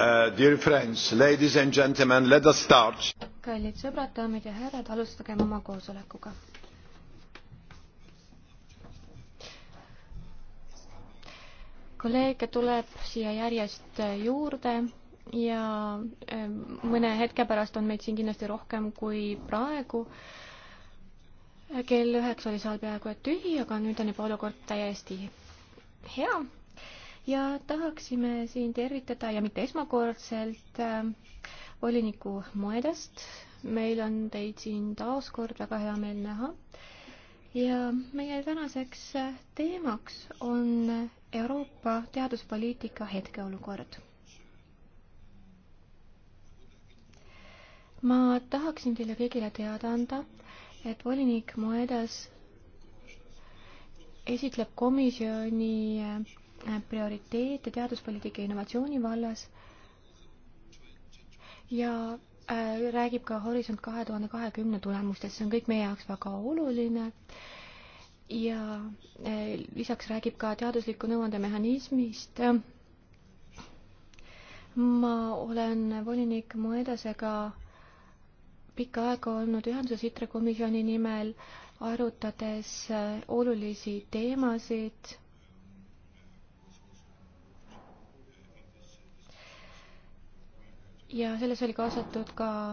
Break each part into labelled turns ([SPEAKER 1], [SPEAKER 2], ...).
[SPEAKER 1] Uh, dear friends, ladies and gentlemen, let us start.
[SPEAKER 2] kallid sõbrad, daamid ja härrad, alustagem oma koosolekuga. kolleege tuleb siia järjest juurde ja ähm, mõne hetke pärast on meid siin kindlasti rohkem kui praegu. kell üheksa oli saal peaaegu et tühi, aga nüüd on juba olukord täiesti hea ja tahaksime siin tervitada ja mitte esmakordselt äh, voliniku Moedast. meil on teid siin taas kord väga hea meel näha. ja meie tänaseks äh, teemaks on Euroopa teaduspoliitika hetkeolukord ma tahaksin teile kõigile teada anda, et volinik Moedas esitleb komisjoni äh, prioriteete teaduspoliitika innovatsiooni vallas ja äh, räägib ka Horisont kahe tuhande kahekümne tulemustest, see on kõik meie jaoks väga oluline. ja äh, lisaks räägib ka teadusliku nõuandemehhanismist. ma olen volinik Moedasega pikka aega olnud ühenduses ITRE komisjoni nimel, arutades äh, olulisi teemasid ja selles oli kaasatud ka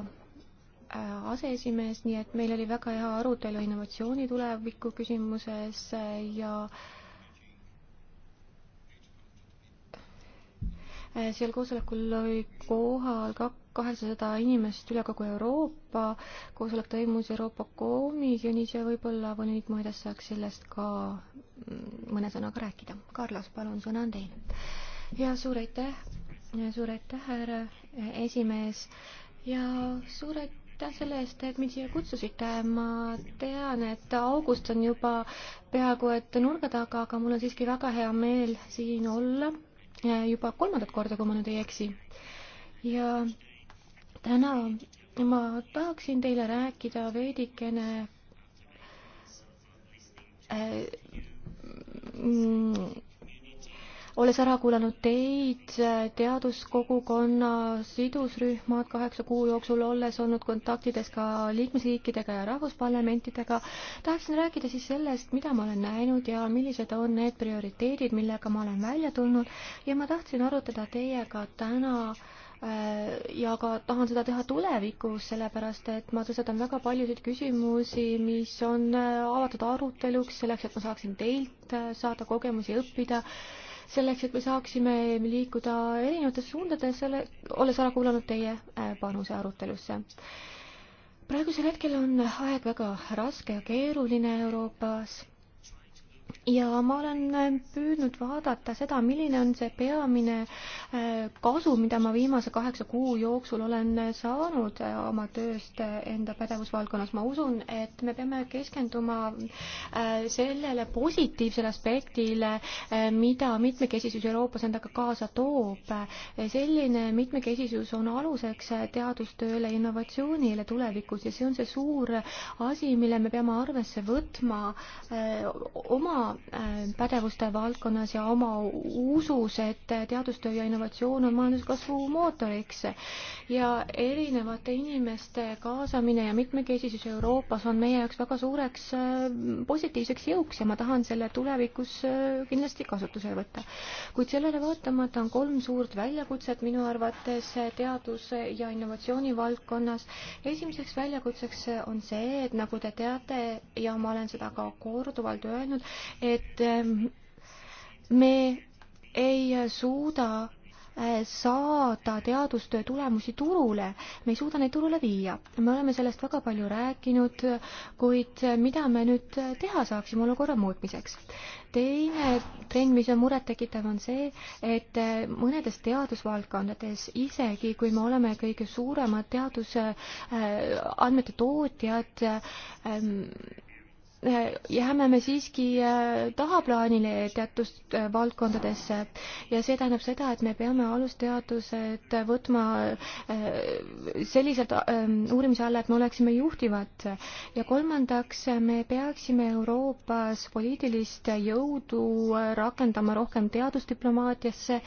[SPEAKER 2] äh, aseesimees, nii et meil oli väga hea arutelu innovatsiooni tuleviku küsimuses äh, ja äh, seal koosolekul oli kohal ka kaheksasada inimest üle kogu Euroopa, koosolek toimus Euroopa Komisjonis ja võib-olla volinik Moedas saaks sellest ka mm, mõne sõnaga rääkida. Carlos, palun, sõna on teil. ja suur aitäh suur aitäh, härra esimees ja suur aitäh selle eest, et mind siia kutsusite. ma tean, et august on juba peaaegu et nurga taga, aga mul on siiski väga hea meel siin olla ja juba kolmandat korda, kui ma nüüd ei eksi. ja täna ma tahaksin teile rääkida veidikene äh, mm, olles ära kuulanud teid, teaduskogukonna sidusrühmad kaheksa kuu jooksul, olles olnud kontaktides ka liikmesriikidega ja rahvusparlamentidega, tahaksin rääkida siis sellest, mida ma olen näinud ja millised on need prioriteedid, millega ma olen välja tulnud ja ma tahtsin arutada teiega täna äh, ja ka tahan seda teha tulevikus, sellepärast et ma tõstatan väga paljusid küsimusi, mis on äh, avatud aruteluks, selleks et ma saaksin teilt äh, saada kogemusi õppida selleks, et me saaksime liikuda erinevates suundades, selle, olles ära kuulanud teie äh, panuse arutelusse. praegusel hetkel on aeg väga raske ja keeruline Euroopas ja ma olen äh, püüdnud vaadata seda, milline on see peamine äh, kasu, mida ma viimase kaheksa kuu jooksul olen äh, saanud oma tööst enda pädevusvaldkonnas. ma usun, et me peame keskenduma sellele positiivsele aspektile, mida mitmekesisus Euroopas endaga kaasa toob. selline mitmekesisus on aluseks teadustööle, innovatsioonile tulevikus ja see on see suur asi, mille me peame arvesse võtma oma oma pädevuste valdkonnas ja oma usus, et teadustöö ja innovatsioon on majanduskasvu mootoriks. ja erinevate inimeste kaasamine ja mitmekesisus Euroopas on meie jaoks väga suureks äh, positiivseks jõuks ja ma tahan selle tulevikus äh, kindlasti kasutusele võtta. kuid sellele vaatamata on kolm suurt väljakutset minu arvates teadus- ja innovatsioonivaldkonnas. esimeseks väljakutseks on see, et nagu te teate ja ma olen seda ka korduvalt öelnud, et ähm, me ei suuda äh, saada teadustöö tulemusi turule, me ei suuda neid turule viia. me oleme sellest väga palju rääkinud, kuid äh, mida me nüüd äh, teha saaksime olukorra muutmiseks? teine trend, mis on murettekitav, on see, et mõnedes teadusvaldkondades, isegi kui me oleme kõige suuremad teadusandmete tootjad, ähm, jääme me siiski äh, tahaplaanile teatud äh, valdkondadesse ja see tähendab seda, et me peame alusteadused võtma äh, selliselt ähm, uurimise alla, et me oleksime juhtivad. ja kolmandaks, me peaksime Euroopas poliitilist jõudu rakendama rohkem teadusdiplomaatiasse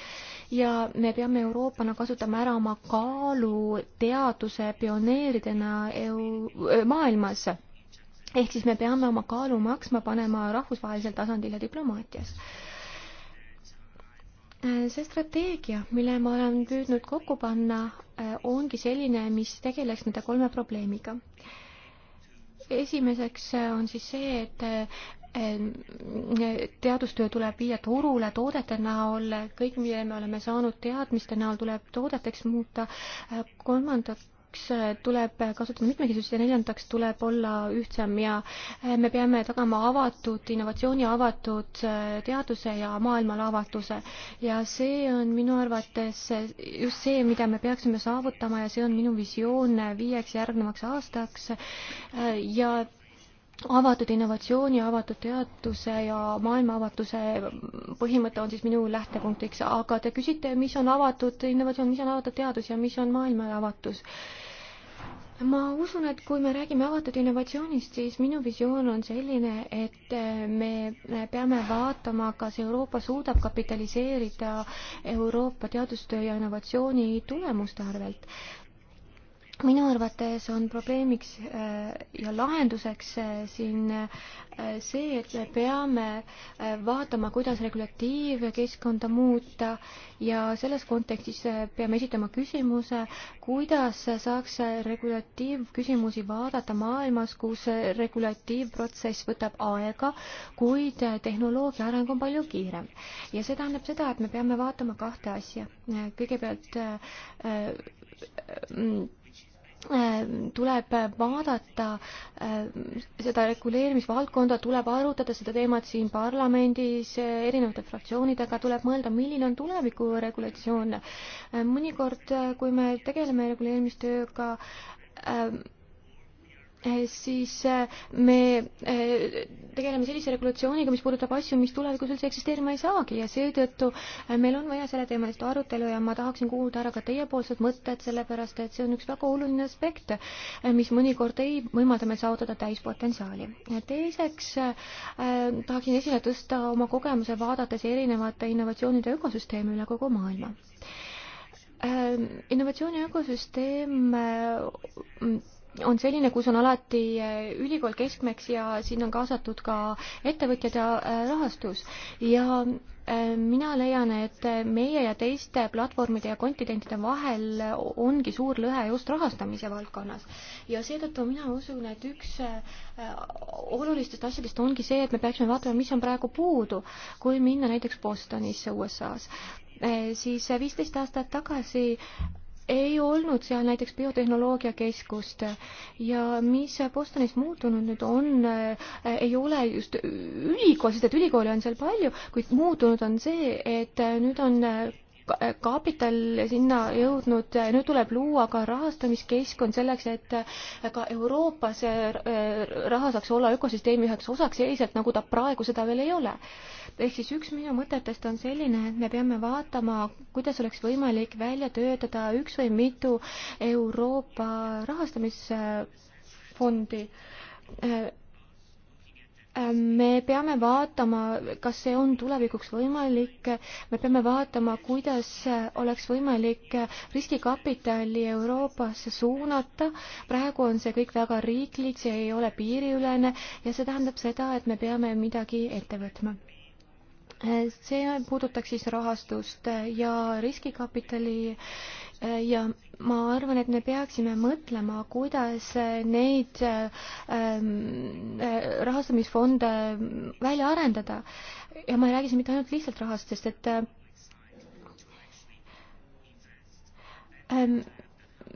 [SPEAKER 2] ja me peame Euroopana kasutama ära oma kaalu teaduse pioneeridena EU maailmas ehk siis me peame oma kaalu maksma panema rahvusvahelisel tasandil ja diplomaatias. Äh, see strateegia, mille ma olen püüdnud kokku panna, äh, ongi selline, mis tegeleks nende kolme probleemiga. esimeseks äh, on siis see, et teadustöö tuleb viia turule toodete näol, kõik, mille me oleme saanud teadmiste näol, tuleb toodeteks muuta. kolmandaks kolmandaks äh, tuleb kasutada mitmekesisust ja neljandaks tuleb olla ühtsem ja äh, me peame tagama avatud innovatsiooni, avatud äh, teaduse ja maailmale avatuse. ja see on minu arvates just see, mida me peaksime saavutama ja see on minu visioon viieks järgnevaks aastaks ja avatud innovatsiooni, avatud teaduse ja maailmaavatuse põhimõte on siis minu lähtepunktiks, aga te küsite, mis on avatud innovatsioon, mis on avatud teadus ja mis on maailmale avatus. ma usun, et kui me räägime avatud innovatsioonist, siis minu visioon on selline, et me peame vaatama, kas Euroopa suudab kapitaliseerida Euroopa teadustöö ja innovatsiooni tulemuste arvelt minu arvates on probleemiks äh, ja lahenduseks äh, siin äh, see, et me peame vaatama, kuidas regulatiivkeskkonda muuta ja selles kontekstis peame esitama küsimuse, kuidas saaks regulatiivküsimusi vaadata maailmas, kus regulatiivprotsess võtab aega, kuid tehnoloogia areng on palju kiirem. ja see tähendab seda, et me peame vaatama kahte asja. kõigepealt mm, Ehm, tuleb vaadata ehm, seda reguleerimisvaldkonda, tuleb arutada seda teemat siin parlamendis erinevate fraktsioonidega, tuleb mõelda, milline on tuleviku regulatsioon. Ehm, mõnikord, kui me tegeleme reguleerimistööga, Eh, siis eh, me eh, tegeleme sellise regulatsiooniga, mis puudutab asju, mis tulevikus üldse eksisteerima ei saagi ja seetõttu meil on vaja selleteemalist arutelu ja ma tahaksin kuulda ära ka teiepoolsed mõtted, sellepärast et see on üks väga oluline aspekt, mis mõnikord ei võimalda meil saavutada täispotentsiaali. teiseks tahaksin esile tõsta oma kogemuse vaadates erinevate innovatsioonide ökosüsteemi üle kogu maailma. innovatsiooni ökosüsteem mm, on selline, kus on alati eh, ülikool keskmeks ja sinna on kaasatud ka ettevõtjad ja eh, rahastus ja eh, mina leian, et meie ja teiste platvormide ja kontinentide vahel ongi suur lõhe just rahastamise valdkonnas. ja seetõttu mina usun, et üks olulistest asjadest ongi see, et me peaksime vaatama, mis on praegu puudu, kui minna näiteks Bostonisse USA-s siis viisteist aastat tagasi ei olnud seal näiteks biotehnoloogiakeskust ja mis Bostonis muutunud nüüd on, eh, ei ole just ülikool, sest et ülikooli on seal palju, kuid muutunud on see, et nüüd on eh, kapital sinna jõudnud, nüüd tuleb luua ka rahastamiskeskkond selleks, et ka Euroopas eh, raha saaks olla ökosüsteemi üheks osaks selliselt, nagu ta praegu seda veel ei ole. ehk siis üks minu mõtetest on selline, et me peame vaatama, kuidas oleks võimalik välja töötada üks või mitu Euroopa rahastamisfondi eh, Äh, me peame vaatama, kas see on tulevikuks võimalik, me peame vaatama, kuidas oleks võimalik riskikapitali Euroopasse suunata. praegu on see kõik väga riiklik, see ei ole piiriülene ja see tähendab seda, et me peame midagi ette võtma see puudutaks siis rahastust ja riskikapitali ja ma arvan, et me peaksime mõtlema, kuidas neid ähm, rahastamisfonde välja arendada. ja ma ei räägi siin mitte ainult lihtsalt rahast, sest et ähm,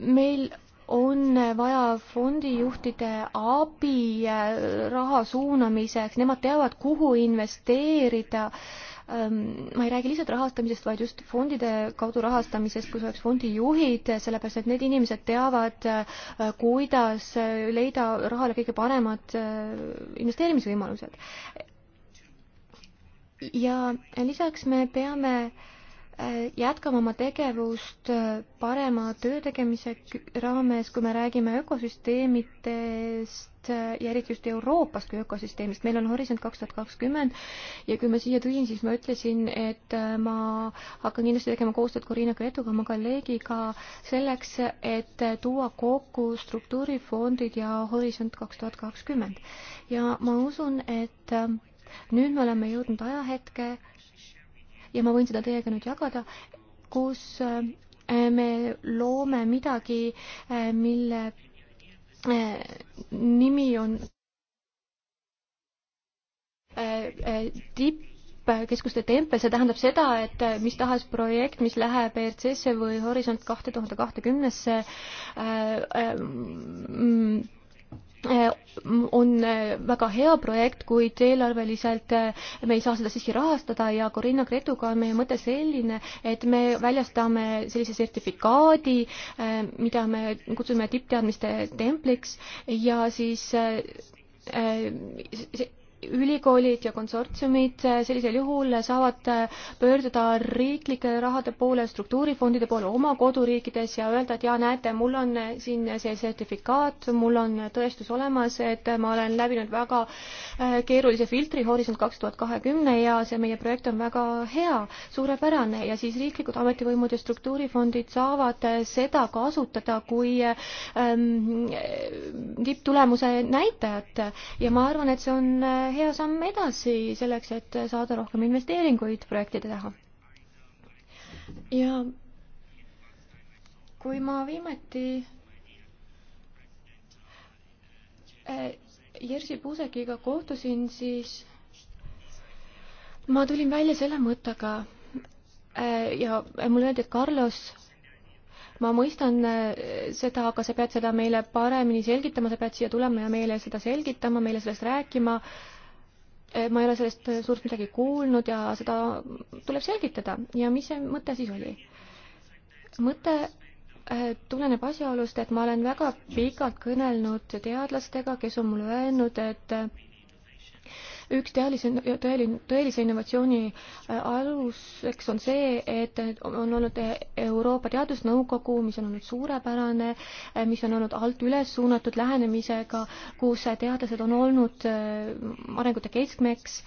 [SPEAKER 2] meil on vaja fondijuhtide abi äh, raha suunamiseks, nemad teavad, kuhu investeerida. Ähm, ma ei räägi lihtsalt rahastamisest, vaid just fondide kaudu rahastamisest, kus oleks fondijuhid, sellepärast et need inimesed teavad, äh, kuidas äh, leida rahale kõige paremad investeerimisvõimalused. ja lisaks me peame äh, jätkama oma tegevust äh, parema töö tegemise raames, kui me räägime ökosüsteemidest äh, ja eriti just Euroopast kui ökosüsteemist. meil on Horisont kaks tuhat kakskümmend ja kui ma siia tulin, siis ma ütlesin, et äh, ma hakkan kindlasti tegema koostööd Corina Gretuga, oma kolleegiga, selleks, et tuua kokku struktuurifondid ja Horisont kaks tuhat kakskümmend. ja ma usun, et nüüd me oleme jõudnud ajahetke, ja ma võin seda teiega nüüd jagada, kus äh, me loome midagi, äh, mille äh, nimi on tipp keskuste tempel, see tähendab seda, et mis tahes projekt, mis läheb ERC-sse või Horisont kahte tuhande kahtekümnesse mm, on väga hea projekt, kuid eelarveliselt me ei saa seda siiski rahastada ja Corinna Gretuga on meie mõte selline, et me väljastame sellise sertifikaadi, mida me kutsume tippteadmiste templiks ja siis eh, see ülikoolid ja konsortsiumid eh, sellisel juhul saavad eh, pöörduda riiklike rahade poole, struktuurifondide poole oma koduriikides ja öelda, et jaa, näete, mul on eh, siin see sertifikaat, mul on tõestus olemas, et ma olen läbinud väga keerulise filtri Horisont kaks tuhat kahekümne ja see meie projekt on väga hea, suurepärane ja siis riiklikud ametivõimud ja struktuurifondid saavad seda kasutada kui ähm, tipptulemuse näitajat ja ma arvan, et see on hea samm edasi selleks, et saada rohkem investeeringuid projektide taha. ja kui ma viimati äh, Jerzy Puusekiga kohtusin, siis ma tulin välja selle mõttega äh, ja mulle öeldi, et Carlos, ma mõistan äh, seda, aga sa pead seda meile paremini selgitama, sa pead siia tulema ja meile seda selgitama, meile sellest rääkima Eh, ma ei ole sellest eh, suurt midagi kuulnud ja seda tuleb selgitada. ja mis see mõte siis oli? mõte eh, tuleneb asjaolust, et ma olen väga pikalt kõnelnud teadlastega, kes on mulle öelnud, et üks tõelise, tõeline, tõelise innovatsiooni äh, aluseks on see, et on olnud Euroopa Teadusnõukogu, mis on olnud suurepärane, äh, mis on olnud alt üles suunatud lähenemisega, kus teadlased on olnud äh, arengute keskmeks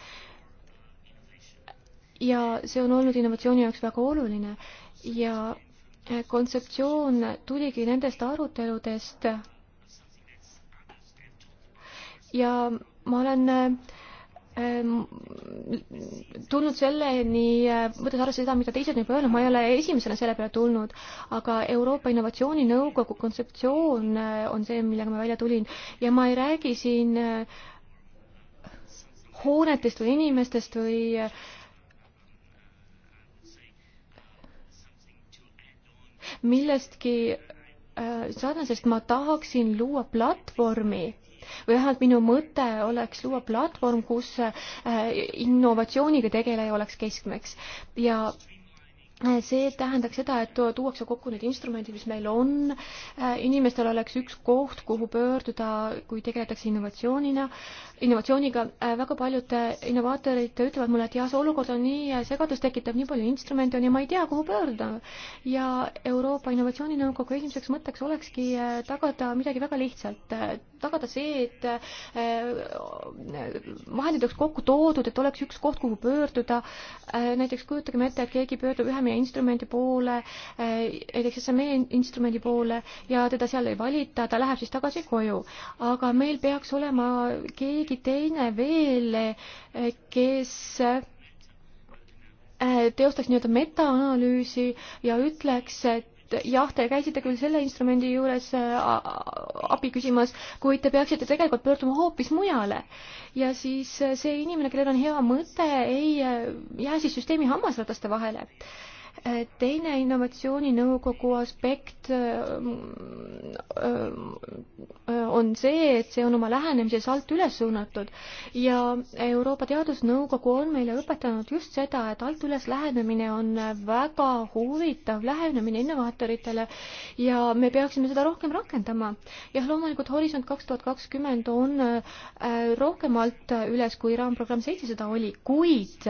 [SPEAKER 2] ja see on olnud innovatsiooni jaoks väga oluline ja kontseptsioon tuligi nendest aruteludest ja ma olen äh, Ehm, tulnud selleni, eh, võttes arvesse seda, mida teised on juba öelnud, ma ei ole esimesena selle peale tulnud, aga Euroopa Innovatsiooninõukogu kontseptsioon eh, on see, millega ma välja tulin ja ma ei räägi siin eh, hoonetest või inimestest või millestki sarnasest, ma tahaksin luua platvormi või vähemalt minu mõte oleks luua platvorm, kus äh, innovatsiooniga tegeleja oleks keskmeks ja äh, see tähendaks seda, et tuuakse kokku need instrumendid, mis meil on, äh, inimestel oleks üks koht, kuhu pöörduda, kui tegeletakse innovatsioonina, innovatsiooniga. väga paljud innovaatorid ütlevad mulle, et jah, see olukord on nii segadust tekitav, nii palju instrumente on ja ma ei tea, kuhu pöörduda. ja Euroopa Innovatsiooninõukogu esimeseks mõtteks olekski tagada midagi väga lihtsalt tagada see, et äh, vahendid oleks kokku toodud, et oleks üks koht, kuhu pöörduda. Äh, näiteks kujutagem ette, et keegi pöördub ühe meie instrumendi poole, äh, näiteks SME instrumendi poole ja teda seal ei valita, ta läheb siis tagasi koju. aga meil peaks olema keegi teine veel, kes teostaks nii-öelda metaanalüüsi ja ütleks, et jah, te käisite küll selle instrumendi juures äh, abi küsimas, kuid te peaksite tegelikult pöörduma hoopis mujale. ja siis äh, see inimene, kellel on hea mõte, ei äh, jää siis süsteemi hammasrataste vahele teine innovatsiooninõukogu aspekt äh, äh, on see, et see on oma lähenemises alt üles suunatud ja Euroopa Teadusnõukogu on meile õpetanud just seda, et alt üles lähenemine on väga huvitav lähenemine innovaatoritele ja me peaksime seda rohkem rakendama. jah, loomulikult Horisont kaks tuhat kakskümmend on äh, rohkemalt üles, kui raamprogramm seitsesada oli, kuid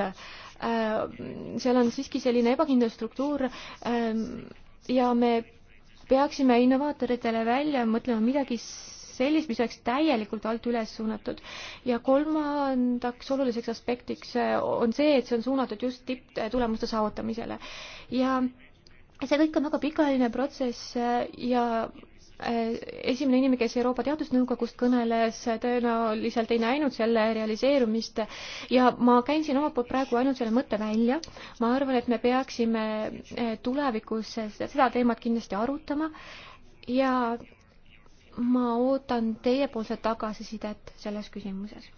[SPEAKER 2] Äh, seal on siiski selline ebakindel struktuur ähm, ja me peaksime innovaatoritele välja mõtlema midagi sellist, mis oleks täielikult alt üles suunatud. ja kolmandaks oluliseks aspektiks äh, on see, et see on suunatud just tipptulemuste saavutamisele. ja see kõik on väga pikaajaline protsess äh, ja Äh, esimene inimene, kes Euroopa Teadusnõukogust kõneles, tõenäoliselt ei näinud selle realiseerumist ja ma käin siin omalt poolt praegu ainult selle mõtte välja. ma arvan, et me peaksime äh, tulevikus seda teemat kindlasti arutama ja ma ootan teiepoolset tagasisidet selles küsimuses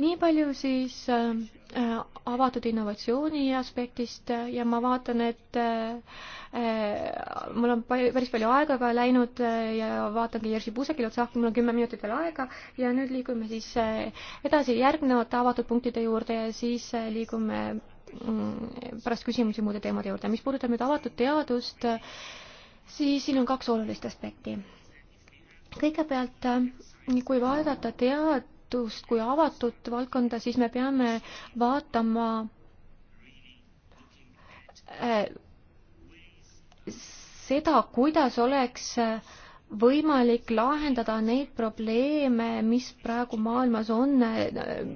[SPEAKER 2] nii palju siis äh, äh avatud innovatsiooni aspektist äh, ja ma vaatan, et äh, äh mul on palju, päris palju aega ka läinud ja vaatangi Jerzy Puusekil otsa, mul on kümme minutit veel aega ja nüüd liigume siis äh, edasi järgnevate avatud punktide juurde ja siis äh, liigume mm, pärast küsimusi muude teemade juurde. mis puudutab nüüd avatud teadust, siis siin on kaks olulist aspekti. kõigepealt, kui vaadata tead-, teadust kui avatud valdkonda, siis me peame vaatama äh, seda, kuidas oleks võimalik lahendada neid probleeme, mis praegu maailmas on äh,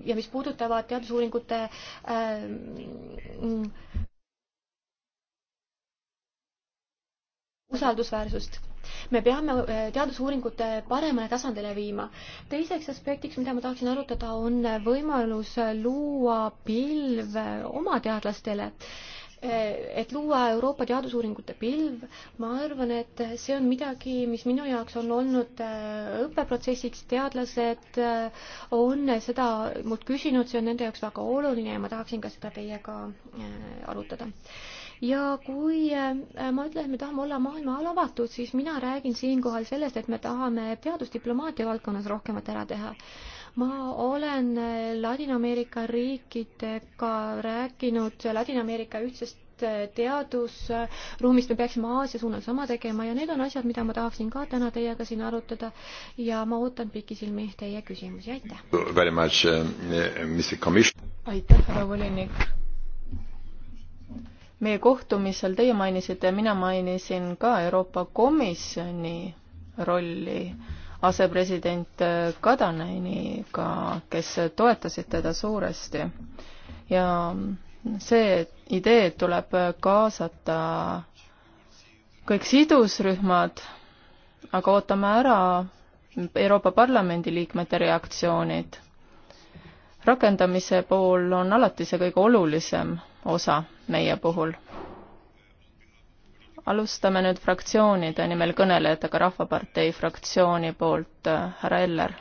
[SPEAKER 2] ja mis puudutavad teadusuuringute äh, usaldusväärsust me peame äh, teadusuuringute paremale tasandile viima. teiseks aspektiks, mida ma tahaksin arutada, on võimalus luua pilv äh, oma teadlastele äh, et luua Euroopa teadusuuringute pilv, ma arvan, et see on midagi, mis minu jaoks on olnud õppeprotsessiks, teadlased on seda mult küsinud, see on nende jaoks väga oluline ja ma tahaksin ka seda teiega arutada ja kui äh, ma ütlen, et me tahame olla maailmale avatud, siis mina räägin siinkohal sellest, et me tahame teadusdiplomaatia valdkonnas rohkemat ära teha ma olen äh, Ladina-Ameerika riikidega rääkinud äh, Ladina-Ameerika ühtsest teadusruumist, me peaksime Aasia suunal sama tegema ja need on asjad, mida ma tahaksin ka täna teiega siin arutada ja ma ootan pikisilmi teie küsimusi, aitäh!
[SPEAKER 1] Uh,
[SPEAKER 3] aitäh, härra volinik! meie kohtumisel teie mainisite ja mina mainisin ka Euroopa Komisjoni rolli asepresident Kadaneiniga, kes toetasid teda suuresti. ja see idee, et tuleb kaasata kõik sidusrühmad, aga ootame ära Euroopa Parlamendi liikmete reaktsioonid rakendamise pool on alati see kõige olulisem osa meie puhul. alustame nüüd fraktsioonide nimel kõnelejatega Rahvapartei fraktsiooni poolt, äh, härra Eller.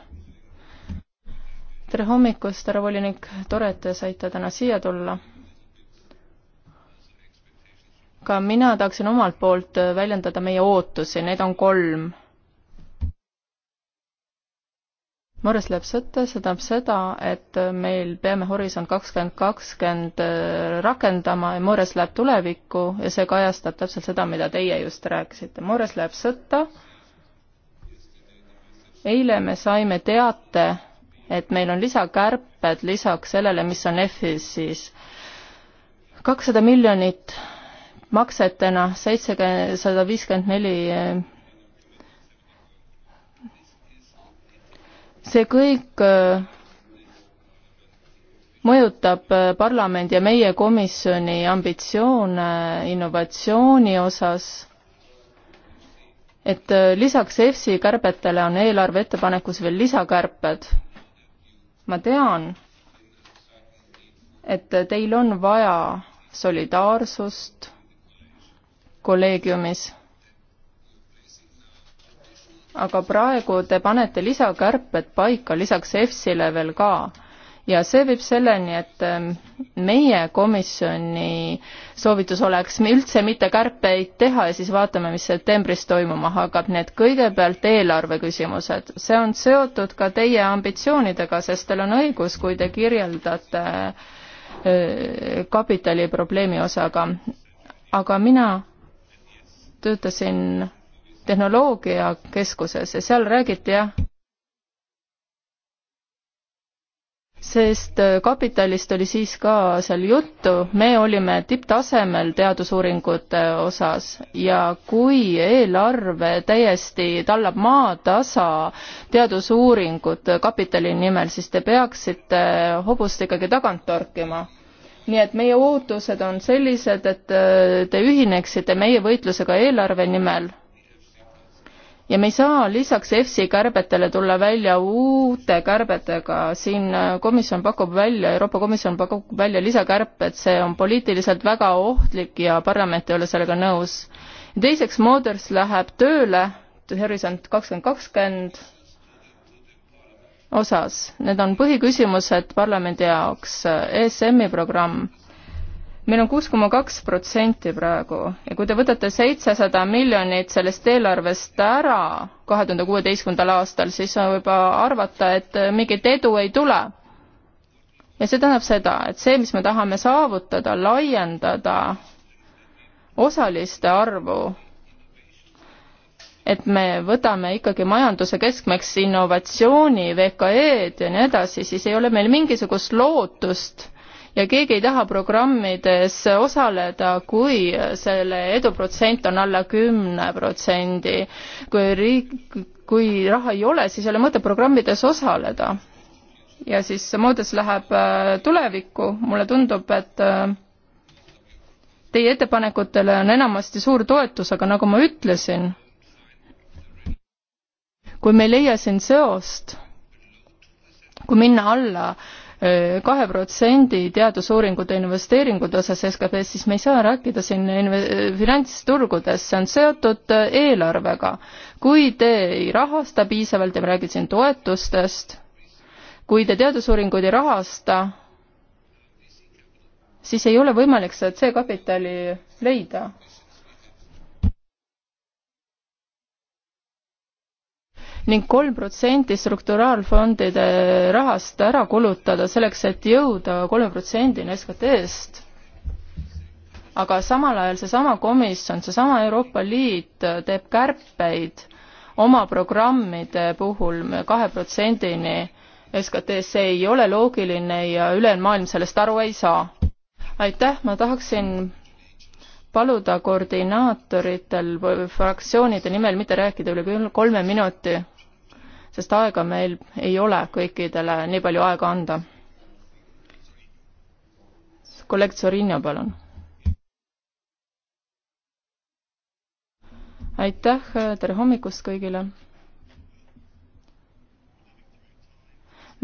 [SPEAKER 3] tere hommikust, härra volinik, tore, et te saite täna siia tulla. ka mina tahaksin omalt poolt äh, väljendada meie ootusi, neid on kolm Morris läheb sõtta, see tähendab seda, et meil peame Horisont kakskümmend kakskümmend äh, rakendama ja Morris läheb tulevikku ja see kajastab täpselt seda, mida teie just rääkisite. Morris läheb sõtta. eile me saime teate, et meil on lisakärped lisaks sellele, mis on EFI-s siis kakssada miljonit maksetena, seitsekümmend, sada viiskümmend neli äh, see kõik äh, mõjutab äh, parlamendi ja meie komisjoni ambitsioone innovatsiooni osas, et äh, lisaks EFSI kärbetele on eelarve ettepanekus veel lisakärped. ma tean, et teil on vaja solidaarsust kolleegiumis aga praegu te panete lisakärped paika lisaks EFSile veel ka. ja see viib selleni, et ähm, meie komisjoni soovitus oleks üldse mitte kärpeid teha ja siis vaatame, mis septembris toimuma hakkab, nii et kõigepealt eelarve küsimused. see on seotud ka teie ambitsioonidega, sest teil on õigus, kui te kirjeldate äh, kapitali probleemi osaga. aga mina töötasin tehnoloogiakeskuses ja seal räägiti jah, sest kapitalist oli siis ka seal juttu, me olime tipptasemel teadusuuringute osas ja kui eelarve täiesti tallab maatasa teadusuuringut kapitali nimel, siis te peaksite hobust ikkagi tagant torkima. nii et meie ootused on sellised, et te ühineksite meie võitlusega eelarve nimel ja me ei saa lisaks EFSI kärbetele tulla välja uute kärbetega, siin äh, komisjon pakub välja, Euroopa Komisjon pakub välja lisakärped, see on poliitiliselt väga ohtlik ja parlament ei ole sellega nõus. teiseks, Moders läheb tööle Horisont kakskümmend kakskümmend osas, need on põhiküsimused parlamendi jaoks, ESM-i programm meil on kuus koma kaks protsenti praegu ja kui te võtate seitsesada miljonit sellest eelarvest ära kahe tuhande kuueteistkümnendal aastal, siis on juba arvata, et mingit edu ei tule. ja see tähendab seda, et see, mis me tahame saavutada, laiendada osaliste arvu, et me võtame ikkagi majanduse keskmeks innovatsiooni, VKE-d ja nii edasi, siis ei ole meil mingisugust lootust ja keegi ei taha programmides osaleda, kui selle eduprotsent on alla kümne protsendi. kui riik, kui raha ei ole, siis ei ole mõtet programmides osaleda. ja siis Moodes läheb äh, tulevikku, mulle tundub, et äh, teie ettepanekutele on enamasti suur toetus, aga nagu ma ütlesin, kui me ei leia siin seost, kui minna alla kahe protsendi teadusuuringute investeeringute osas SKP-st, siis me ei saa rääkida siin inve-, finantsturgudest, see on seotud äh, eelarvega. kui te ei rahasta piisavalt ja ma räägin siin toetustest, kui te teadusuuringuid ei rahasta, siis ei ole võimalik sealt see kapitali leida ning kolm protsenti strukturaalfondide rahast ära kulutada selleks, et jõuda kolme protsendini SKT-st. aga samal ajal seesama komisjon, seesama Euroopa Liit teeb kärpeid oma programmide puhul kahe protsendini SKT-st, see ei ole loogiline ja ülejäänud maailm sellest aru ei saa. aitäh, ma tahaksin paluda koordinaatoritel fraktsioonide nimel mitte rääkida üle kolme minuti sest aega meil ei ole kõikidele nii palju aega anda. kolleeg Zorinja, palun. aitäh, tere hommikust kõigile.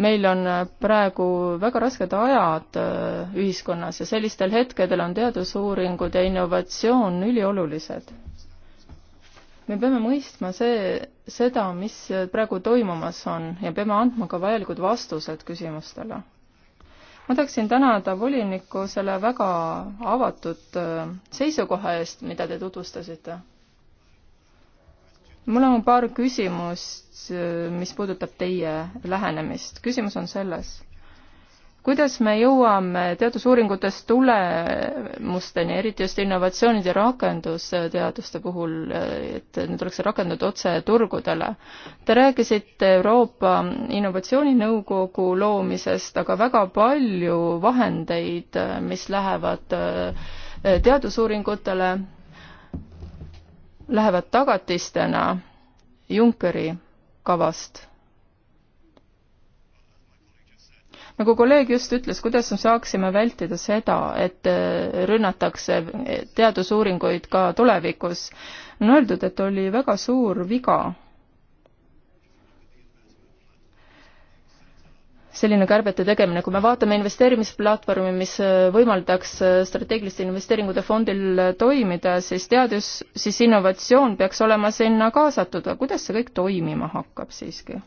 [SPEAKER 3] meil on praegu väga rasked ajad äh, ühiskonnas ja sellistel hetkedel on teadusuuringud ja innovatsioon üliolulised me peame mõistma see, seda, mis praegu toimumas on ja peame andma ka vajalikud vastused küsimustele. ma tahaksin tänada volinikku selle väga avatud äh, seisukoha eest, mida te tutvustasite. mul on paar küsimust, äh, mis puudutab teie lähenemist. küsimus on selles kuidas me jõuame teadusuuringutest tulemusteni, eriti just innovatsioonid ja rakendusteaduste puhul, et need oleks rakendatud otse turgudele? Te rääkisite Euroopa Innovatsiooninõukogu loomisest, aga väga palju vahendeid, mis lähevad eh, teadusuuringutele, lähevad tagatistena Junckeri kavast nagu kolleeg just ütles, kuidas me saaksime vältida seda, et äh, rünnatakse teadusuuringuid ka tulevikus? on öeldud, et oli väga suur viga selline kärbete tegemine, kui me vaatame investeerimisplatvormi, mis äh, võimaldaks äh, strateegiliste investeeringute fondil toimida, siis teadus, siis innovatsioon peaks olema sinna kaasatud, aga kuidas see kõik toimima hakkab siiski?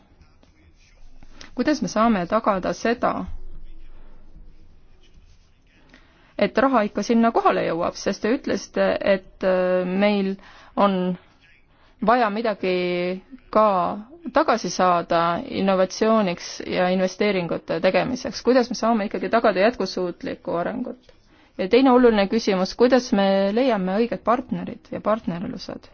[SPEAKER 3] kuidas me saame tagada seda, et raha ikka sinna kohale jõuab, sest te ütlesite, et äh, meil on vaja midagi ka tagasi saada innovatsiooniks ja investeeringute tegemiseks, kuidas me saame ikkagi tagada jätkusuutlikku arengut? ja teine oluline küsimus, kuidas me leiame õiged partnerid ja partnerlused?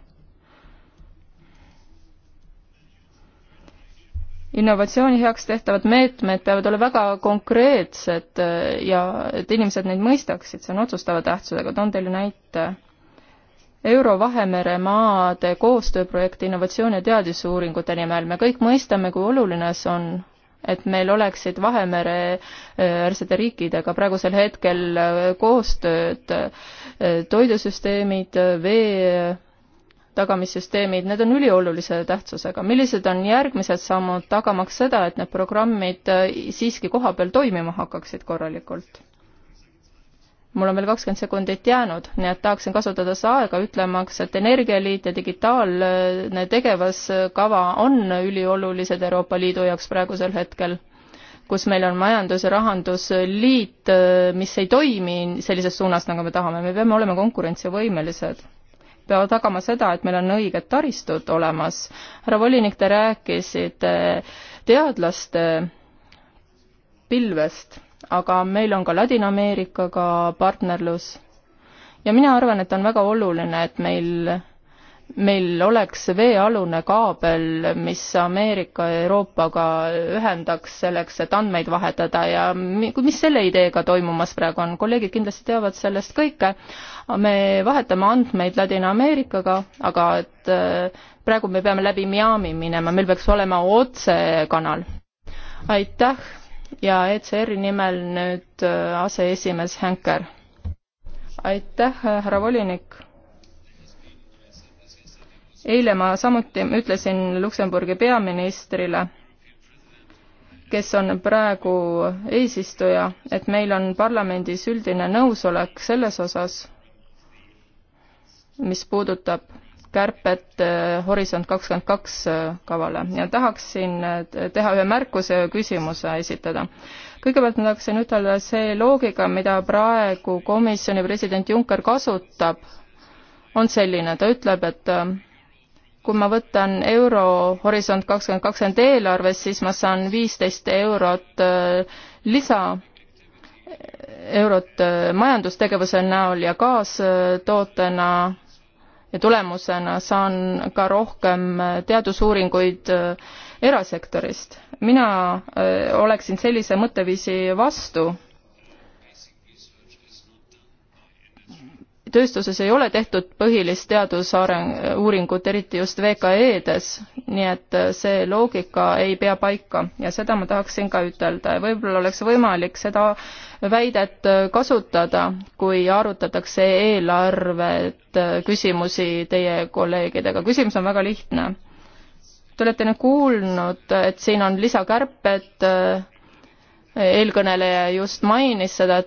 [SPEAKER 3] innovatsiooni heaks tehtavad meetmed peavad olema väga konkreetsed äh, ja et inimesed neid mõistaksid, see on otsustava tähtsusega, toon teile näite. Euro-Vahemere maade koostööprojekt innovatsiooni ja teadusuuringute nimel, me kõik mõistame, kui oluline see on, et meil oleksid Vahemere äh, äärsete riikidega praegusel hetkel äh, koostööd, toidusüsteemid, vee tagamissüsteemid, need on üliolulise tähtsusega. millised on järgmised sammud tagamaks seda, et need programmid äh, siiski kohapeal toimima hakkaksid korralikult? mul on veel kakskümmend sekundit jäänud, nii et tahaksin kasutada seda aega ütlemaks, et Energialiit ja digitaalne tegevuskava on üliolulised Euroopa Liidu jaoks praegusel hetkel kus meil on majandus- ja rahandusliit, äh, mis ei toimi sellises suunas, nagu me tahame, me peame olema konkurentsivõimelised peavad tagama seda, et meil on õiged taristud olemas. härra volinik, te rääkisite teadlaste pilvest, aga meil on ka Ladina-Ameerikaga partnerlus ja mina arvan, et on väga oluline, et meil meil oleks veealune kaabel, mis Ameerika ja Euroopaga ühendaks selleks, et andmeid vahetada ja mis selle ideega toimumas praegu on, kolleegid kindlasti teavad sellest kõike, me vahetame andmeid Ladina-Ameerikaga, aga et äh, praegu me peame läbi Miami minema, meil peaks olema otsekanal. aitäh ja ECR-i nimel nüüd äh, aseesimees Henker. aitäh, äh, härra volinik eile ma samuti ütlesin Luksemburgi peaministrile, kes on praegu eesistuja, et meil on parlamendis üldine nõusolek selles osas, mis puudutab kärpet äh, Horisont kakskümmend kaks äh, kavale ja tahaksin äh, teha ühe märkuse ja küsimuse esitada. kõigepealt ma tahaksin ütelda, see loogika, mida praegu komisjoni president Juncker kasutab, on selline, ta ütleb, et kui ma võtan euro Horisont kakskümmend kakskümmend eelarvest, siis ma saan viisteist eurot lisa, eurot majandustegevuse näol ja kaastootena ja tulemusena saan ka rohkem äh, teadusuuringuid äh, erasektorist. mina äh, oleksin sellise mõtteviisi vastu. tööstuses ei ole tehtud põhilist teadusareng, uuringut, eriti just VKE-des, nii et see loogika ei pea paika ja seda ma tahaksin ka ütelda ja võib-olla oleks võimalik seda väidet äh, kasutada, kui arutatakse eelarvet äh, küsimusi teie kolleegidega. küsimus on väga lihtne. Te olete nüüd kuulnud, et siin on lisakärped, äh, eelkõneleja just mainis seda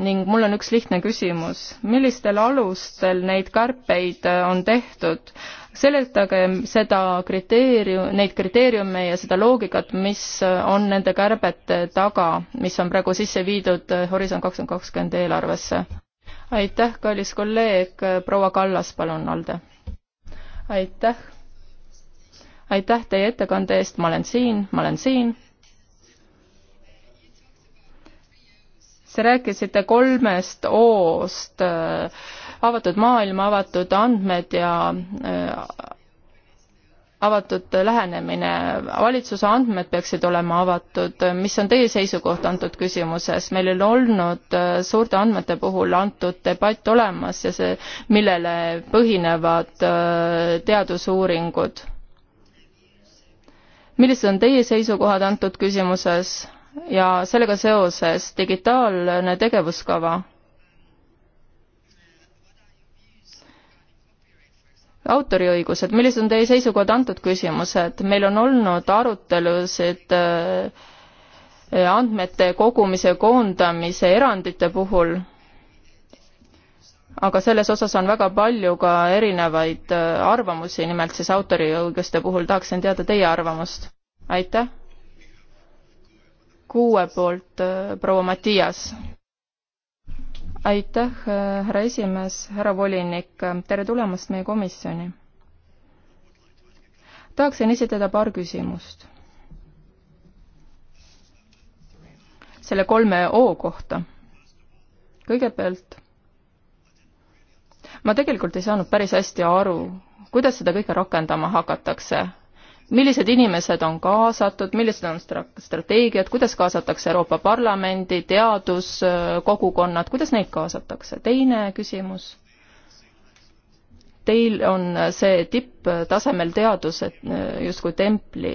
[SPEAKER 3] ning mul on üks lihtne küsimus. millistel alustel neid kärpeid on tehtud? seletage seda kriteerium, neid kriteeriume ja seda loogikat, mis on nende kärbete taga, mis on praegu sisse viidud Horisont kakskümmend kakskümmend eelarvesse. aitäh, kallis kolleeg, proua Kallas, palun, Alde. aitäh. aitäh teie ettekande eest, ma olen siin, ma olen siin. Te rääkisite kolmest O-st äh, avatud maailm, avatud andmed ja äh, avatud lähenemine, valitsuse andmed peaksid olema avatud, mis on teie seisukoht antud küsimuses, meil on olnud äh, suurte andmete puhul antud debatt olemas ja see, millele põhinevad äh, teadusuuringud. millised on teie seisukohad antud küsimuses ja sellega seoses digitaalne tegevuskava? autoriõigused, millised on teie seisukohad antud küsimused, meil on olnud arutelusid äh, äh, andmete kogumise koondamise erandite puhul, aga selles osas on väga palju ka erinevaid äh, arvamusi, nimelt siis autoriõiguste puhul tahaksin teada teie arvamust. aitäh! kuue poolt proua Matias aitäh, härra esimees, härra volinik, tere tulemast meie komisjoni. tahaksin esitada paar küsimust. selle kolme O kohta. kõigepealt, ma tegelikult ei saanud päris hästi aru, kuidas seda kõike rakendama hakatakse millised inimesed on kaasatud, millised on stra-, strateegiad, kuidas kaasatakse Euroopa Parlamendi, teaduskogukonnad, kuidas neid kaasatakse? teine küsimus. Teil on see tipptasemel teadus, et justkui templi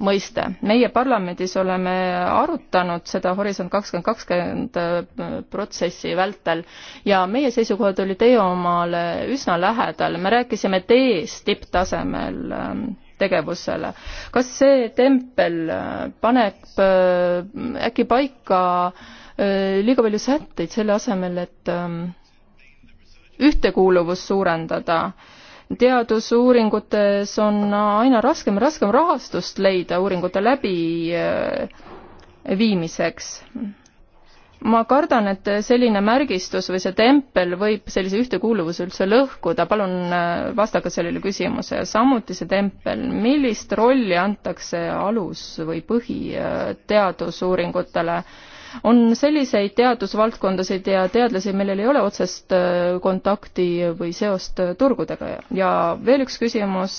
[SPEAKER 3] mõiste. meie parlamendis oleme arutanud seda Horisont kakskümmend kakskümmend äh, protsessi vältel ja meie seisukohad olid teie omale üsna lähedal. me rääkisime teest tipptasemel ähm, tegevusele. kas see tempel äh, paneb äh, äkki paika äh, liiga palju sätteid selle asemel, et ähm, ühtekuuluvust suurendada? teadusuuringutes on aina raskem ja raskem rahastust leida uuringute läbiviimiseks ma kardan, et selline märgistus või see tempel võib sellise ühtekuuluvuse üldse lõhkuda, palun äh, vastake sellele küsimusele. samuti see tempel, millist rolli antakse alus- või põhiteadusuuringutele? on selliseid teadusvaldkondasid ja teadlasi, millel ei ole otsest äh, kontakti või seost äh, turgudega ja veel üks küsimus.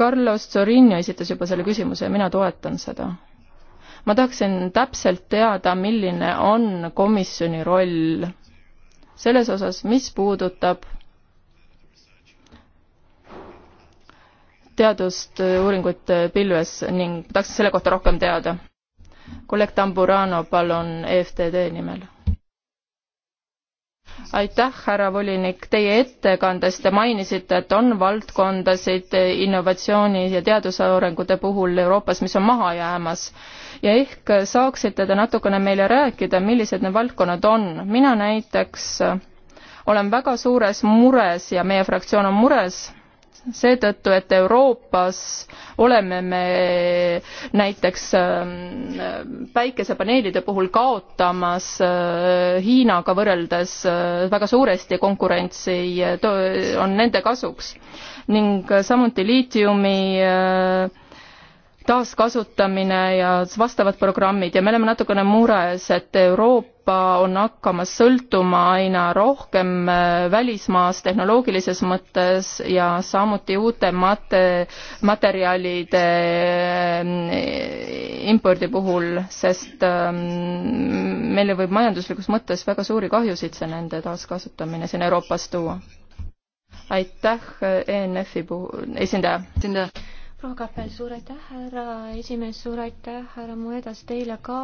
[SPEAKER 3] Carlos Zorinio esitas juba selle küsimuse ja mina toetan seda ma tahaksin täpselt teada, milline on komisjoni roll selles osas, mis puudutab teadust, uuringut pilves ning tahaks selle kohta rohkem teada. kolleeg Tamburano, palun, EFTD nimel. aitäh, härra volinik, teie ettekandes te mainisite, et on valdkondasid innovatsiooni ja teadusarengute puhul Euroopas, mis on maha jäämas ja ehk saaksite te natukene meile rääkida, millised need valdkonnad on. mina näiteks äh, olen väga suures mures ja meie fraktsioon on mures seetõttu, et Euroopas oleme me näiteks äh, päikesepaneelide puhul kaotamas äh, Hiinaga võrreldes väga suuresti konkurentsi on nende kasuks ning samuti liitiumi taaskasutamine ja vastavad programmid ja me oleme natukene mures, et Euroopa on hakkamas sõltuma aina rohkem äh, välismaast tehnoloogilises mõttes ja samuti uute mate-, materjalide äh, impordi puhul, sest ähm, meile võib majanduslikus mõttes väga suuri kahjusid see nende taaskasutamine siin Euroopas tuua. aitäh, äh, ENF-i puhul, esindaja
[SPEAKER 2] proua Kappel, suur aitäh, härra esimees, suur aitäh, härra Moedas, teile ka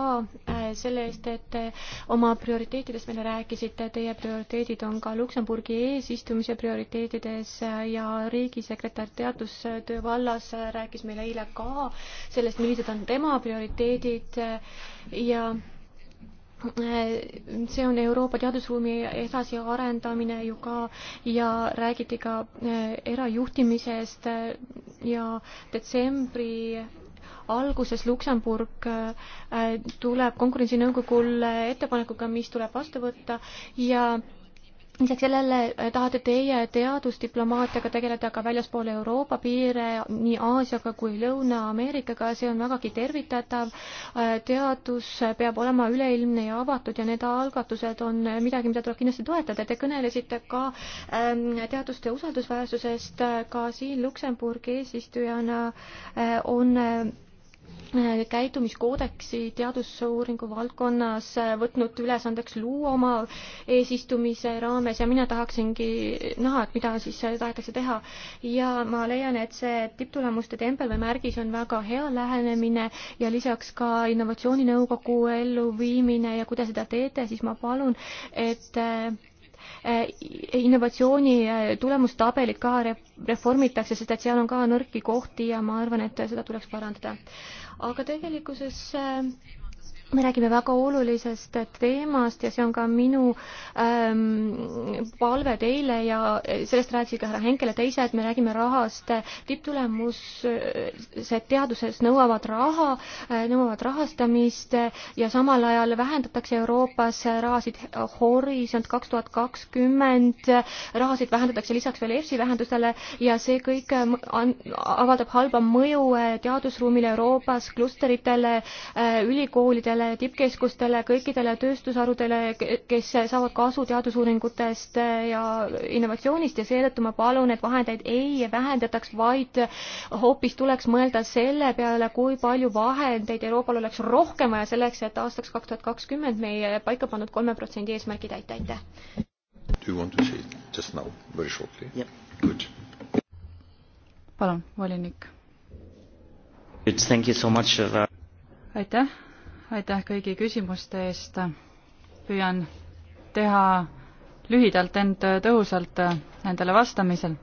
[SPEAKER 2] äh, selle eest, et te äh, oma prioriteetidest meile rääkisite, teie prioriteedid on ka Luksemburgi eesistumise prioriteedides äh, ja riigisekretär teadustöö vallas rääkis meile eile ka sellest, millised on tema prioriteedid ja see on Euroopa teadusruumi edasiarendamine ju ka ja räägiti ka eh, erajuhtimisest eh, ja detsembri alguses Luksemburg eh, tuleb konkurentsinõukogul ettepanekuga, mis tuleb vastu võtta ja lisaks sellele eh, tahate teie teadusdiplomaatiaga tegeleda ka väljaspool Euroopa piire, nii Aasiaga kui Lõuna-Ameerikaga, see on vägagi tervitatav. Eh, teadus peab olema üleilmne ja avatud ja need algatused on eh, midagi, mida tuleb kindlasti toetada. Te kõnelesite ka ehm, teaduste usaldusväärsusest, ka siin Luksemburgi eesistujana on käitumiskoodeksi teadusuuringu valdkonnas eh, võtnud ülesandeks luua oma eesistumise raames ja mina tahaksingi näha, et mida siis tahetakse teha. ja ma leian, et see tipptulemuste tempel või märgis on väga hea lähenemine ja lisaks ka innovatsiooninõukogu elluviimine ja kui te seda teete, siis ma palun, et eh, innovatsiooni eh, tulemustabelid ka reformitakse, sest et seal on ka nõrki kohti ja ma arvan, et seda tuleks parandada aga tegelikkuses äh, me räägime väga olulisest teemast ja see on ka minu ähm, palve teile ja sellest rääkisid ka härra Henkel ja teised, me räägime rahast, tipptulemused teaduses nõuavad raha, äh, nõuavad rahastamist ja samal ajal vähendatakse Euroopas rahasid Horisont kaks tuhat kakskümmend, rahasid vähendatakse lisaks veel EFSI vähendustele ja see kõik äh, avaldab halba mõju äh, teadusruumile Euroopas, klustritele, ülikoolidele, riikidele, tippkeskustele, kõikidele tööstusharudele, kes saavad kasu teadusuuringutest ja innovatsioonist ja seetõttu ma palun, et vahendeid ei vähendataks, vaid hoopis tuleks mõelda selle peale, kui palju vahendeid Euroopal oleks rohkem vaja selleks, et aastaks kaks tuhat kakskümmend meie paika pannud kolme protsendi eesmärgi täita, aitäh. Do you want to say just now, very shortly yep.? Good.
[SPEAKER 1] palun, volinik.
[SPEAKER 2] Thank you so much uh,
[SPEAKER 1] aitäh aitäh kõigi küsimuste eest. püüan teha lühidalt, ent tõhusalt nendele vastamisel.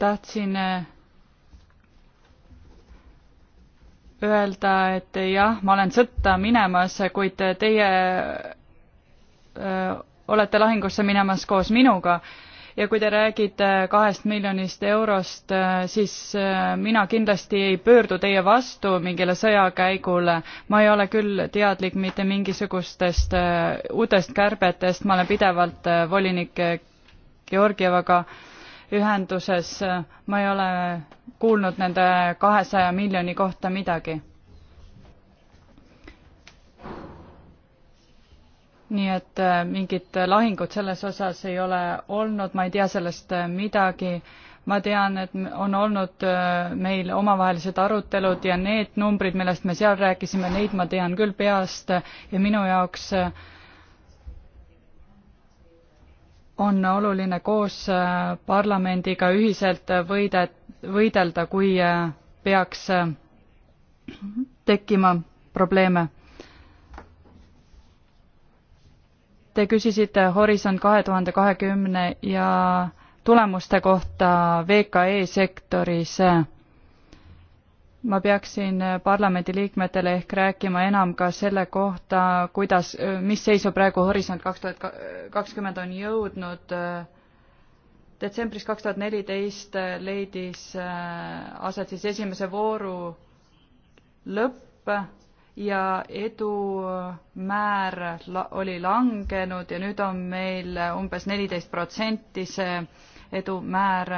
[SPEAKER 1] tahtsin eh, öelda, et jah, ma olen sõtta minemas, kuid teie öö, eh, olete lahingusse minemas koos minuga ja kui te räägite kahest miljonist eurost, äh, siis äh, mina kindlasti ei pöördu teie vastu mingile sõjakäigule. ma ei ole küll teadlik mitte mingisugustest äh, uutest kärbetest, ma olen pidevalt volinik Georgievaga ühenduses, ma ei ole kuulnud nende kahesaja miljoni kohta midagi nii et äh, mingit äh, lahingut selles osas ei ole olnud, ma ei tea sellest äh, midagi. ma tean, et on olnud meil omavahelised arutelud ja need numbrid, millest me seal rääkisime, neid ma tean küll peast ja minu jaoks on oluline koos parlamendiga ühiselt võide, võidelda, kui peaks tekkima probleeme Te küsisite Horisont kahe tuhande kahekümne ja tulemuste kohta VKE sektoris. ma peaksin parlamendiliikmetele ehk rääkima enam ka selle kohta, kuidas, mis seisu praegu Horisont kaks tuhat kakskümmend on jõudnud detsembris kaks tuhat neliteist leidis äh, aset siis esimese vooru lõpp ja edumäär oli langenud ja nüüd on meil umbes neliteist protsenti see edumäär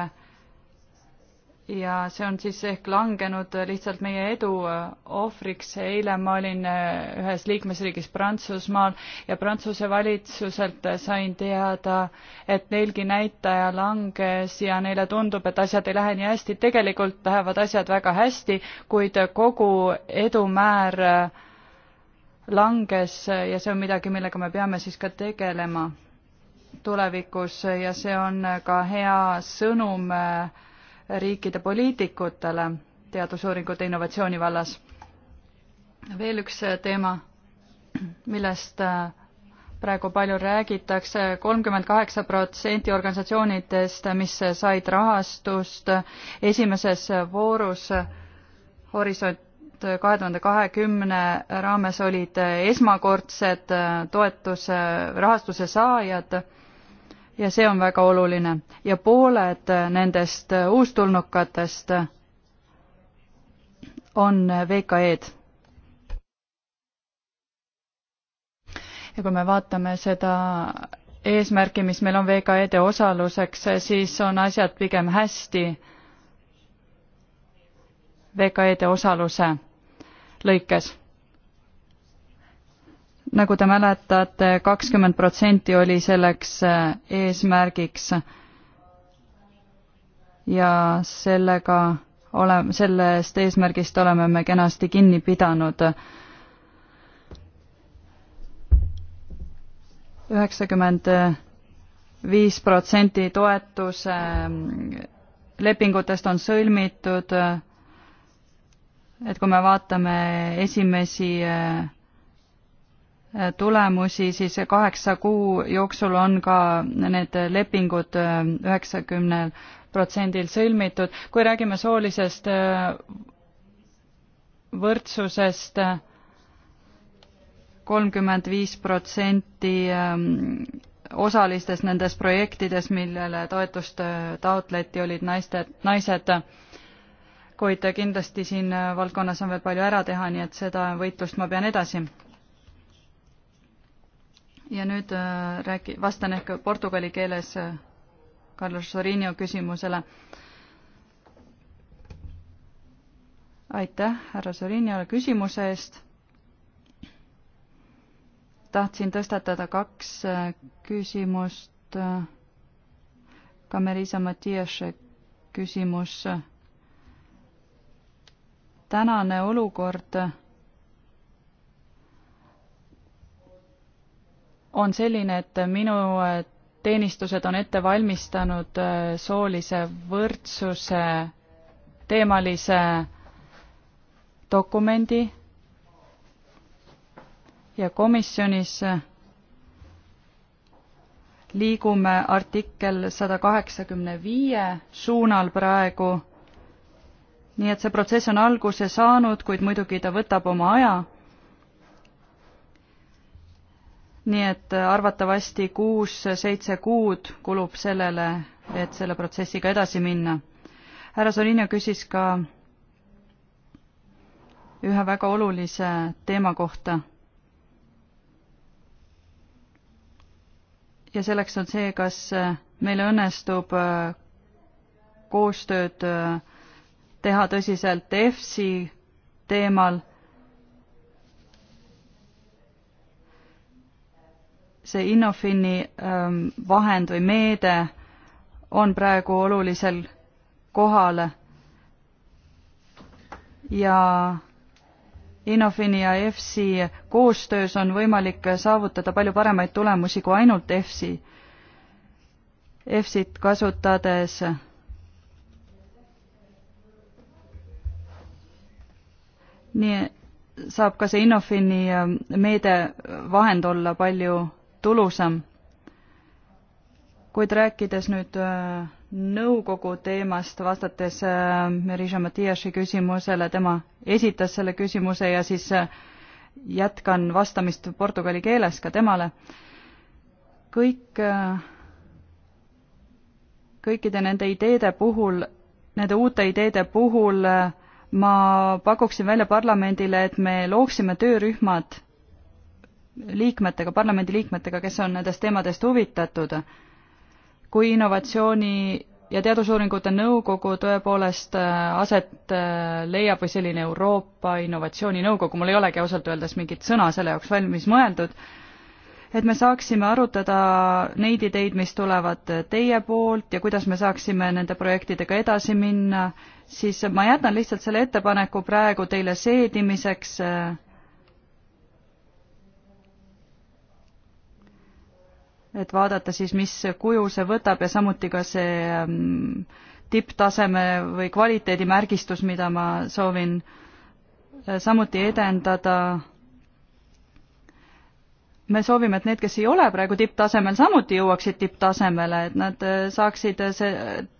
[SPEAKER 1] ja see on siis ehk langenud lihtsalt meie edu äh, ohvriks. eile ma olin äh, ühes liikmesriigis Prantsusmaal ja Prantsuse valitsuselt äh, sain teada, et neilgi näitaja langes ja neile tundub, et asjad ei lähe nii hästi. tegelikult lähevad asjad väga hästi, kuid kogu edumäär langes ja see on midagi, millega me peame siis ka tegelema tulevikus ja see on ka hea sõnum äh, riikide poliitikutele teadusuuringute innovatsiooni vallas. veel üks teema, millest äh, praegu palju räägitakse, kolmkümmend kaheksa protsenti organisatsioonidest, mis said rahastust esimeses voorus Horisont kahe tuhande kahekümne raames olid esmakordsed äh, toetuse rahastuse saajad ja see on väga oluline ja pooled nendest uustulnukatest on VKE-d. ja kui me vaatame seda eesmärki, mis meil on VKE-de osaluseks, siis on asjad pigem hästi VKE-de osaluse lõikes nagu te mäletate, kakskümmend protsenti oli selleks äh, eesmärgiks ja sellega oleme, sellest eesmärgist oleme me kenasti kinni pidanud. üheksakümmend viis protsenti toetuse äh, lepingutest on sõlmitud, et kui me vaatame esimesi äh, tulemusi, siis kaheksa kuu jooksul on ka need lepingud äh, üheksakümnel protsendil sõlmitud. kui räägime soolisest äh, võrdsusest, kolmkümmend viis protsenti äh, osalistest nendes projektides, millele toetust taotleti, olid naiste, naised kuid kindlasti siin valdkonnas on veel palju ära teha, nii et seda võitlust ma pean edasi ja nüüd äh, räägi-, vastan ehk portugali keeles äh, Carlos Sorinio küsimusele. aitäh härra Soriniole küsimuse eest. tahtsin tõstatada kaks äh, küsimust. ka Merisa Matiase küsimus. tänane olukord on selline, et minu äh, teenistused on ette valmistanud äh, soolise võrdsuse teemalise dokumendi ja komisjonis äh, liigume artikkel sada kaheksakümne viie suunal praegu. nii et see protsess on alguse saanud, kuid muidugi ta võtab oma aja nii et äh, arvatavasti kuus-seitse äh, kuud kulub sellele, et selle protsessiga edasi minna. härra Solino küsis ka ühe väga olulise teema kohta. ja selleks on see, kas äh, meil õnnestub koostööd teha tõsiselt EFSI teemal see Innofini ähm, vahend või meede on praegu olulisel kohal ja Innofini ja EFSi koostöös on võimalik saavutada palju paremaid tulemusi kui ainult EFSi, EFSit kasutades nii saab ka see Innofini ähm, meede, vahend olla palju tulusam. kuid rääkides nüüd äh, nõukogu teemast, vastates äh, Merisa Matiasi küsimusele, tema esitas selle küsimuse ja siis äh, jätkan vastamist portugali keeles ka temale. kõik, kõikide nende ideede puhul, nende uute ideede puhul ma pakuksin välja parlamendile, et me looksime töörühmad liikmetega, parlamendiliikmetega, kes on nendest teemadest huvitatud. kui innovatsiooni ja Teadusuuringute Nõukogu tõepoolest äh, aset äh, leiab või selline Euroopa Innovatsiooninõukogu, mul ei olegi ausalt öeldes mingit sõna selle jaoks valmis mõeldud, et me saaksime arutada neid ideid, mis tulevad teie poolt ja kuidas me saaksime nende projektidega edasi minna, siis ma jätan lihtsalt selle ettepaneku praegu teile seedimiseks äh, et vaadata siis, mis kuju see võtab ja samuti ka see ähm, tipptaseme või kvaliteedimärgistus, mida ma soovin äh, samuti edendada. me soovime, et need, kes ei ole praegu tipptasemel, samuti jõuaksid tipptasemele, et nad äh, saaksid äh, see,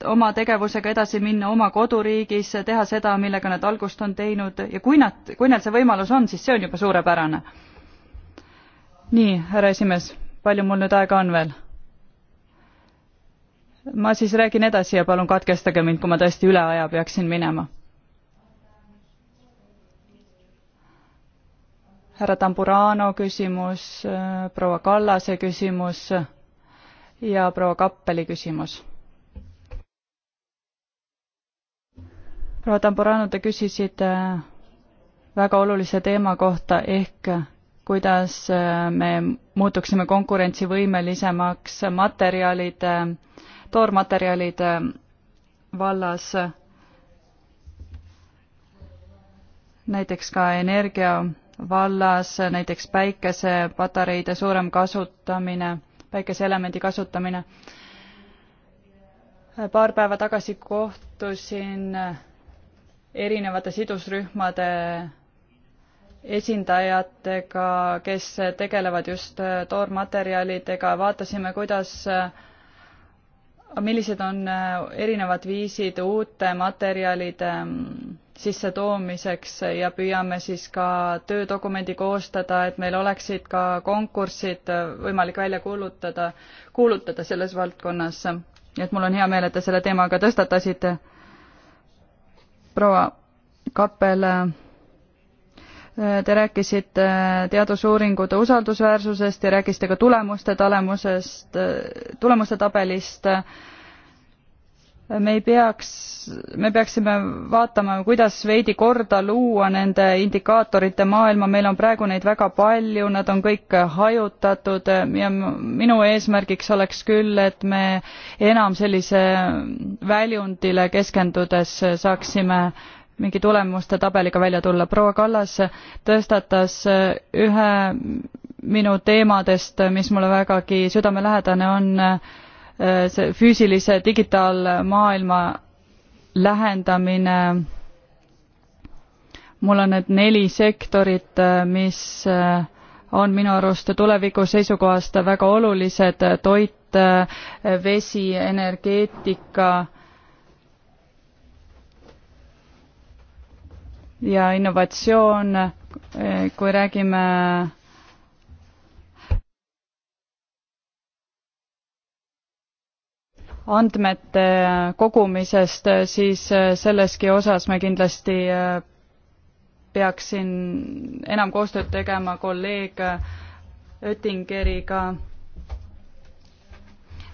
[SPEAKER 1] oma tegevusega edasi minna oma koduriigis, teha seda, millega nad algust on teinud ja kui nad, kui neil see võimalus on, siis see on juba suurepärane. nii, härra esimees palju mul nüüd aega on veel? ma siis räägin edasi ja palun katkestage mind, kui ma tõesti üle aja peaksin minema. härra Tamburano küsimus, proua Kallase küsimus ja proua Kappeli küsimus. proua Tamburano, te küsisite väga olulise teema kohta ehk kuidas äh, me muutuksime konkurentsivõimelisemaks materjalide, äh, toormaterjalide äh, vallas, näiteks ka energia vallas, näiteks päikesepatareide suurem kasutamine, päikeseelemendi kasutamine. paar päeva tagasi kohtusin erinevate sidusrühmade esindajatega, kes tegelevad just äh, toormaterjalidega, vaatasime, kuidas, äh, millised on äh, erinevad viisid uute materjalide mm, sissetoomiseks ja püüame siis ka töödokumendi koostada, et meil oleksid ka konkursid võimalik välja kuulutada, kuulutada selles valdkonnas. nii et mul on hea meel, et te selle teema ka tõstatasite. proua Kappel Te rääkisite teadusuuringute usaldusväärsusest ja rääkisite ka tulemuste talemusest, tulemuste tabelist. me ei peaks, me peaksime vaatama, kuidas veidi korda luua nende indikaatorite maailma, meil on praegu neid väga palju, nad on kõik hajutatud ja minu eesmärgiks oleks küll, et me enam sellise väljundile keskendudes saaksime mingi tulemuste tabeliga välja tulla. proua Kallas tõstatas ühe minu teemadest, mis mulle vägagi südamelähedane on, see füüsilise digitaalmaailma lähendamine. mul on need neli sektorit, mis on minu arust tuleviku seisukohast väga olulised, toit, vesi, energeetika ja innovatsioon, kui räägime andmete kogumisest, siis selleski osas me kindlasti peaksin enam koostööd tegema kolleeg Oettingeriga,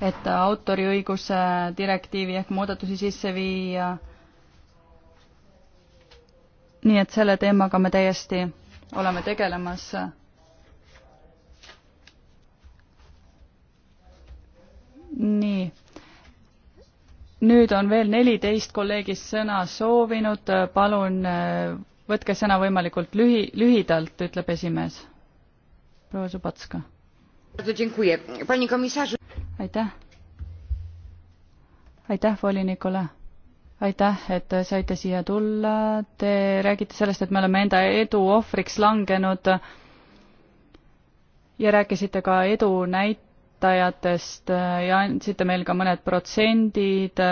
[SPEAKER 1] et autoriõiguse direktiivi ehk muudatusi sisse viia nii et selle teemaga me täiesti oleme tegelemas. nii. nüüd on veel neliteist kolleegi sõna soovinud, palun äh, võtke sõna võimalikult lühi, lühidalt, ütleb esimees. proua Zubatska. aitäh. aitäh volinikule aitäh, et saite siia tulla, te räägite sellest, et me oleme enda edu ohvriks langenud ja rääkisite ka edu näitajatest ja andsite meil ka mõned protsendid,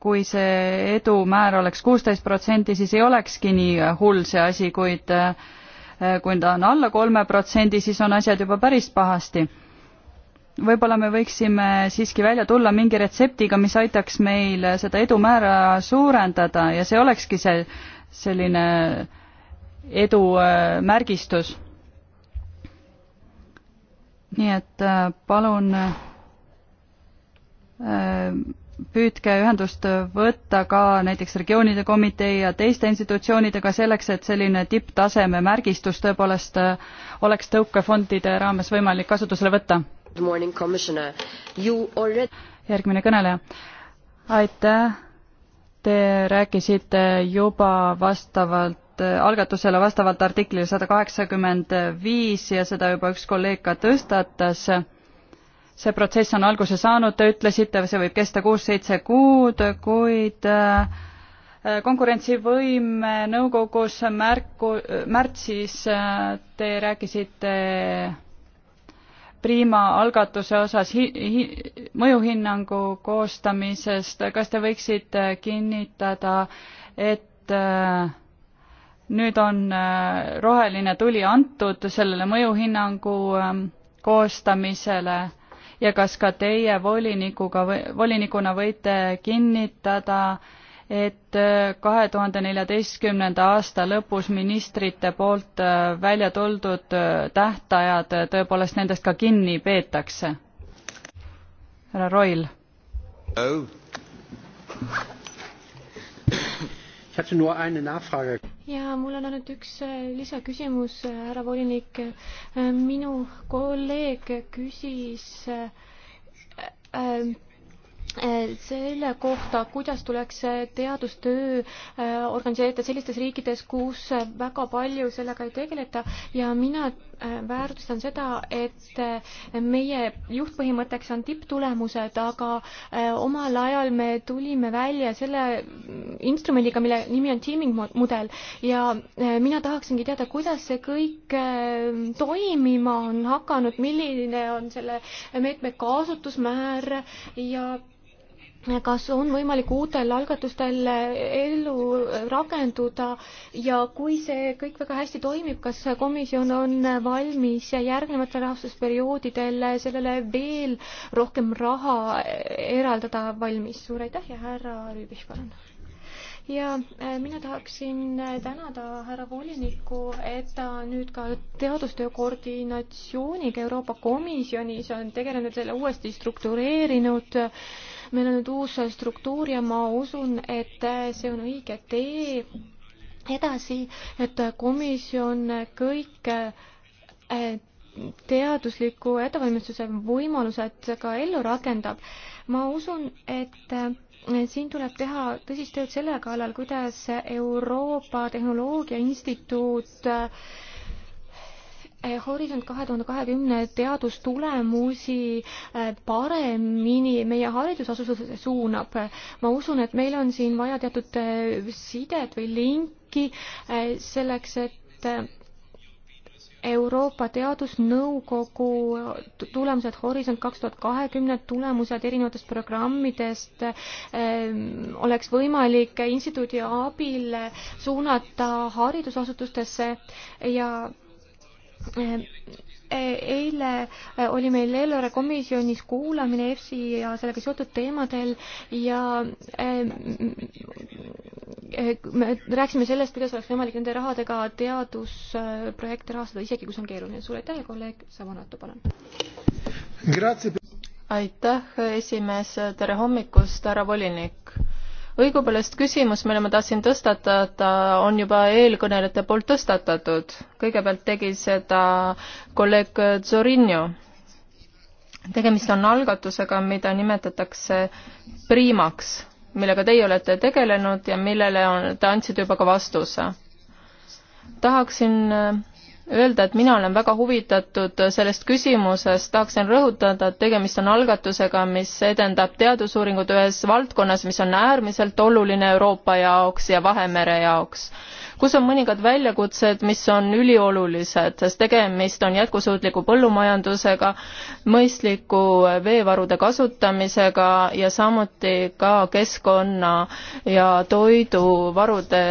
[SPEAKER 1] kui see edumäär oleks kuusteist protsenti, siis ei olekski nii hull see asi, kuid kui ta on alla kolme protsendi, siis on asjad juba päris pahasti võib-olla me võiksime siiski välja tulla mingi retseptiga, mis aitaks meil seda edumäära suurendada ja see olekski see selline edu märgistus. nii et äh, palun äh, püüdke ühendust võtta ka näiteks regioonide komitee ja teiste institutsioonidega selleks, et selline tipptaseme märgistus tõepoolest äh, oleks tõukefondide raames võimalik kasutusele võtta järgmine kõneleja. aitäh, te rääkisite juba vastavalt algatusele vastavalt artiklile sada kaheksakümmend viis ja seda juba üks kolleeg ka tõstatas. see protsess on alguse saanud, te ütlesite, see võib kesta kuus-seitse kuud, kuid äh, konkurentsivõime nõukogus märku, märtsis äh, te rääkisite Prima algatuse osas hi-, hi-, mõjuhinnangu koostamisest, kas te võiksite kinnitada, et äh, nüüd on äh, roheline tuli antud sellele mõjuhinnangu ähm, koostamisele ja kas ka teie volinikuga või volinikuna võite kinnitada, et äh, kahe tuhande neljateistkümnenda aasta lõpus ministrite poolt äh, välja tuldud äh, tähtajad, tõepoolest nendest ka kinni peetakse? härra Roil
[SPEAKER 3] oh..
[SPEAKER 2] ja mul on ainult üks lisaküsimus, härra volinik. minu kolleeg küsis äh, äh, Eh, selle kohta, kuidas tuleks eh, teadustöö eh, organiseerida sellistes riikides, kus väga palju sellega ei tegeleta ja mina väärtustan seda, et meie juhtpõhimõtteks on tipptulemused, aga omal ajal me tulime välja selle mm, instrumendiga, mille nimi on teaming mudel ja mina tahaksingi teada, kuidas see kõik toimima on hakanud, milline on selle meetme kasutusmäär ja kas on võimalik uutel algatustel ellu rakenduda ja kui see kõik väga hästi toimib, kas komisjon on valmis järgnevatel rahastusperioodidel sellele veel rohkem raha eraldada valmis? suur aitäh ja härra Rüübich, palun! ja äh, mina tahaksin äh, tänada härra volinikku, et ta nüüd ka teadustöö koordinatsiooniga Euroopa Komisjonis on tegelenud selle uuesti struktureerinud äh, meil on nüüd uus struktuur ja ma usun, et see on õige tee edasi, et komisjon kõik eh, teadusliku ettevalmistuse võimalused ka ellu rakendab. ma usun, et eh, siin tuleb teha tõsist tööd selle kallal, kuidas Euroopa Tehnoloogia Instituut äh, Eh, Horisont kahe tuhande kahekümne teadustulemusi eh, paremini meie haridusasutuse suunab. ma usun, et meil on siin vaja teatud eh, sidet või linki selleks, et Euroopa Teadusnõukogu tulemused Horisont kaks tuhat kahekümne tulemused erinevatest programmidest oleks võimalik instituudi abil suunata haridusasutustesse ja Ehm, e, eile e, oli meil eelarve komisjonis kuulamine EFSI ja sellega seotud teemadel ja e, me rääkisime sellest, kuidas oleks võimalik nende rahadega teadusprojekte rahastada, isegi kui see on keeruline. suur aitäh ja kolleeg Savanatu, palun!
[SPEAKER 3] aitäh, esimees, tere hommikust, härra volinik! õigupoolest küsimus, mille ma tahtsin tõstatada, on juba eelkõnelejate poolt tõstatatud. kõigepealt tegi seda kolleeg Zorinjo. tegemist on algatusega, mida nimetatakse priimaks, millega teie olete tegelenud ja millele on, te andsite juba ka vastuse. tahaksin öelda, et mina olen väga huvitatud sellest küsimusest, tahaksin rõhutada, et tegemist on algatusega, mis edendab teadusuuringut ühes valdkonnas, mis on äärmiselt oluline Euroopa jaoks ja Vahemere jaoks kus on mõningad väljakutsed, mis on üliolulised, sest tegemist on jätkusuutliku põllumajandusega, mõistliku veevarude kasutamisega ja samuti ka keskkonna ja toiduvarude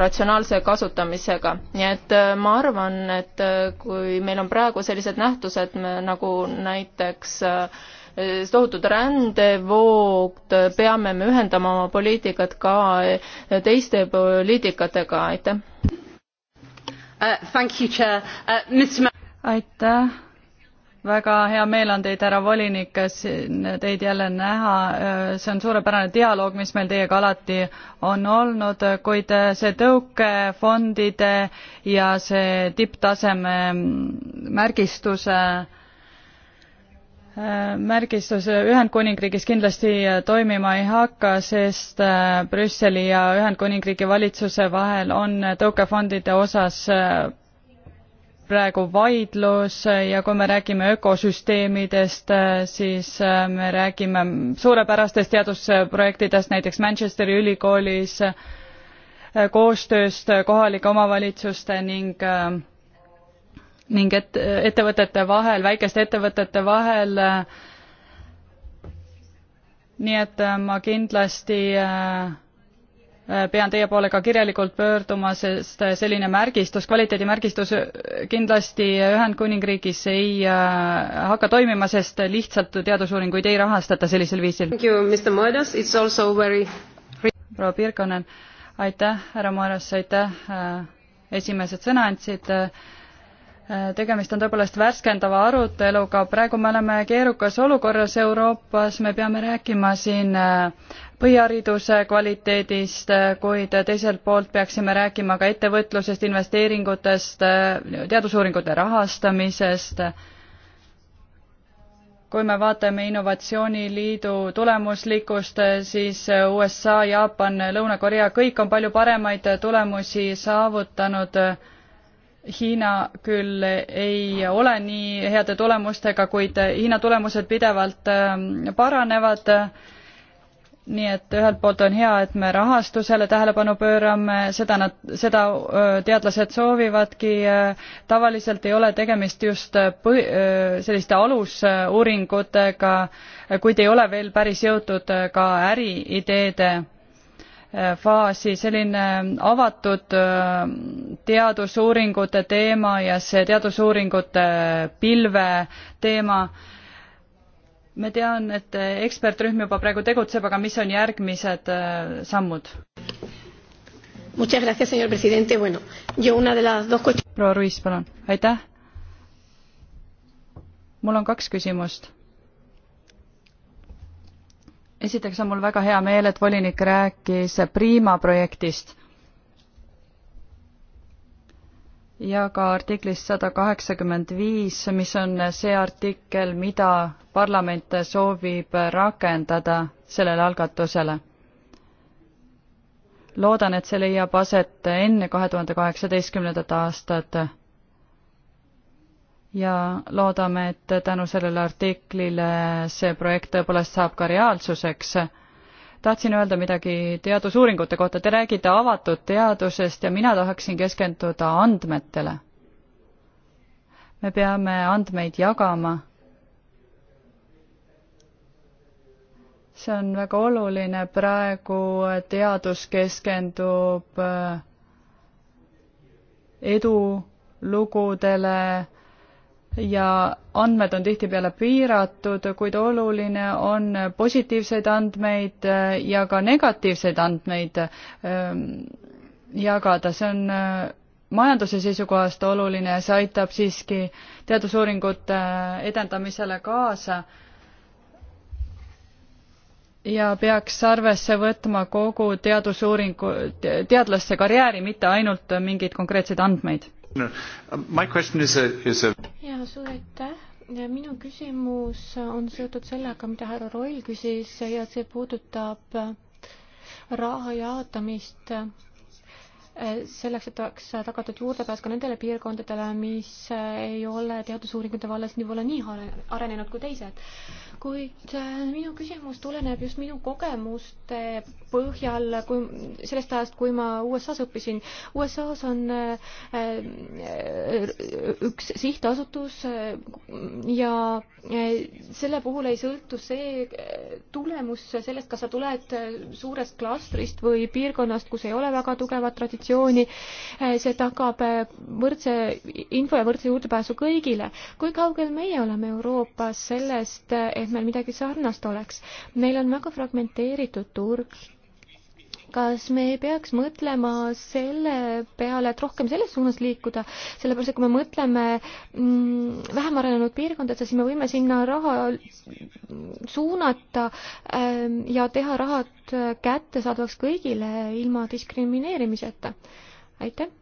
[SPEAKER 3] ratsionaalse kasutamisega. nii et äh, ma arvan, et äh, kui meil on praegu sellised nähtused nagu näiteks äh, Äh, tohutud rändevood, äh, peame me ühendama oma poliitikat ka äh, teiste poliitikatega,
[SPEAKER 1] aitäh uh,. uh aitäh, väga hea meel on teid, härra volinik, teid jälle näha, see on suurepärane dialoog, mis meil teiega alati on olnud, kuid see tõukefondide ja see tipptaseme mm, märgistuse märgistus Ühendkuningriigis kindlasti toimima ei hakka, sest äh, Brüsseli ja Ühendkuningriigi valitsuse vahel on tõukefondide osas äh, praegu vaidlus ja kui me räägime ökosüsteemidest, äh, siis me räägime suurepärastest teadusprojektidest näiteks Manchesteri ülikoolis, koostööst kohalike omavalitsuste ning ning et ettevõtete vahel, väikeste ettevõtete vahel. nii et äh, ma kindlasti äh, äh, pean teie poole ka kirjalikult pöörduma, sest selline märgistus, kvaliteedimärgistus kindlasti Ühendkuningriigis ei hakka toimima, sest lihtsalt teadusuuringuid ei rahastata sellisel viisil. Very... proua Pirkonen, aitäh, härra Moeras, aitäh, esimesed sõna andsid tegemist on tõepoolest värskendava aruteluga, praegu me oleme keerukas olukorras Euroopas, me peame rääkima siin äh, põhihariduse kvaliteedist, äh, kuid teiselt poolt peaksime rääkima ka ettevõtlusest, investeeringutest, äh, teadusuuringute rahastamisest. kui me vaatame Innovatsiooniliidu tulemuslikkust, siis USA, Jaapan, Lõuna-Korea, kõik on palju paremaid tulemusi saavutanud Hiina küll ei ole nii heade tulemustega, kuid Hiina tulemused pidevalt ähm, paranevad. nii et ühelt poolt on hea, et me rahastusele tähelepanu pöörame, seda nad, seda teadlased soovivadki. tavaliselt ei ole tegemist just äh, põhi, selliste alusuuringutega, kuid ei ole veel päris jõutud äh, ka äriideede faasi selline ähm, avatud ähm, teadusuuringute teema ja see teadusuuringute pilve teema. ma tean, et äh, ekspertrühm juba praegu tegutseb, aga mis on järgmised äh, sammud? proua Ruiz, palun. aitäh. mul on kaks küsimust esiteks on mul väga hea meel, et volinik rääkis Prima projektist ja ka artiklist sada kaheksakümmend viis, mis on see artikkel, mida parlament soovib rakendada sellele algatusele. loodan, et see leiab aset enne kahe tuhande kaheksateistkümnendat aastat ja loodame, et tänu sellele artiklile see projekt tõepoolest saab ka reaalsuseks. tahtsin öelda midagi teadusuuringute kohta, te räägite avatud teadusest ja mina tahaksin keskenduda andmetele. me peame andmeid jagama. see on väga oluline, praegu teadus keskendub äh, edulugudele ja andmed on tihtipeale piiratud, kuid oluline on positiivseid andmeid äh, ja ka negatiivseid andmeid ähm, jagada, see on äh, majanduse seisukohast oluline ja see aitab siiski teadusuuringute äh, edendamisele kaasa ja peaks arvesse võtma kogu teadusuuringu, teadlaste karjääri, mitte ainult mingeid konkreetseid andmeid Um,
[SPEAKER 2] ja suur aitäh. minu küsimus on seotud sellega, mida härra Roll küsis ja see puudutab raha jaotamist selleks, et oleks tagatud juurdepääs ka nendele piirkondadele, mis ei ole teadusuuringute vallas võib-olla nii arenenud kui teised. kuid äh, minu küsimus tuleneb just minu kogemuste põhjal, kui sellest ajast, kui ma USA-s õppisin. USA-s on äh, äh, üks sihtasutus ja selle puhul ei sõltu see tulemus sellest, kas sa tuled suurest klastrist või piirkonnast, kus ei ole väga tugevat traditsiooni, informatsiooni, eh, see tagab eh, võrdse info ja võrdse juurdepääsu kõigile. kui kaugel meie oleme Euroopas sellest, eh, et meil midagi sarnast oleks? meil on väga fragmenteeritud turg kas me ei peaks mõtlema selle peale, et rohkem selles suunas liikuda, sellepärast et kui me mõtleme mm, vähem arenenud piirkondadesse, siis me võime sinna raha suunata ähm, ja teha rahad äh, kättesaadavaks kõigile ilma diskrimineerimiseta. aitäh!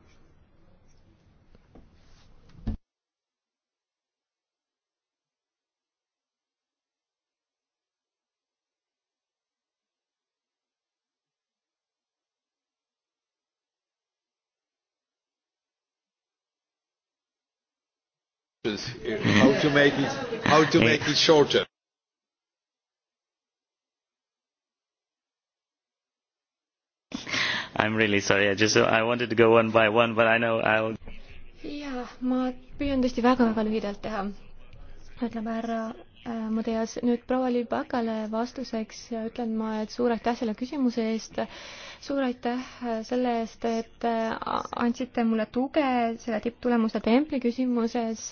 [SPEAKER 1] how to make it, how to make it shorter.
[SPEAKER 3] I'm really sorry, I just, I wanted to go one by one, but I know I'll.
[SPEAKER 2] jaa, ma püüan tõesti väga-väga lühidalt teha, ütleme härra Äh, Madeas, nüüd proua Libakale vastuseks ütlen ma, et suur aitäh selle küsimuse eest, suur aitäh äh, selle eest, et äh, andsite mulle tuge selle tipptulemuste templi küsimuses.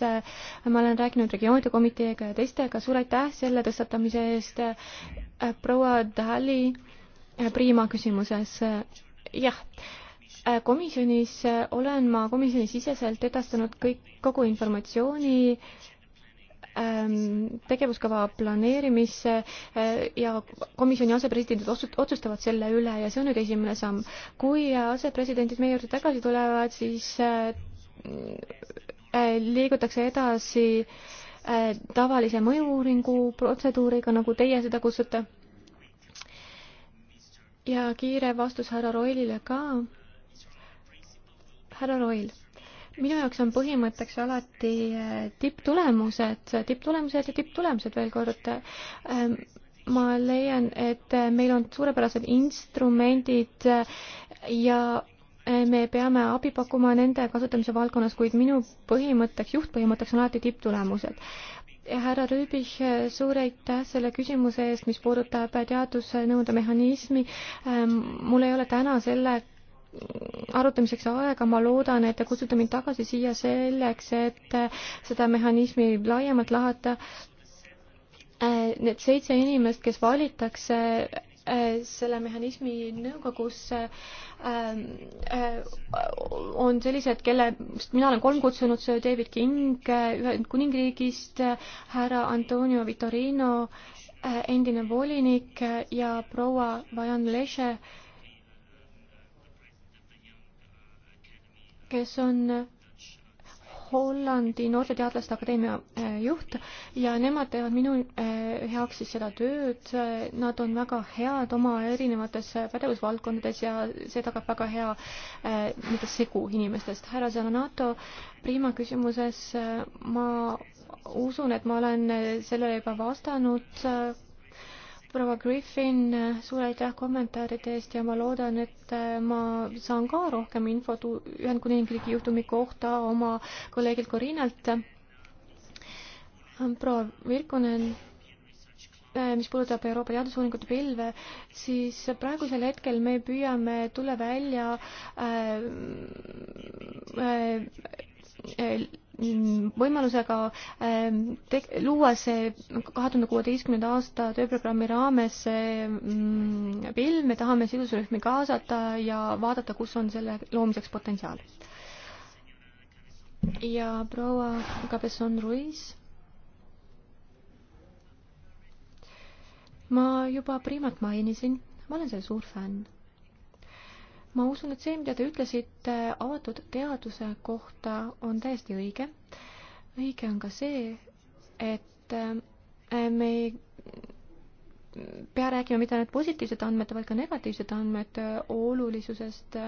[SPEAKER 2] ma olen rääkinud regioonide komiteega ja teistega, suur aitäh selle tõstatamise eest. proua Dali Prima küsimuses, jah komisjonis olen ma komisjonisiseselt edastanud kõik, kogu informatsiooni äh, Ähm, tegevuskava planeerimisse äh, ja komisjoni asepresidendid otsustavad selle üle ja see on nüüd esimene samm. kui asepresidendid meie juurde tagasi tulevad, siis äh, äh, liigutakse edasi tavalise mõju-uuringu protseduuriga, nagu teie seda kutsute. ja kiire vastus härra Roilile ka. härra Roil minu jaoks on põhimõtteks alati eh, tipptulemused, tipptulemused ja tipptulemused veel kord. Ähm, ma leian, et eh, meil on suurepärased instrumendid eh, ja me peame abi pakkuma nende kasutamise valdkonnas, kuid minu põhimõtteks, juhtpõhimõtteks on alati tipptulemused härra Rüübich, suur aitäh selle küsimuse eest, mis puudutab teadusnõude mehhanismi. Ähm, mul ei ole täna selle arutamiseks aega, ma loodan, et te kutsute mind tagasi siia selleks, et seda mehhanismi laiemalt lahata. Need seitse inimest, kes valitakse eh, selle mehhanismi nõukogusse eh, on sellised, kelle, mina olen kolm kutsunud, see David King eh, Ühendkuningriigist, härra Antonio Vitorino, endine volinik ja proua Vajan Leše kes on Hollandi Noorte Teadlaste Akadeemia äh, juht ja nemad teevad minu äh, heaks siis seda tööd. Nad on väga head oma erinevates äh, pädevusvaldkondades ja see tagab väga hea nii-öelda segu inimestest. härra Zananato, Prima küsimuses ma usun, et ma olen sellele juba vastanud proua Griffin, suur aitäh kommentaaride eest ja ma loodan, et äh, ma saan ka rohkem infot Ühendkuningriigi juhtumi kohta oma kolleegilt Corinalt. Ähm, proua Virkunen, äh, mis puudutab Euroopa teadusuuringute pilve, siis praegusel hetkel me püüame tulla välja äh, äh, Äh, võimalusega ähm, te-, luua see kahe tuhande kuueteistkümnenda aasta tööprogrammi raames see pill, mm, me tahame sidusrühmi kaasata ja vaadata, kus on selle loomiseks potentsiaal. ja proua Cabezon Ruiz. ma juba Primat mainisin, ma olen selle suur fänn ma usun, et see, mida te ütlesite avatud teaduse kohta, on täiesti õige. õige on ka see, et äh, me ei pea rääkima mitte ainult positiivsete andmete, vaid ka negatiivsete andmete olulisusest.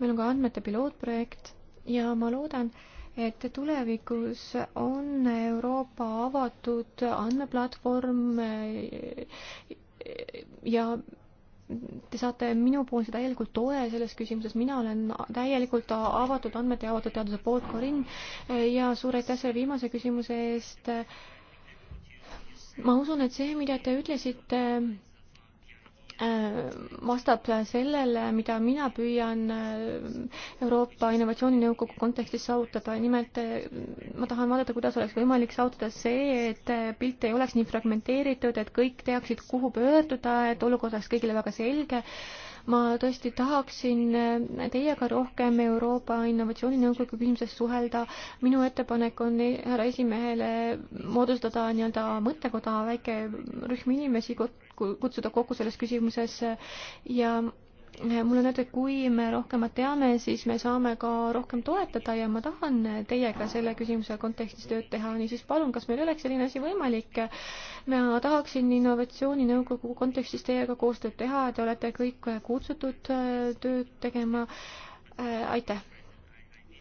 [SPEAKER 2] meil on ka andmete pilootprojekt ja ma loodan, et tulevikus on Euroopa avatud andmeplatvorm äh, ja te saate minu poolt täielikult toe selles küsimuses, mina olen täielikult avatud andmete ja avatud teaduse poolt, Karin, ja suur aitäh selle viimase küsimuse eest. ma usun, et see, mida te ütlesite, vastab sellele, mida mina püüan äh, Euroopa Innovatsiooninõukogu kontekstis saavutada, nimelt äh, ma tahan vaadata, kuidas oleks võimalik saavutada see, et äh, pilt ei oleks nii fragmenteeritud, et kõik teaksid, kuhu pöörduda, et olukord oleks kõigile väga selge. ma tõesti tahaksin teiega rohkem Euroopa Innovatsiooninõukogu küsimuses suhelda. minu ettepanek on eh, härra esimehele moodustada nii-öelda mõttekoda, väike rühm inimesi, kutsuda kokku selles küsimuses ja mulle on öeldud, et kui me rohkemat teame, siis me saame ka rohkem toetada ja ma tahan teiega selle küsimuse kontekstis tööd teha, niisiis palun, kas meil oleks selline asi võimalik? ma tahaksin innovatsiooninõukogu kontekstis teiega koostööd teha, te olete kõik kutsutud äh, tööd tegema. Äh, aitäh.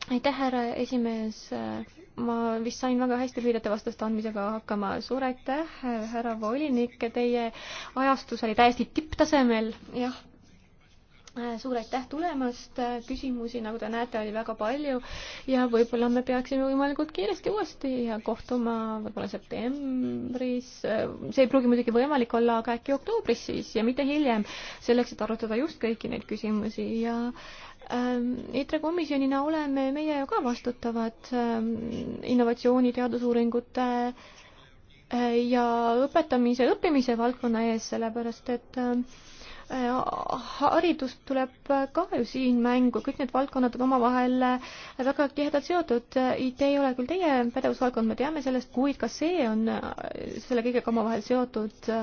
[SPEAKER 2] aitäh, härra esimees ma vist sain väga hästi lühidate vastuste andmisega hakkama. suur aitäh, härra volinik, teie ajastus oli täiesti tipptasemel, jah. suur aitäh tulemast, küsimusi, nagu te näete, oli väga palju ja võib-olla me peaksime võimalikult kiiresti uuesti kohtuma, võib-olla septembris, see ei pruugi muidugi võimalik olla, aga äkki oktoobris siis ja mitte hiljem, selleks, et arutada just kõiki neid küsimusi ja äh, Ähm, ITRE komisjonina oleme meie ka vastutavad ähm, innovatsiooni, teadusuuringute äh, ja õpetamise, õppimise valdkonna ees, sellepärast et ähm, äh, haridus tuleb ka ju siin mängu, kõik need valdkonnad on omavahel äh, väga tihedalt seotud. IT ei ole küll teie pädevusvaldkond, me teame sellest, kuid ka see on selle kõigega omavahel seotud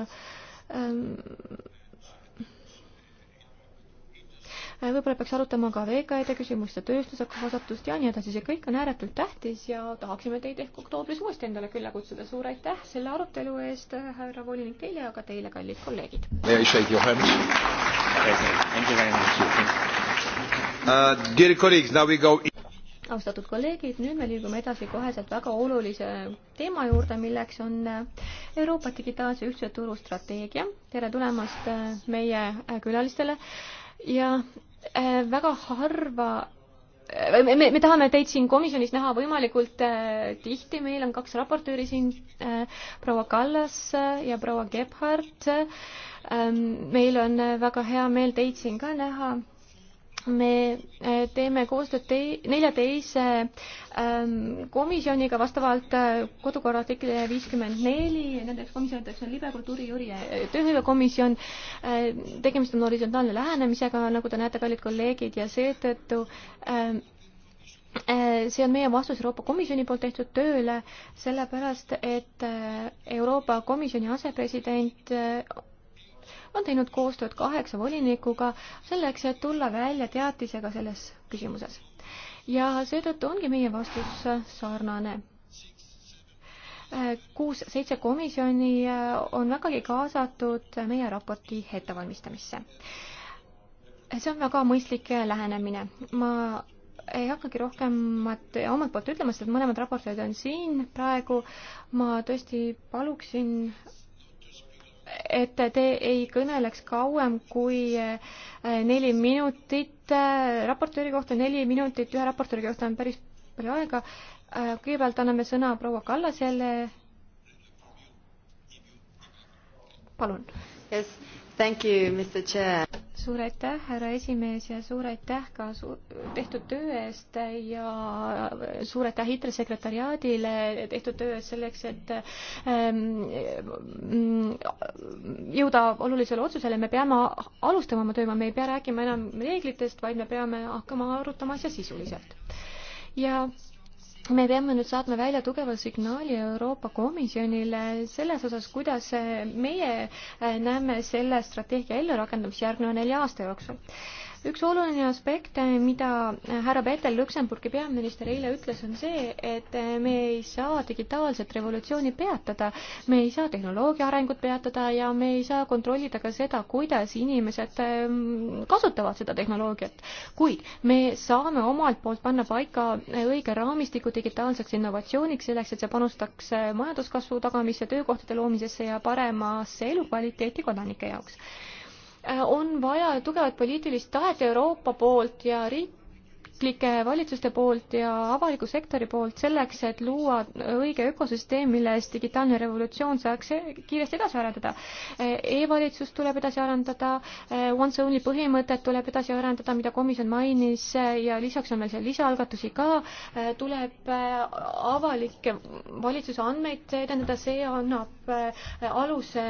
[SPEAKER 2] võib-olla peaks arutama ka VKE-de küsimust ja tööstuse kaasatust ja nii edasi, see kõik on ääretult tähtis ja tahaksime teid ehk oktoobris uuesti endale külla kutsuda, suur aitäh selle arutelu eest, härra volinik teile, aga teile, kallid kolleegid. Uh, austatud kolleegid, nüüd me liigume edasi koheselt väga olulise teema juurde, milleks on äh, Euroopa digitaalse ühtse turu strateegia. tere tulemast äh, meie äh, külalistele ja Äh, väga harva äh, me, me, me tahame teid siin komisjonis näha võimalikult äh, tihti, meil on kaks raportööri siin äh,, proua Kallas äh, ja proua Gebhardt ähm,. meil on väga hea meel teid siin ka näha me äh, teeme koostööd te neljateise ähm, komisjoniga vastavalt äh, kodukorra artiklile viiskümmend neli, nendeks komisjonideks on libe, kultuuri, juri ja tööhõivekomisjon äh,. tegemist on horisontaalne lähenemisega, nagu te näete, kallid kolleegid, ja seetõttu ähm, äh, see on meie vastus Euroopa Komisjoni poolt tehtud tööle, sellepärast et Euroopa Komisjoni asepresident on teinud koostööd kaheksa volinikuga selleks, et tulla välja teatisega selles küsimuses. ja seetõttu ongi meie vastus sarnane kuus-seitse komisjoni on vägagi kaasatud meie raporti ettevalmistamisse. see on väga mõistlik lähenemine. ma ei hakkagi rohkemat omalt poolt ütlema, sest mõlemad raportööd on siin praegu. ma tõesti paluksin et te ei kõneleks kauem kui eh, neli minutit eh, raportööri kohta, neli minutit ühe raportööri kohta on päris palju aega. Eh, kõigepealt anname sõna proua Kallasele. palun yes,. Thank you, Mr Chair suur aitäh, härra esimees ja suur aitäh ka su tehtud töö eest ja suur aitäh ITRE sekretariaadile tehtud töö eest selleks, et ähm, mm, jõuda olulisele otsusele. me peame alustama oma tööga, me ei pea rääkima enam reeglitest, vaid me peame hakkama arutama asja sisuliselt. ja me peame nüüd saatma välja tugeva signaali Euroopa Komisjonile selles osas, kuidas meie eh, näeme selle strateegia ellurakendamist järgneva nelja aasta jooksul üks oluline aspekt, eh, mida härra Petel, Luksemburgi peaminister, eile ütles, on see, et eh, me ei saa digitaalset revolutsiooni peatada, me ei saa tehnoloogia arengut peatada ja me ei saa kontrollida ka seda, kuidas inimesed ehm, kasutavad seda tehnoloogiat. kuid me saame omalt poolt panna paika eh, õige raamistiku digitaalseks innovatsiooniks, selleks et see panustaks majanduskasvu tagamisse, töökohtade loomisesse ja paremasse elukvaliteeti kodanike jaoks Äh, on vaja tugevat poliitilist tahet Euroopa poolt ja riiklike valitsuste poolt ja avaliku sektori poolt selleks, et luua õige ökosüsteem, milles digitaalne revolutsioon saaks e- kiiresti edasi arendada e. Äh, E-valitsust tuleb edasi arendada, äh, once only põhimõtet tuleb edasi arendada, mida komisjon mainis ja lisaks on meil seal lisaalgatusi ka, tuleb avalikke valitsuse andmeid edendada, see annab aluse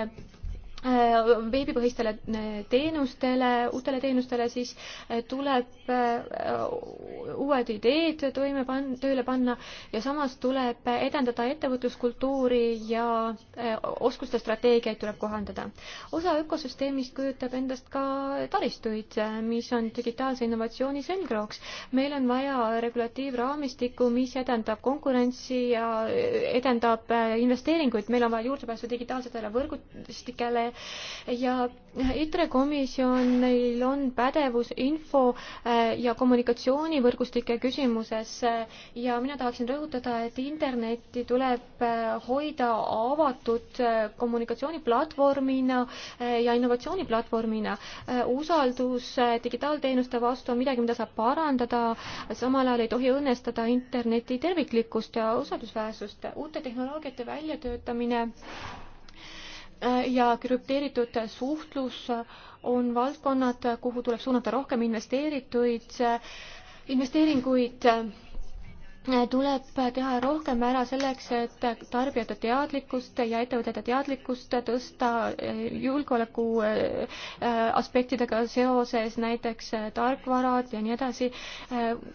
[SPEAKER 2] Äh, veebipõhistele äh, teenustele, uutele teenustele, siis äh, tuleb uued ideed toime pan-, tööle panna ja samas tuleb edendada ettevõtluskultuuri ja oskuste strateegiaid tuleb kohandada. osa ökosüsteemist kujutab endast ka taristuid, mis on digitaalse innovatsiooni selgrooks. meil on vaja regulatiivraamistikku, mis edendab konkurentsi ja edendab investeeringuid, meil on vaja juurdepääsu digitaalsetele võrgustikele, ja ITRE komisjonil on pädevus info äh, ja kommunikatsioonivõrgustike küsimuses ja mina tahaksin rõhutada, et internetti tuleb äh, hoida avatud äh, kommunikatsiooniplatvormina ja innovatsiooniplatvormina. usaldus digitaalteenuste vastu on midagi, mida saab parandada, samal ajal ei tohi õnnestada interneti terviklikkust ja usaldusväärsust. uute tehnoloogiate väljatöötamine ja krüpteeritud suhtlus on valdkonnad, kuhu tuleb suunata rohkem investeerituid, investeeringuid tuleb teha rohkem ära selleks, et tarbijate teadlikkust ja ettevõtete teadlikkust tõsta eh, julgeoleku eh, aspektidega seoses, näiteks eh, tarkvarad ja nii edasi.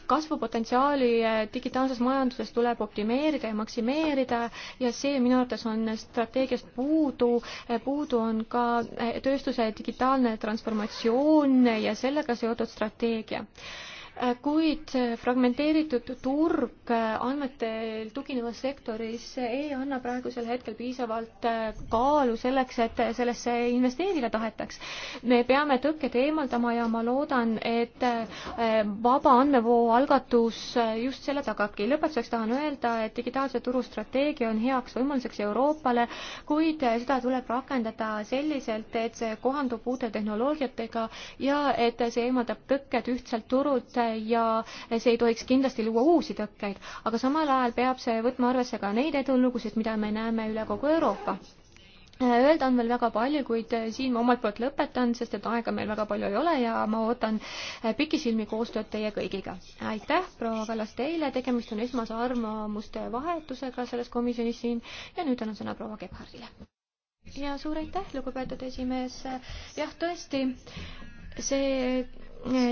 [SPEAKER 2] kasvupotentsiaali digitaalses majanduses tuleb optimeerida ja maksimeerida ja see minu arvates on strateegiast puudu. puudu on ka tööstuse digitaalne transformatsioon ja sellega seotud strateegia kuid fragmenteeritud turg andmetel tuginevas sektoris ei anna praegusel hetkel piisavalt äh, kaalu selleks, et sellesse investeerida tahetaks. me peame tõkked eemaldama ja ma loodan, et äh, vaba andmevoo algatus äh, just selle tagabki. lõpetuseks tahan öelda, et digitaalse turu strateegia on heaks võimaluseks Euroopale, kuid seda tuleb rakendada selliselt, et see kohandub uute tehnoloogiatega ja et see eemaldab tõkked ühtselt turult ja see ei tohiks kindlasti luua uusi tõkkeid, aga samal ajal peab see võtma arvesse ka neid edulugusid, mida me näeme üle kogu Euroopa. Öelda on veel väga palju, kuid siin ma omalt poolt lõpetan, sest et aega meil väga palju ei ole ja ma ootan pikisilmi koostööd teie kõigiga. aitäh, proua Kallas, teile, tegemist on esmase arvamuste vahetusega selles komisjonis siin ja nüüd annan sõna proua Gebhardile. ja suur aitäh, lugupeetud esimees, jah, tõesti, see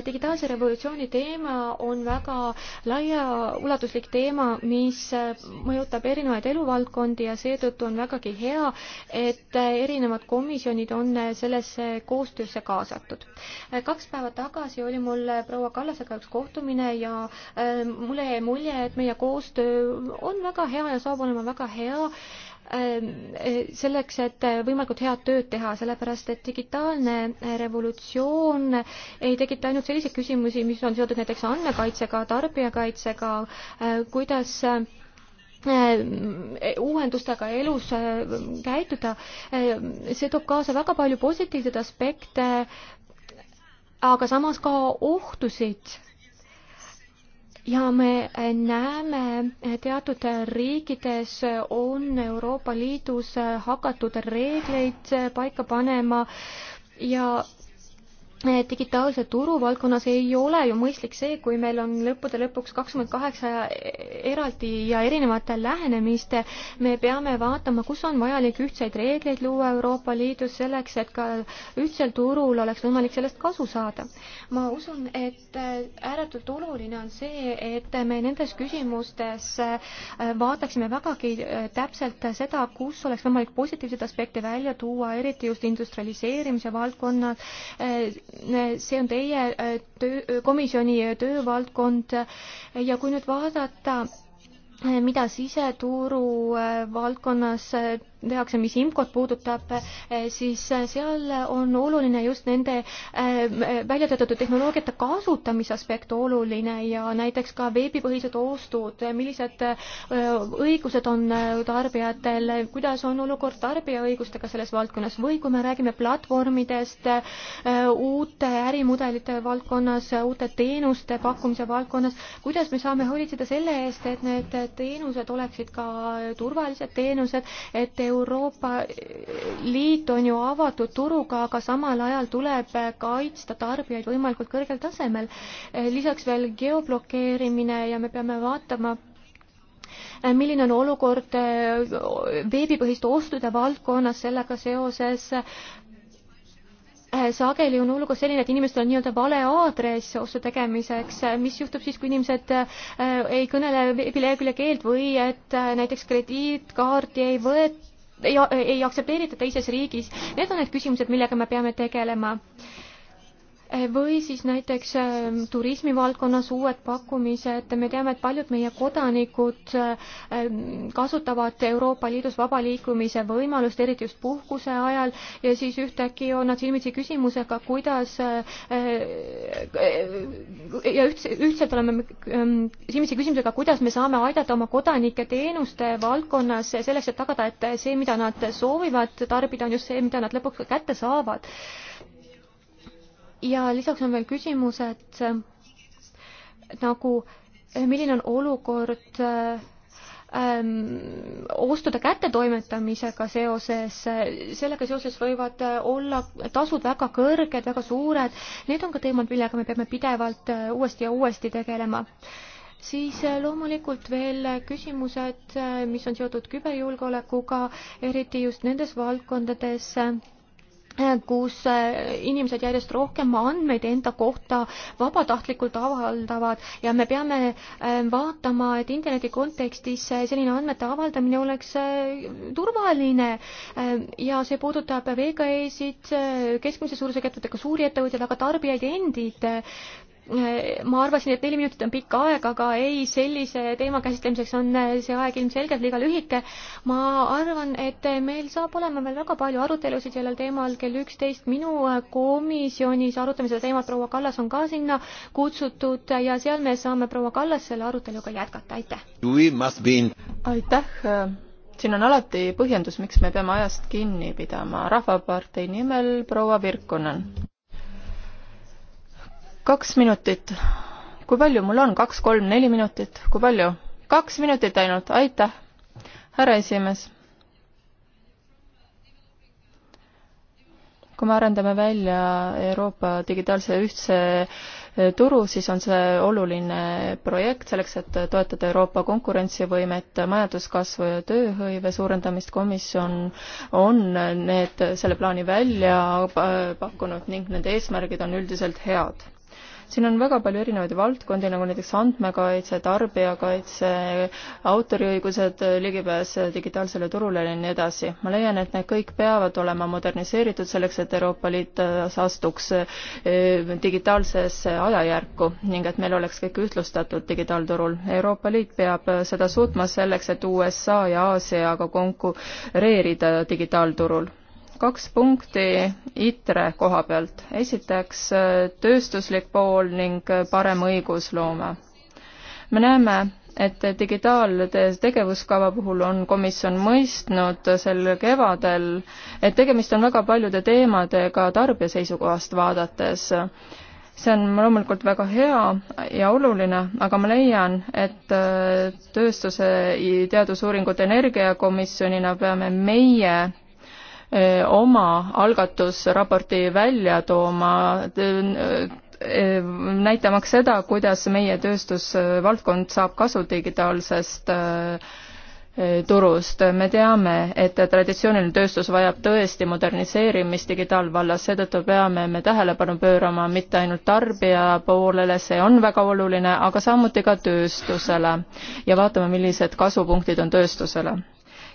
[SPEAKER 2] digitaalse revolutsiooni teema on väga laiaulatuslik teema, mis mõjutab erinevaid eluvaldkondi ja seetõttu on vägagi hea, et erinevad komisjonid on sellesse koostöösse kaasatud. kaks päeva tagasi oli mul proua Kallasega üks kohtumine ja äh, mulle jäi mulje, et meie koostöö on väga hea ja saab olema väga hea Ehm, eh, selleks, et eh, võimalikult head tööd teha, sellepärast et digitaalne eh, revolutsioon ei tekita ainult selliseid küsimusi, mis on seotud näiteks andmekaitsega, tarbijakaitsega, kuidas uuendustega elus käituda, see toob kaasa väga palju positiivseid aspekte, aga samas ka ohtusid ja me äh, näeme, äh, teatud äh, riikides on Euroopa Liidus hakatud reegleid paika panema ja digitaalse turu valdkonnas ei ole ju mõistlik see, kui meil on lõppude lõpuks kakskümmend kaheksa eraldi ja erinevate lähenemiste. me peame vaatama, kus on vajalik ühtseid reegleid luua Euroopa Liidus selleks, et ka ühtsel turul oleks võimalik sellest kasu saada. ma usun, et ääretult oluline on see, et me nendes küsimustes vaataksime vägagi täpselt seda, kus oleks võimalik positiivseid aspekte välja tuua, eriti just industrialiseerimise valdkonnas see on teie äh, töö, äh, komisjoni äh, töövaldkond ja kui nüüd vaadata, mida siseturu valdkonnas tehakse, mis IMCO-t puudutab, eh, siis eh, seal on oluline just nende eh, välja töötatud tehnoloogiate kasutamise aspekt oluline ja näiteks ka veebipõhised ostud, millised õigused on tarbijatel, kuidas on olukord tarbija õigustega selles valdkonnas või kui me räägime platvormidest, uute ärimudelite valdkonnas, uute teenuste pakkumise valdkonnas, kuidas me saame hoolitseda selle eest, et need teenused oleksid ka turvalised teenused, et Euroopa Liit on ju avatud turuga, aga samal ajal tuleb kaitsta tarbijaid võimalikult kõrgel tasemel. lisaks veel geoblokeerimine ja me peame vaatama, milline on olukord veebipõhiste ostude valdkonnas sellega seoses sageli on olukord selline, et inimestel on nii-öelda vale aadress ostu tegemiseks, mis juhtub siis, kui inimesed äh, ei kõnele veebilehekülje keelt või et äh, näiteks krediitkaarti ei võeta ei, ei aktsepteerita teises riigis. Need on need küsimused, millega me peame tegelema või siis näiteks ähm, turismivaldkonnas uued pakkumised, me teame, et paljud meie kodanikud ähm, kasutavad Euroopa Liidus vaba liikumise võimalust, eriti just puhkuse ajal, ja siis ühtäkki on nad silmitsi küsimusega, kuidas äh, äh, ja üldse, üldselt oleme ähm, silmitsi küsimusega, kuidas me saame aidata oma kodanikke teenuste valdkonnas selleks, et tagada, et see, mida nad soovivad tarbida, on just see, mida nad lõpuks ka kätte saavad ja lisaks on veel küsimused nagu eh, milline on olukord ähm, ostude kättetoimetamisega seoses, sellega seoses võivad eh, olla tasud väga kõrged, väga suured, need on ka teemad, millega me peame pidevalt eh, uuesti ja uuesti tegelema. siis loomulikult veel küsimused, mis on seotud küberjulgeolekuga, eriti just nendes valdkondades äh,, kus äh, inimesed järjest rohkem andmeid enda kohta vabatahtlikult avaldavad ja me peame äh, vaatama, et interneti kontekstis äh, selline andmete avaldamine oleks turvaline ja see puudutab VKE-sid, keskmise suurusega ettevõtteid, ka suuri ettevõtjaid, aga tarbijaid endid ma arvasin, et neli minutit on pikk aeg, aga ei, sellise teema käsitlemiseks on see aeg ilmselgelt liiga lühike. ma arvan, et meil saab olema veel väga palju arutelusid sellel teemal kell üksteist. minu komisjonis arutame seda teemat, proua Kallas on ka sinna kutsutud ja seal me saame proua Kallas selle aruteluga jätkata, aitäh!
[SPEAKER 3] aitäh! siin on alati põhjendus, miks me peame ajast kinni pidama. rahvapartei nimel proua Virkonen kaks minutit. kui palju mul on, kaks, kolm, neli minutit, kui palju? kaks minutit ainult, aitäh, härra esimees. kui me arendame välja Euroopa digitaalse ühtse eh, turu, siis on see oluline projekt selleks, et toetada Euroopa konkurentsivõimet, majanduskasvu ja tööhõive suurendamist. komisjon on need, selle plaani välja eh, pakkunud ning nende eesmärgid on üldiselt head siin on väga palju erinevaid valdkondi, nagu näiteks andmekaitse, tarbijakaitse, autoriõigused, ligipääs digitaalsele turule ja nii edasi. ma leian, et need kõik peavad olema moderniseeritud selleks, et Euroopa Liit astuks eh, digitaalsesse ajajärku ning et meil oleks kõik ühtlustatud digitaalturul. Euroopa Liit peab seda suutma selleks, et USA ja Aasiaga konkureerida digitaalturul kaks punkti ITRE koha pealt. esiteks tööstuslik pool ning parem õigusloome. me näeme, et digitaalde tegevuskava puhul on komisjon mõistnud sel kevadel, et tegemist on väga paljude teemadega tarbija seisukohast vaadates see on loomulikult väga hea ja oluline, aga ma leian, et äh, tööstuse teadusuuringute energiakomisjonina peame meie oma algatusraporti välja tooma, näitamaks seda, kuidas meie tööstusvaldkond saab kasu digitaalsest turust. me teame, et traditsiooniline tööstus vajab tõesti moderniseerimist digitaalvallas, seetõttu peame me tähelepanu pöörama mitte ainult tarbija poolele, see on väga oluline, aga samuti ka tööstusele ja vaatame, millised kasvupunktid on tööstusele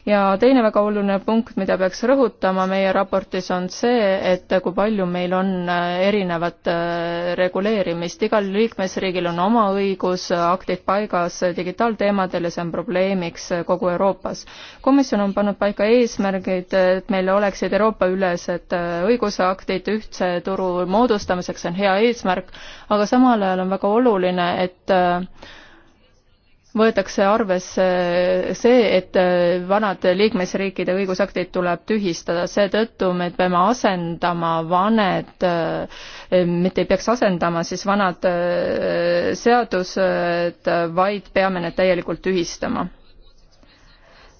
[SPEAKER 3] ja teine väga oluline punkt, mida peaks rõhutama meie raportis, on see, et kui palju meil on äh, erinevat äh, reguleerimist, igal liikmesriigil on oma õigusaktid äh, paigas digitaalteemadel ja see on probleemiks kogu Euroopas. komisjon on pannud paika eesmärgid, et meil oleksid Euroopa-ülesed õigusaktid ühtse turu moodustamiseks, see on hea eesmärk, aga samal ajal on väga oluline, et võetakse arvesse see, et äh, vanad liikmesriikide õigusaktid tuleb tühistada, seetõttu me peame asendama vaned, äh, mitte ei peaks asendama siis vanad äh, seadused, vaid peame need täielikult tühistama.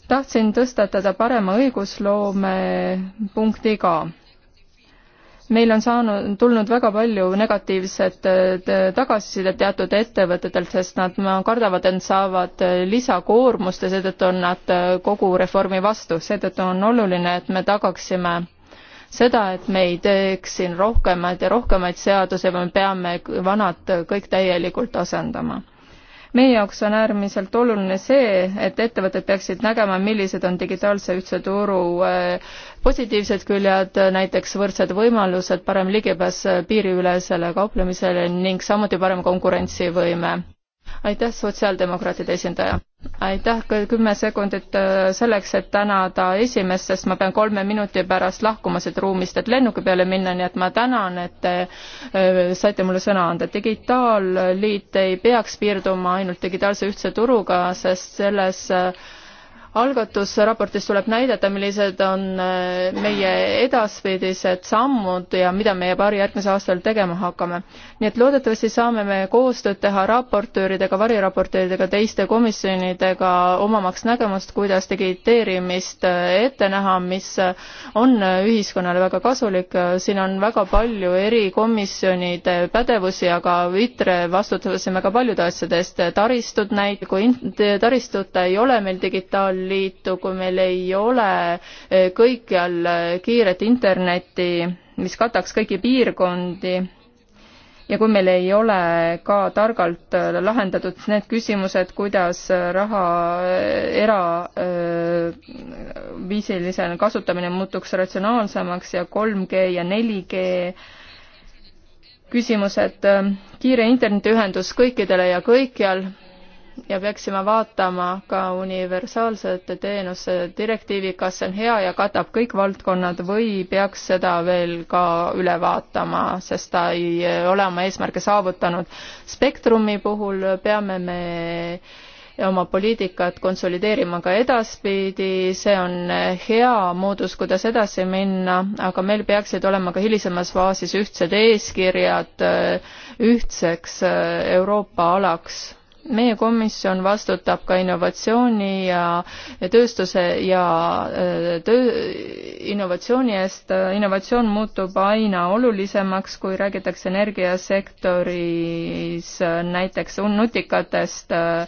[SPEAKER 3] tahtsin tõstatada parema õigusloome punkti ka meil on saanud, tulnud väga palju negatiivset äh, tagasisidet teatud ettevõtetelt, sest nad kardavad, et saavad äh, lisakoormust ja seetõttu on nad äh, kogu reformi vastu. seetõttu on oluline, et me tagaksime seda, et me ei teeks siin rohkemaid ja rohkemaid seadusi, me peame vanad kõik täielikult asendama meie jaoks on äärmiselt oluline see, et ettevõtted peaksid nägema, millised on digitaalse ühtse turu äh, positiivsed küljed, näiteks võrdsed võimalused, parem ligipääs piiriülesele kauplemisele ning samuti parem konkurentsivõime. aitäh, sotsiaaldemokraatide esindaja! aitäh, kümme sekundit äh, selleks, et tänada esimest, sest ma pean kolme minuti pärast lahkuma siit ruumist, et lennuki peale minna, nii et ma tänan, et te äh, saite mulle sõna anda. digitaalliit ei peaks piirduma ainult digitaalse ühtse turuga, sest selles äh, algatusraportis tuleb näidata, millised on äh, meie edaspidised sammud ja mida meie paari järgmisel aastal tegema hakkame. nii et loodetavasti saame me koostööd teha raportööridega, variraportööridega, teiste komisjonidega, omamaks nägemust, kuidas digiteerimist äh, ette näha, mis äh, on ühiskonnale väga kasulik. siin on väga palju eri komisjonide pädevusi, aga ITRE vastutasime ka paljude asjade eest, taristud näiteks, kui taristut ei ole meil digitaal-, liitu, kui meil ei ole eh, kõikjal eh, kiiret internetti, mis kataks kõiki piirkondi ja kui meil ei ole ka targalt eh, lahendatud need küsimused, kuidas raha eraviisiline kasutamine muutuks ratsionaalsemaks ja 3G ja 4G küsimused, kiire internetiühendus kõikidele ja kõikjal ja peaksime vaatama ka universaalsete teenuse direktiivi, kas see on hea ja katab kõik valdkonnad või peaks seda veel ka üle vaatama, sest ta ei ole oma eesmärke saavutanud. spektrumi puhul peame me oma poliitikat konsolideerima ka edaspidi, see on hea moodus, kuidas edasi minna, aga meil peaksid olema ka hilisemas faasis ühtsed eeskirjad ühtseks Euroopa alaks meie komisjon vastutab ka innovatsiooni ja tööstuse ja äh, töö, innovatsiooni eest. innovatsioon muutub aina olulisemaks, kui räägitakse energiasektoris äh, näiteks nutikatest äh,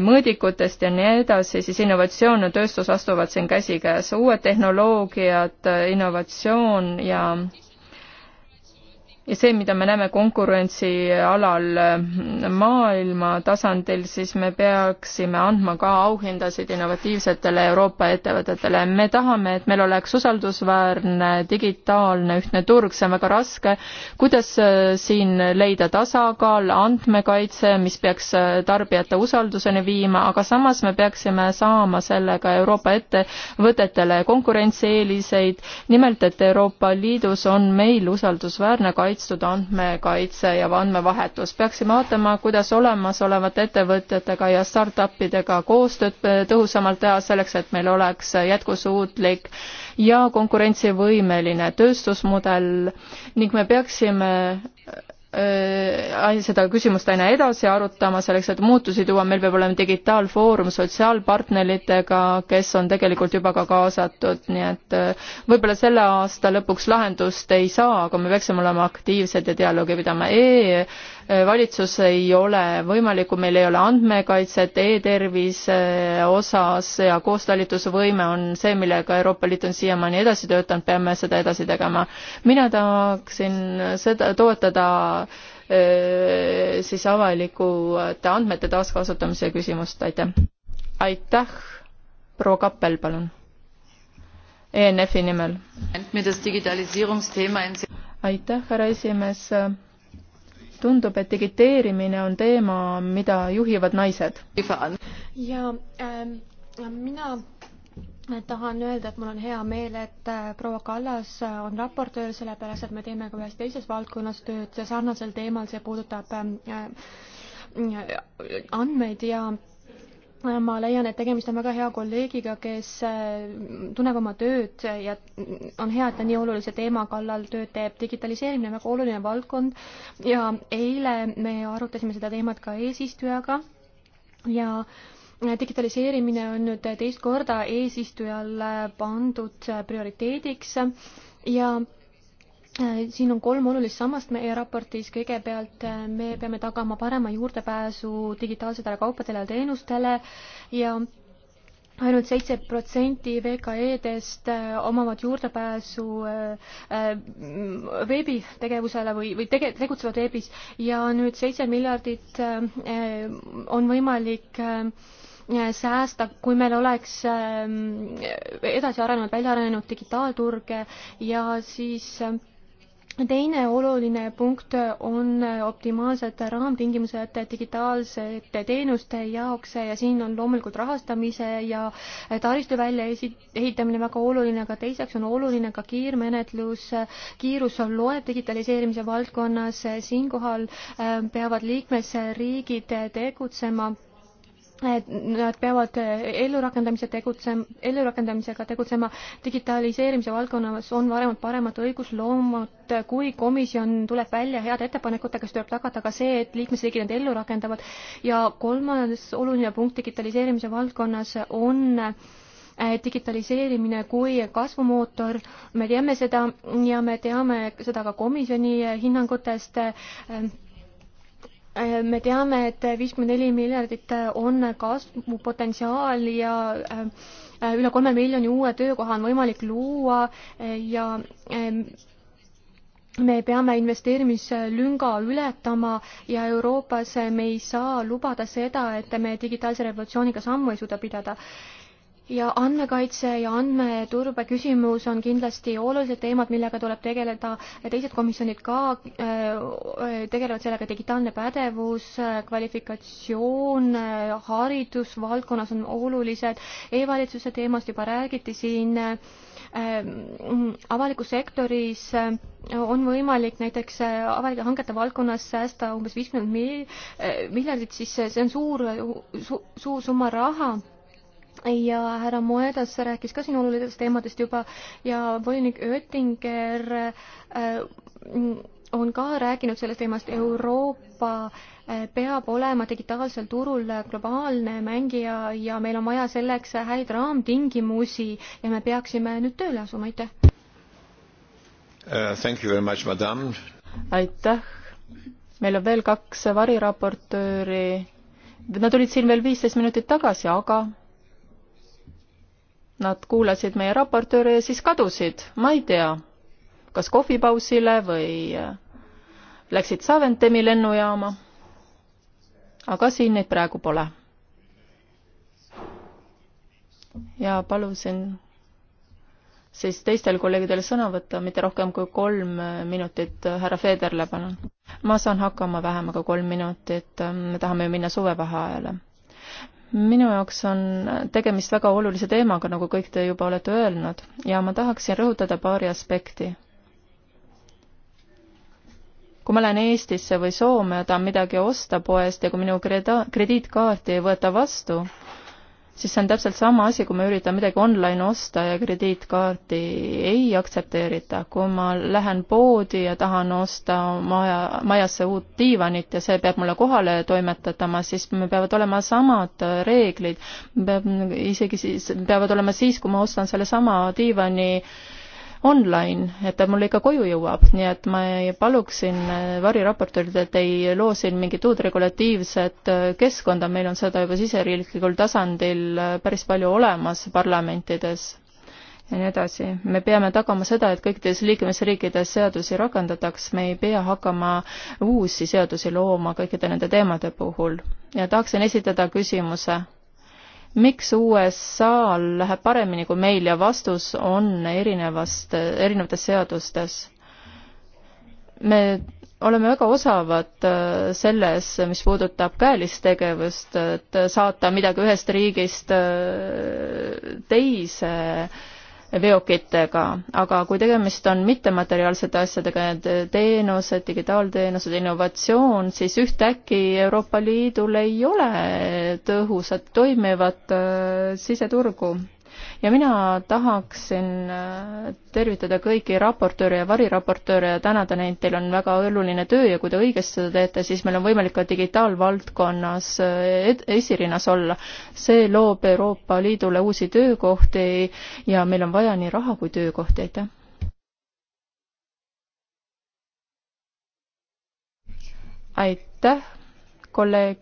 [SPEAKER 3] mõõdikutest ja nii edasi, siis innovatsioon ja tööstus astuvad siin käsikäes. uued tehnoloogiad, innovatsioon ja ja see, mida me näeme konkurentsialal mm, maailma tasandil, siis me peaksime andma ka auhindasid innovatiivsetele Euroopa ettevõtetele. me tahame, et meil oleks usaldusväärne digitaalne ühtne turg, see on väga raske. kuidas äh, siin leida tasakaal, andmekaitse, mis peaks äh, tarbijate usalduseni viima, aga samas me peaksime saama sellega Euroopa ettevõtetele konkurentsieeliseid, nimelt et Euroopa Liidus on meil usaldusväärne kaitse kaitstud andmekaitse ja andmevahetus. peaksime vaatama, kuidas olemasolevate ettevõtjatega ja startupidega koostööd tõhusamalt teha selleks, et meil oleks jätkusuutlik ja konkurentsivõimeline tööstusmudel ning me peaksime Äh, seda küsimust aina edasi arutama, selleks et muutusi tuua, meil peab olema digitaalfoorum sotsiaalpartneritega, kes on tegelikult juba ka kaasatud, nii et äh, võib-olla selle aasta lõpuks lahendust ei saa, aga me peaksime olema aktiivsed ja dialoogi pidama e. Äh, valitsus ei ole võimalik, kui meil ei ole andmekaitset e-tervise äh, osas ja koostalitusvõime on see, millega Euroopa Liit on siiamaani edasi töötanud, peame seda edasi tegema. mina tahaksin seda toetada äh, siis avalikute andmete taaskasutamise küsimust, aitäh. aitäh, proua Kappel, palun. ENF-i nimel. aitäh, härra esimees tundub, et digiteerimine on teema, mida juhivad naised.
[SPEAKER 2] ja ähm, mina tahan öelda, et mul on hea meel, et äh, proua Kallas äh, on raportöör, sellepärast et me teeme ka ühes teises valdkonnas tööd sarnasel teemal, see puudutab ähm, äh, andmeid ja ma leian, et tegemist on väga hea kolleegiga, kes äh, tunneb oma tööd ja on hea, et ta nii olulise teema kallal tööd teeb. digitaliseerimine on väga oluline valdkond ja eile me arutasime seda teemat ka eesistujaga ja äh, digitaliseerimine on nüüd teist korda eesistujal pandud äh, prioriteediks ja Äh, siin on kolm olulist sammast meie raportis, kõigepealt äh, me peame tagama parema juurdepääsu digitaalsetele kaupadele ja teenustele ja ainult seitse protsenti VKE-dest äh, omavad juurdepääsu veebitegevusele või, või tege-, tegutsevad veebis ja nüüd seitse miljardit on võimalik säästa, kui meil oleks edasi arenenud, välja arenenud digitaalturge ja siis teine oluline punkt on optimaalsed raamtingimused digitaalsete teenuste jaoks ja siin on loomulikult rahastamise ja taristu väljaehitamine väga oluline, aga teiseks on oluline ka kiirmenetlus. kiirus loeb digitaliseerimise valdkonnas, siinkohal äh, peavad liikmesriigid tegutsema Nad peavad eh, ellurakendamise tegutsema, ellurakendamisega tegutsema. digitaliseerimise valdkonnas on varemad paremad õigusloomad, eh, kui komisjon tuleb välja heade ettepanekutega, siis tuleb tagada ka see, et liikmesriigid need ellu rakendavad. ja kolmas oluline punkt digitaliseerimise valdkonnas on eh, digitaliseerimine kui kasvumootor, me teame seda ja me teame seda ka komisjoni hinnangutest Äh, me teame, et viiskümmend neli miljardit on kasvupotentsiaal ja äh, üle kolme miljoni uue töökoha on võimalik luua äh, ja ähm, me peame investeerimislünga ületama ja Euroopas me ei saa lubada seda, et me digitaalse revolutsiooniga sammu ei suuda pidada ja andmekaitse ja andmeturbe küsimus on kindlasti olulised teemad, millega tuleb tegeleda, teised komisjonid ka äh, äh, tegelevad sellega, digitaalne pädevus, äh, kvalifikatsioon haridusvaldkonnas on olulised e, e-valitsuse teemast juba räägiti siin, mm, avalikus sektoris on võimalik näiteks avalike hangete valdkonnas säästa umbes viiskümmend miljardit, siis see on suur su,, suur summa raha ja härra Moedas rääkis ka siin olulistest teemadest juba ja volinik Oettinger äh, on ka rääkinud sellest teemast, Euroopa äh, peab olema digitaalsel turul globaalne mängija ja meil on vaja selleks häid raamtingimusi ja me peaksime nüüd tööle asuma, aitäh
[SPEAKER 3] uh,! aitäh! meil on veel kaks variraportööri, nad olid siin veel viisteist minutit tagasi, aga Nad kuulasid meie raportööre ja siis kadusid, ma ei tea, kas kohvipausile või äh, läksid Saventemi lennujaama. aga siin neid praegu pole. ja palusin siis teistel kolleegidel sõna võtta, mitte rohkem kui kolm äh, minutit, härra Federle palun. ma saan hakkama vähem, aga kolm minutit, äh, me tahame ju minna suvevaheajale minu jaoks on tegemist väga olulise teemaga, nagu kõik te juba olete öelnud ja ma tahaksin rõhutada paari aspekti. kui ma lähen Eestisse või Soome ja tahan midagi osta poest ja kui minu kreda-, krediitkaarti ei võeta vastu, siis see on täpselt sama asi, kui ma üritan midagi online osta ja krediitkaarti ei aktsepteerita. kui ma lähen poodi ja tahan osta maja, majasse uut diivanit ja see peab mulle kohale toimetatama, siis meil peavad olema samad reeglid. peab isegi siis, peavad olema siis, kui ma ostan sellesama diivani äh, online, et ta mulle ikka koju jõuab, nii et ma paluksin äh, variraportöörilt, et ei loo siin mingit uut regulatiivset äh, keskkonda, meil on seda juba siseriiklikul tasandil äh, päris palju olemas parlamentides ja nii edasi. me peame tagama seda, et kõikides liikmesriikides seadusi rakendataks, me ei pea hakkama uusi seadusi looma kõikide nende teemade puhul. ja tahaksin esitada küsimuse miks USA-l läheb paremini kui meil ja vastus on erinevast, erinevates seadustes. me oleme väga osavad äh, selles, mis puudutab käelist tegevust, et saata midagi ühest riigist äh, teise veokitega, aga kui tegemist on mittemateriaalsete asjadega, need teenused, digitaalteenused, innovatsioon, siis ühtäkki Euroopa Liidul ei ole tõhusat toimivat äh, siseturgu ja mina tahaksin äh, tervitada kõiki raportööre ja variraportööre ja tänada neid, teil on väga oluline töö ja kui te õigesti seda teete, siis meil on võimalik ka digitaalvaldkonnas äh, esirinnas olla. see loob Euroopa Liidule uusi töökohti ja meil on vaja nii raha kui töökohti, aitäh! aitäh, kolleeg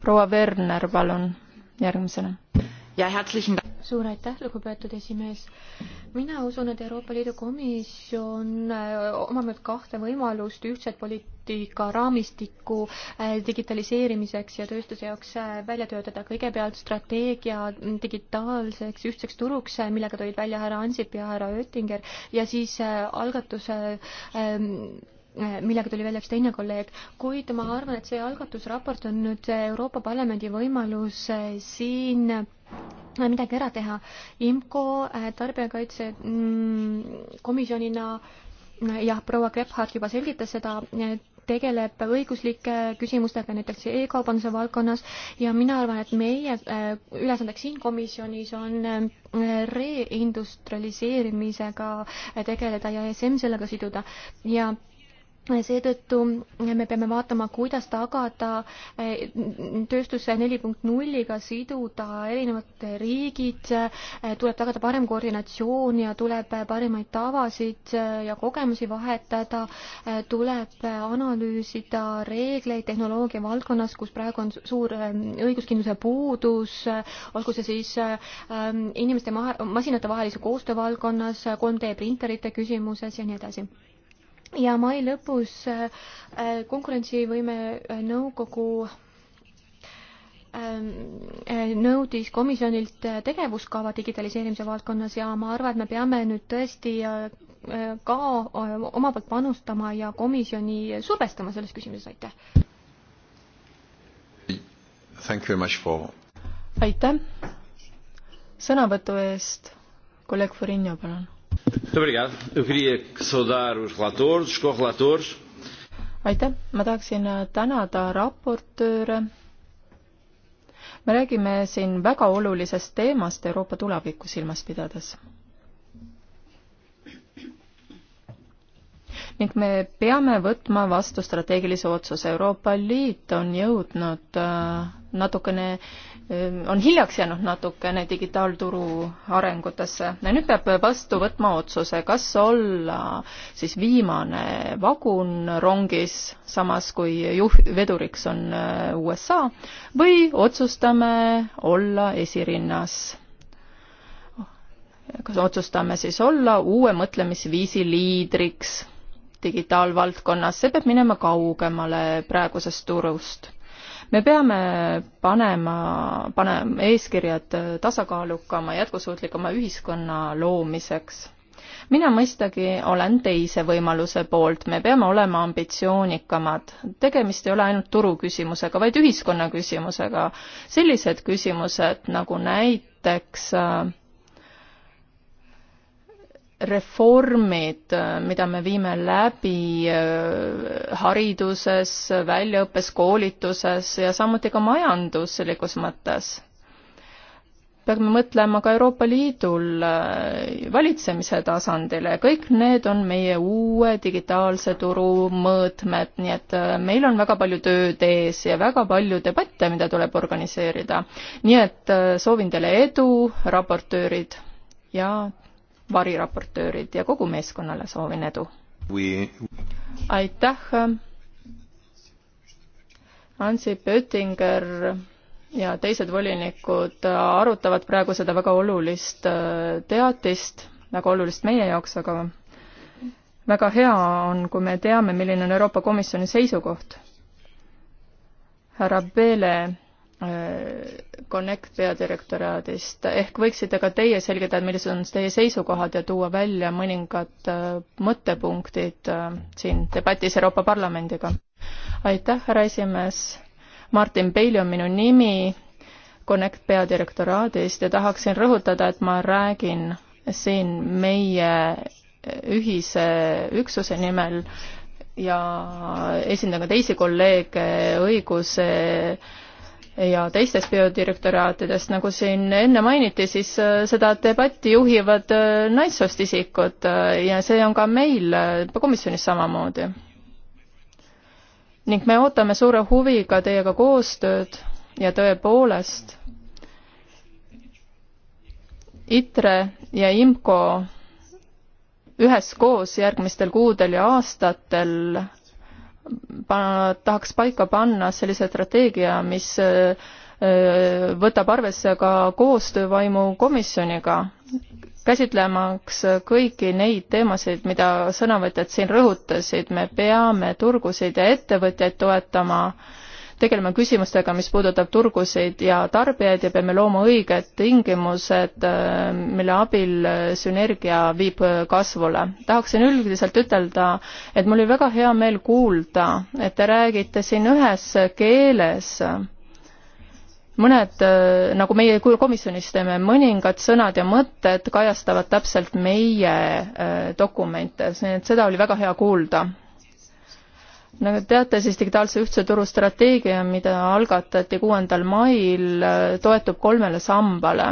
[SPEAKER 3] proua Werner, palun järgmisena ja herzlichen Dank.
[SPEAKER 2] suur aitäh, lugupeetud esimees. mina usun, et Euroopa Liidu Komisjon äh, omab nüüd kahte võimalust ühtset poliitika raamistikku äh, digitaliseerimiseks ja tööstuse jaoks äh, välja töötada. kõigepealt strateegia digitaalseks ühtseks turuks, millega tulid välja härra Ansip ja härra Oettinger ja siis algatuse ähm, Äh, millega tuli välja üks teine kolleeg, kuid ma arvan, et see algatusraport on nüüd Euroopa Parlamendi võimalus äh, siin äh, midagi ära teha. IMCO tarbijakaitse mm, komisjonina jah, proua Krepphardt juba selgitas seda, tegeleb õiguslike küsimustega näiteks e-kaubanduse valdkonnas ja mina arvan, et meie ülesandeks siin komisjonis on reindustrialiseerimisega tegeleda ja ESM sellega siduda ja seetõttu me peame vaatama, kuidas tagada eh, tööstuse neli punkt nulliga siduda erinevad riigid, eh, tuleb tagada parem koordinatsioon ja tuleb parimaid tavasid eh, ja kogemusi vahetada, tuleb analüüsida reegleid tehnoloogia valdkonnas, kus praegu on suur õiguskindluse puudus, olgu see siis inimeste, masinate vahelise koostöö valdkonnas, 3D printerite küsimuses ja nii edasi ja mai lõpus äh, konkurentsivõime äh, nõukogu ähm, äh, nõudis komisjonilt tegevuskava digitaliseerimise valdkonnas ja ma arvan, et me peame nüüd tõesti ka oma poolt panustama ja komisjoni survestama selles küsimuses, aitäh! For...
[SPEAKER 3] aitäh sõnavõtu eest, kolleeg Furinho, palun! aitäh, ma tahaksin äh, tänada raportööre. me räägime siin väga olulisest teemast Euroopa tulevikku silmas pidades ning me peame võtma vastu strateegilise otsuse. Euroopa Liit on jõudnud äh, natukene Ehm, on hiljaks jäänud natukene digitaalturu arengutesse ja nüüd peab vastu võtma otsuse, kas olla siis viimane vagun rongis, samas kui juht, veduriks on äh, USA, või otsustame olla esirinnas. kas otsustame siis olla uue mõtlemisviisi liidriks digitaalvaldkonnas, see peab minema kaugemale praegusest turust me peame panema, panema eeskirjad tasakaalukama, jätkusuutlikuma ühiskonna loomiseks mina mõistagi olen teise võimaluse poolt, me peame olema ambitsioonikamad. tegemist ei ole ainult turu küsimusega, vaid ühiskonna küsimusega. sellised küsimused nagu näiteks äh, reformid, äh, mida me viime läbi äh, hariduses, väljaõppes, koolituses ja samuti ka majanduslikus mõttes. peame mõtlema ka Euroopa Liidul äh, valitsemise tasandile, kõik need on meie uue digitaalse turu mõõtmed, nii et meil on väga palju tööd ees ja väga palju debatte, mida tuleb organiseerida. nii et soovin teile edu, raportöörid ja variraportöörid ja kogu meeskonnale soovin edu. aitäh. Ansip Oettinger ja teised volinikud arutavad praegu seda väga olulist äh, teatist, väga olulist meie jaoks, aga väga hea on, kui me teame, milline on Euroopa Komisjoni seisukoht. härra Peele Äh, Connect peadirektoraadist, ehk võiksite ka teie selgitada, millised on teie seisukohad ja tuua välja mõningad äh, mõttepunktid äh, siin debatis Euroopa Parlamendiga. aitäh, härra esimees. Martin Peili on minu nimi Connect peadirektoraadist ja tahaksin rõhutada, et ma räägin siin meie ühise üksuse nimel ja esindan ka teisi kolleege õiguse ja teistest biodirektoraatidest, nagu siin enne mainiti, siis äh, seda debatti juhivad äh, naissoost isikud äh, ja see on ka meil komisjonis samamoodi. ning me ootame suure huviga teiega koostööd ja tõepoolest, ITRE ja IMCO üheskoos järgmistel kuudel ja aastatel pa-, tahaks paika panna sellise strateegia, mis äh, äh, võtab arvesse ka koostöövaimu komisjoniga, käsitlemaks kõiki neid teemasid, mida sõnavõtjad siin rõhutasid, me peame turgusid ja ettevõtjaid toetama äh, tegeleme küsimustega, mis puudutab turgusid ja tarbijaid ja peame looma õiged tingimused, äh, mille abil sünergia viib kasvule. tahaksin üldiselt ütelda, et mul oli väga hea meel kuulda, et te räägite siin ühes keeles mõned, äh, nagu meie komisjonis teeme, mõningad sõnad ja mõtted kajastavad täpselt meie äh, dokumentes, nii et seda oli väga hea kuulda nagu teate, siis digitaalse ühtse turu strateegia, mida algatati kuuendal mail, toetub kolmele sambale.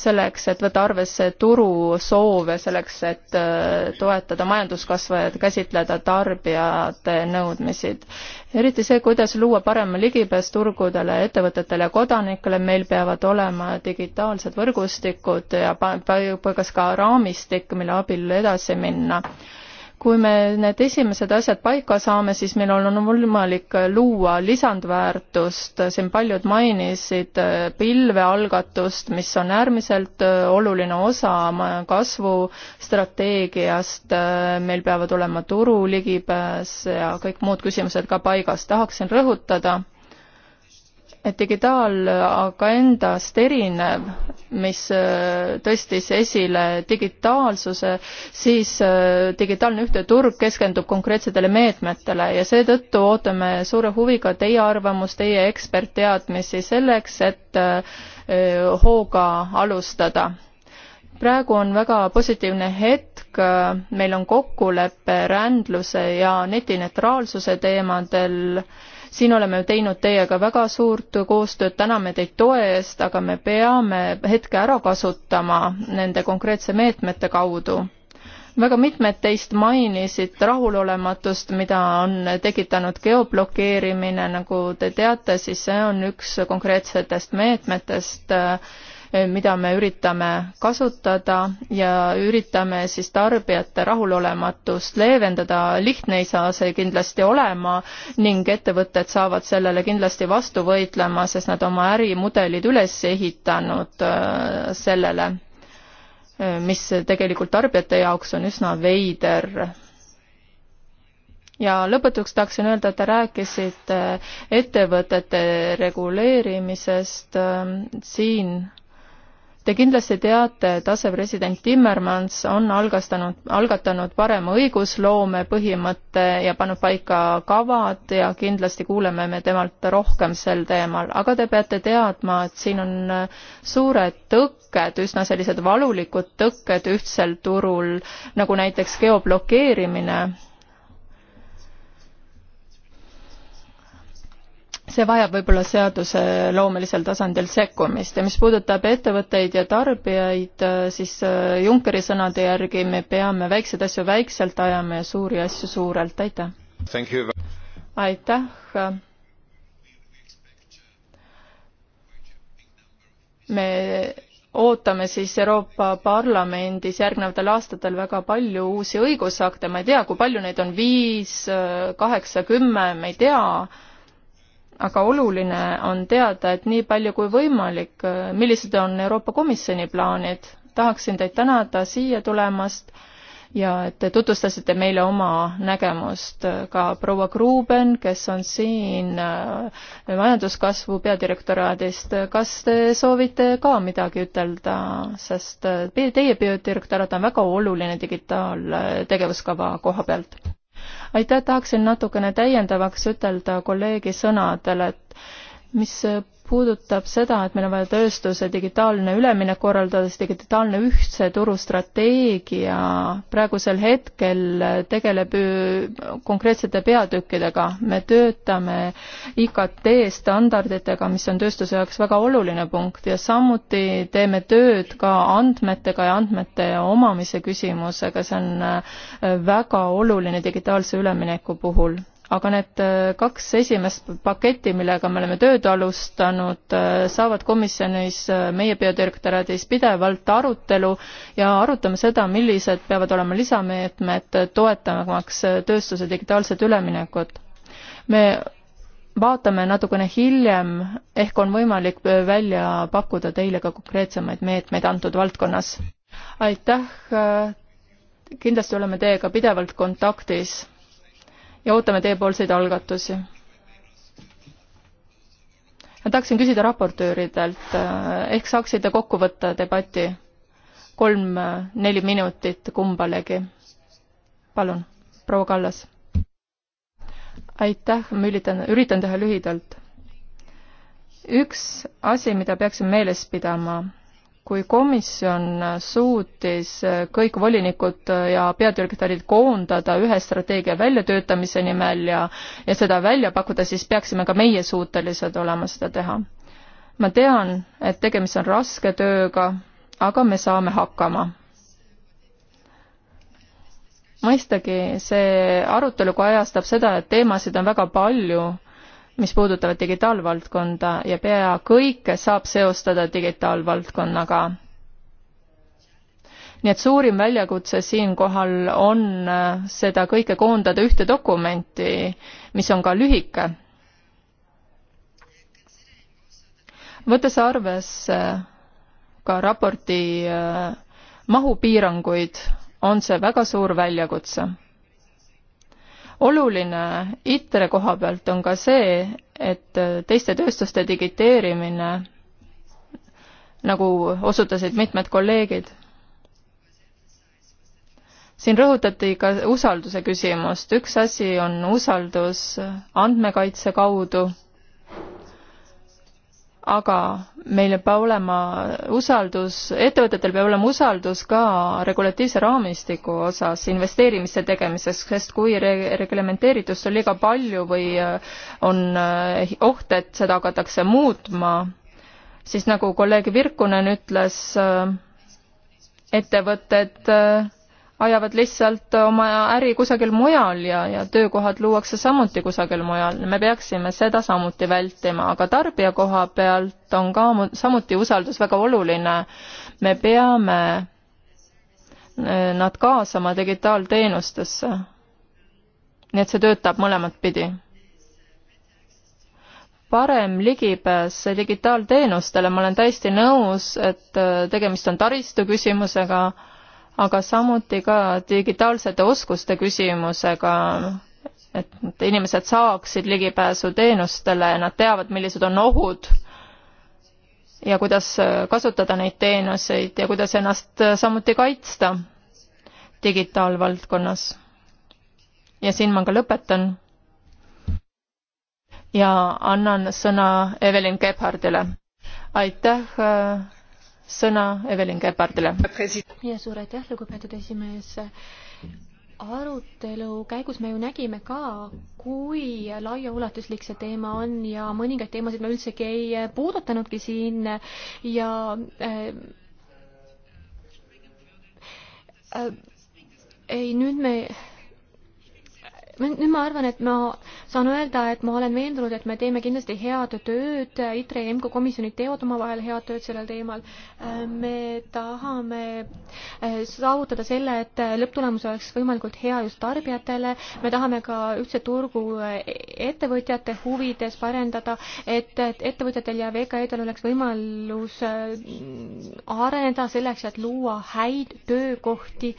[SPEAKER 3] selleks, et võtta arvesse turu soove, selleks, et äh, toetada majanduskasvu ja käsitleda tarbijate nõudmisid. eriti see, kuidas luua parem ligipääs turgudele, ettevõtetele ja kodanikele, meil peavad olema digitaalsed võrgustikud ja paigas ka raamistik, mille abil edasi minna kui me need esimesed asjad paika saame, siis meil on võimalik luua lisandväärtust, siin paljud mainisid äh, pilvealgatust, mis on äärmiselt äh, oluline osa kasvustrateegiast, äh, meil peavad olema turu ligipääs ja kõik muud küsimused ka paigas. tahaksin rõhutada, digitaalagendast erinev, mis äh, tõstis esile digitaalsuse, siis äh, digitaalne ühteturg keskendub konkreetsetele meetmetele ja seetõttu ootame suure huviga teie arvamust, teie ekspertteadmisi selleks, et äh, hooga alustada praegu on väga positiivne hetk, meil on kokkulepe rändluse ja netineutraalsuse teemadel siin oleme teinud teiega väga suurt koostööd, täname teid toe eest, aga me peame hetke ära kasutama nende konkreetse meetmete kaudu väga mitmed teist mainisid rahulolematust, mida on tekitanud geoblokeerimine, nagu te teate, siis see on üks konkreetsetest meetmetest äh, Eh, mida me üritame kasutada ja üritame siis tarbijate rahulolematust leevendada. lihtne ei saa see kindlasti olema ning ettevõtted saavad sellele kindlasti vastu võitlema, sest nad oma ärimudelid üles ehitanud eh, sellele, eh, mis tegelikult tarbijate jaoks on üsna veider ja lõpetuseks tahaksin öelda, et te rääkisite ettevõtete reguleerimisest siin Te kindlasti teate, et asepresident Timmermans on algastanud, algatanud parema õigusloome põhimõtte ja pannud paika kavad ja kindlasti kuuleme me temalt rohkem sel teemal, aga te peate teadma, et siin on suured tõkked, üsna sellised valulikud tõkked ühtsel turul, nagu näiteks geoblokeerimine see vajab võib-olla seaduseloomelisel tasandil sekkumist ja mis puudutab ettevõtteid ja tarbijaid, siis äh, Junckeri sõnade järgi me peame väikseid asju väikselt ajama ja suuri asju suurelt, aitäh! aitäh! me ootame siis Euroopa Parlamendis järgnevatel aastatel väga palju uusi õigusakte, ma ei tea, kui palju neid on, viis, kaheksa, kümme, me ei tea, aga oluline on teada, et nii palju kui võimalik, millised on Euroopa Komisjoni plaanid. tahaksin teid tänada siia tulemast ja et te tutvustasite meile oma nägemust. ka proua Gruben, kes on siin äh, majanduskasvu peadirektoraadist, kas te soovite ka midagi ütelda, sest äh, teie peadirektoraat on väga oluline digitaaltegevuskava koha pealt? aitäh, tahaksin natukene täiendavaks ütelda kolleegi sõnadele, et mis puudutab seda, et meil on vaja tööstuse digitaalne üleminek korraldada, siis digitaalne ühtse turu strateegia praegusel hetkel tegeleb konkreetsete peatükkidega. me töötame IKT standarditega, mis on tööstuse jaoks väga oluline punkt ja samuti teeme tööd ka andmetega ja andmete omamise küsimusega, see on väga oluline digitaalse ülemineku puhul aga need äh, kaks esimest paketti, millega me oleme tööd alustanud, äh, saavad komisjonis äh, meie peadirektoraadis pidevalt arutelu ja arutame seda, millised peavad olema lisameetmed toetamaks tööstuse digitaalset üleminekut. me vaatame natukene hiljem, ehk on võimalik välja pakkuda teile ka konkreetsemaid meetmeid antud valdkonnas. aitäh, kindlasti oleme teiega pidevalt kontaktis ja ootame teiepoolseid algatusi. ma tahaksin küsida raportööridelt, eh, ehk saaksite kokku võtta debati kolm-neli minutit kumbalegi. palun, proua Kallas. aitäh, ma üritan, üritan teha lühidalt. üks asi, mida peaksime meeles pidama kui komisjon suutis kõik volinikud ja peadirektorid koondada ühe strateegia väljatöötamise nimel ja, ja seda välja pakkuda, siis peaksime ka meie suutelised olema seda teha. ma tean, et tegemist on raske tööga, aga me saame hakkama. mõistagi, see arutelu kajastab seda, et teemasid on väga palju mis puudutavad digitaalvaldkonda ja pea kõike saab seostada digitaalvaldkonnaga. nii et suurim väljakutse siinkohal on äh, seda kõike koondada ühte dokumenti, mis on ka lühike. võttes arvesse äh, ka raporti äh, mahupiiranguid, on see väga suur väljakutse oluline ITRE koha pealt on ka see, et teiste tööstuste digiteerimine, nagu osutasid mitmed kolleegid, siin rõhutati ka usalduse küsimust, üks asi on usaldus andmekaitse kaudu aga meil peab olema usaldus, ettevõtetel peab olema usaldus ka regulatiivse raamistiku osas investeerimise tegemiseks, sest kui re-, reglementeeritust on liiga palju või äh, on äh, oht, et seda hakatakse muutma, siis nagu kolleeg Virkunen ütles, äh, ettevõtted et ajavad lihtsalt oma äri kusagil mujal ja, ja töökohad luuakse samuti kusagil mujal. me peaksime seda samuti vältima, aga tarbija koha pealt on ka samuti usaldus väga oluline. me peame e, nad kaasama digitaalteenustesse. nii et see töötab mõlemat pidi parem ligipääs digitaalteenustele, ma olen täiesti nõus, et e, tegemist on taristu küsimusega aga samuti ka digitaalsete oskuste küsimusega, et inimesed saaksid ligipääsu teenustele ja nad teavad, millised on ohud ja kuidas kasutada neid teenuseid ja kuidas ennast samuti kaitsta digitaalvaldkonnas. ja siin ma ka lõpetan ja annan sõna Evelyn Gebhardile. aitäh sõna Evelyn Gebhardile.
[SPEAKER 2] ja suur aitäh, lugupeetud esimees. arutelu käigus me ju nägime ka, kui laiaulatuslik see teema on ja mõningaid teemasid me üldsegi ei puudutanudki siin ja äh, äh, ei, nüüd me nüüd ma arvan, et ma saan öelda, et ma olen veendunud, et me teeme kindlasti head tööd, ITRE ja EMKO komisjonid teevad omavahel head tööd sellel teemal. me tahame eh, saavutada selle, et lõpptulemus oleks võimalikult hea just tarbijatele, me tahame ka ühtse turgu eh, ettevõtjate huvides parendada, et ettevõtjatel ja VKE-del oleks võimalus eh, areneda selleks, et luua häid töökohti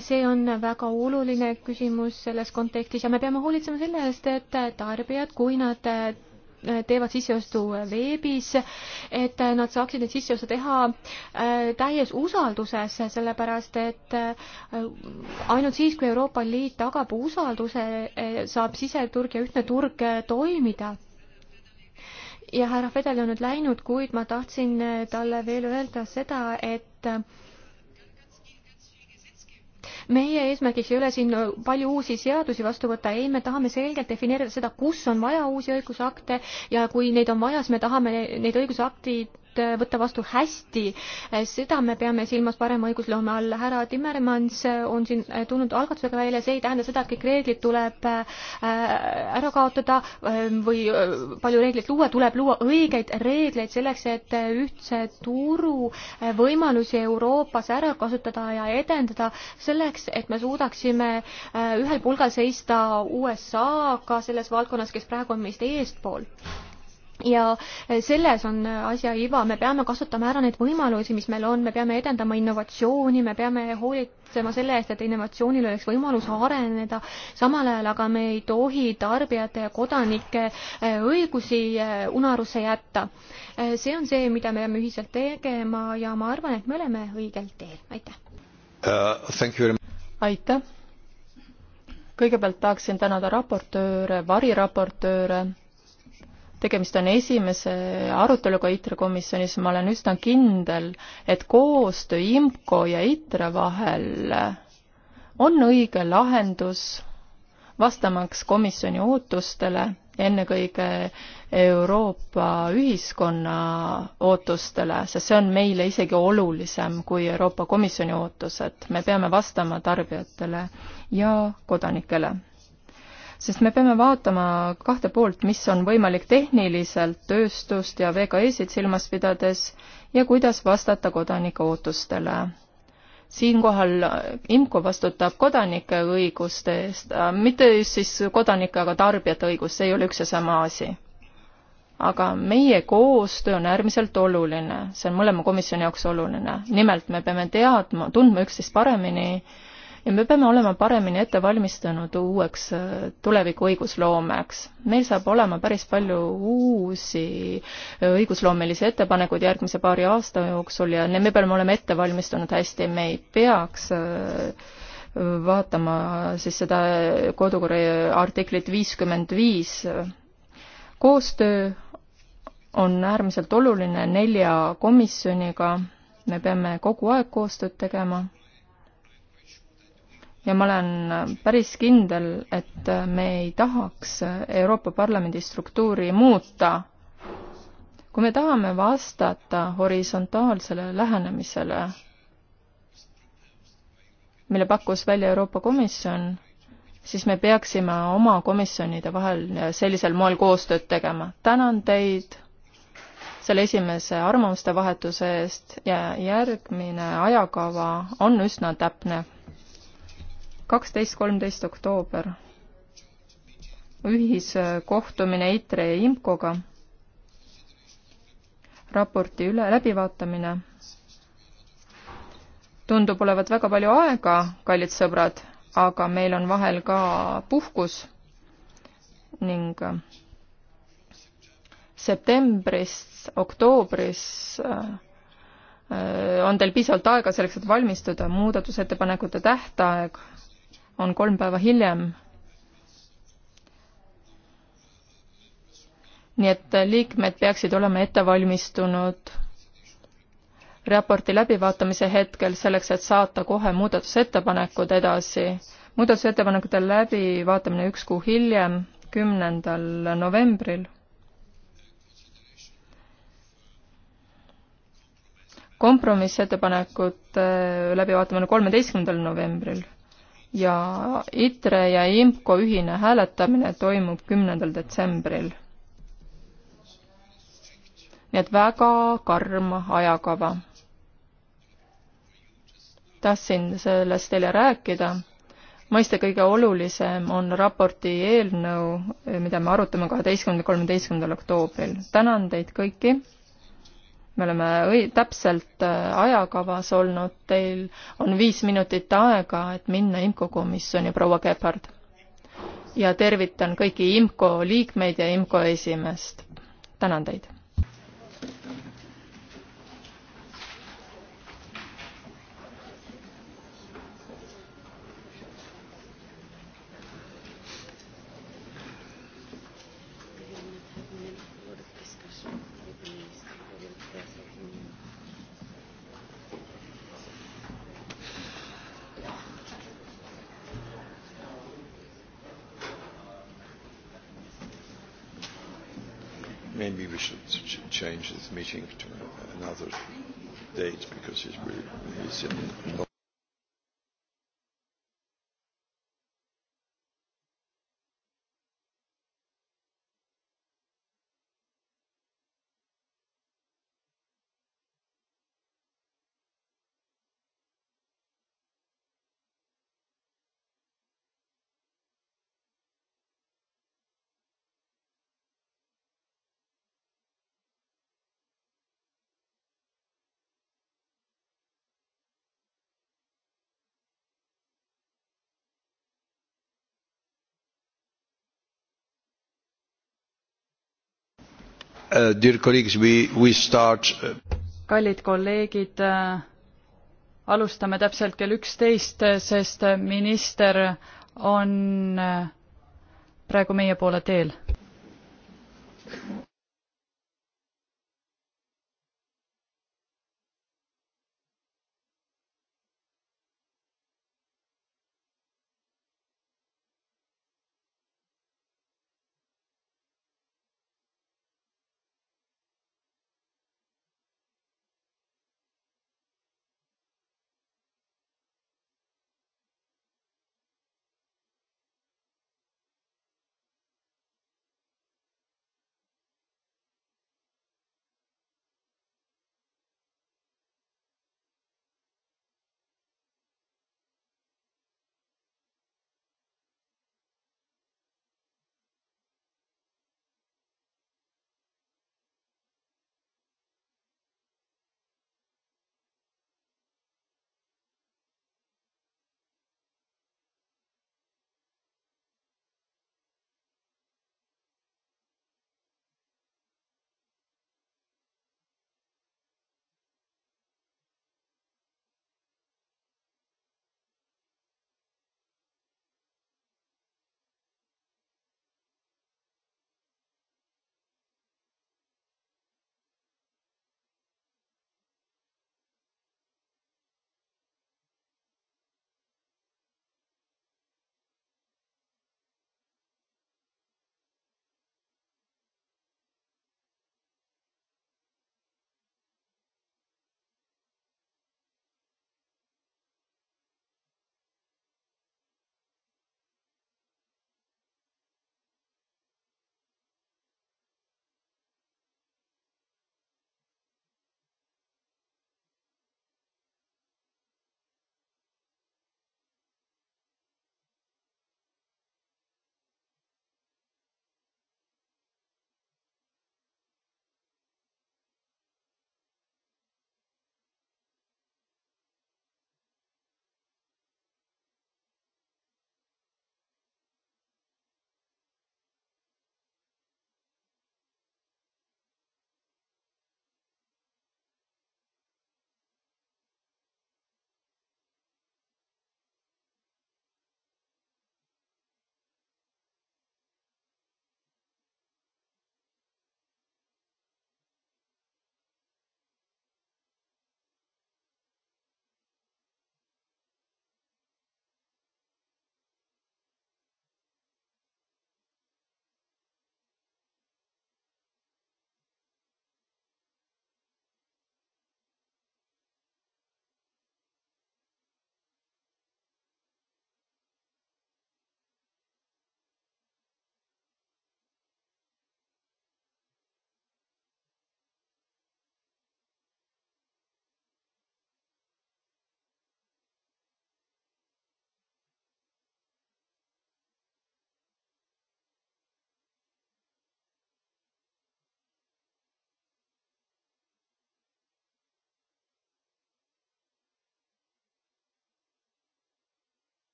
[SPEAKER 2] see on väga oluline küsimus selles kontekstis ja me peame hoolitsema selle eest, et tarbijad, kui nad äh, teevad sisseostu veebis, et nad saaksid neid sisseoste teha äh, täies usalduses, sellepärast et äh, ainult siis, kui Euroopa Liit tagab usalduse, saab siseturg ja ühtne turg toimida ja härra Fedel on nüüd läinud, kuid ma tahtsin talle veel öelda seda, et meie eesmärgiks ei ole siin palju uusi seadusi vastu võtta, ei, me tahame selgelt defineerida seda, kus on vaja uusi õigusakte ja kui neid on vaja, siis me tahame need õigusaktid et äh, võtta vastu hästi. Äh, seda me peame silmas parema õigusloome all. härra Timmermans äh, on siin tulnud algatusega välja, see ei tähenda seda, et kõik reeglid tuleb ära kaotada või palju reegleid luua, tuleb luua õigeid reegleid selleks, et ühtse turu võimalusi Euroopas ära kasutada ja edendada selleks, et me suudaksime ühel pulgal seista USA-ga selles valdkonnas, kes praegu on meist eespool ja eh, selles on eh, asja iva, me peame kasutama ära neid võimalusi, mis meil on, me peame edendama innovatsiooni, me peame hoolitsema selle eest, et innovatsioonil oleks võimalus areneda, samal ajal aga me ei tohi tarbijate ja kodanike eh, õigusi unarusse jätta. see on see, mida me peame ühiselt tegema ja ma arvan, et me oleme õigel teel, aitäh
[SPEAKER 3] uh,!
[SPEAKER 2] aitäh! kõigepealt tahaksin
[SPEAKER 3] tänada raportööre, variraportööre tegemist on esimese aruteluga ITRE komisjonis, ma olen üsna kindel, et koostöö IMCO ja ITRE vahel on õige lahendus vastamaks komisjoni ootustele, ennekõike Euroopa ühiskonna ootustele, sest see on meile isegi olulisem kui Euroopa Komisjoni ootused. me peame vastama tarbijatele ja kodanikele sest me peame vaatama kahte poolt, mis on võimalik tehniliselt tööstust ja VKE-sid silmas pidades ja kuidas vastata kodanike ootustele. siinkohal IMCO vastutab kodanike õiguste eest, äh, mitte just siis kodanike, aga tarbijate õigus, see ei ole üks ja sama asi aga meie koostöö on äärmiselt oluline, see on mõlema komisjoni jaoks oluline. nimelt me peame teadma, tundma üksteist paremini ja me peame olema paremini ette valmistunud uueks äh, tuleviku õigusloomeks. meil saab olema päris palju uusi äh, õigusloomelisi ettepanekuid järgmise paari aasta jooksul ja me peame olema ette valmistunud hästi, me ei peaks äh, vaatama siis seda kodukorra artiklit viiskümmend viis. koostöö on äärmiselt oluline nelja komisjoniga, me peame kogu aeg koostööd tegema ja ma olen päris kindel, et me ei tahaks Euroopa Parlamendi struktuuri muuta. kui me tahame vastata horisontaalsele lähenemisele, mille pakkus välja Euroopa Komisjon, siis me peaksime oma komisjonide vahel sellisel moel koostööd tegema. tänan teid selle esimese arvamuste vahetuse eest ja järgmine ajakava on üsna täpne kaksteist, kolmteist oktoober. ühiskohtumine ITRE ja IMCO-ga. raporti üle läbivaatamine. tundub olevat väga palju aega, kallid sõbrad, aga meil on vahel ka puhkus ning septembris, oktoobris äh, äh, on teil piisavalt aega selleks, et valmistuda, muudatusettepanekute tähtaeg on kolm päeva hiljem. nii et liikmed peaksid olema ette valmistunud raporti läbivaatamise hetkel selleks, et saata kohe muudatusettepanekud edasi. muudatusettepanekute läbivaatamine üks kuu hiljem, kümnendal novembril kompromissettepanekut läbi vaatame kolmeteistkümnendal novembril ja ITRE ja IMCO ühine hääletamine toimub kümnendal detsembril. nii et väga karm ajakava. tahtsin sellest teile rääkida mõiste kõige olulisem on raporti eelnõu, mida me arutame kaheteistkümnendal, kolmeteistkümnendal oktoobril. tänan teid kõiki me oleme õi-, täpselt äh, ajakavas olnud, teil on viis minutit aega, et minna IMCO komisjoni, proua Gebhard. ja tervitan kõiki IMCO liikmeid ja IMCO esimeest. tänan teid.
[SPEAKER 2] change this meeting to another date because he's, really, he's in
[SPEAKER 1] Uh, uh, kallid kolleegid, uh, alustame täpselt kell üksteist, sest minister on praegu meie poole teel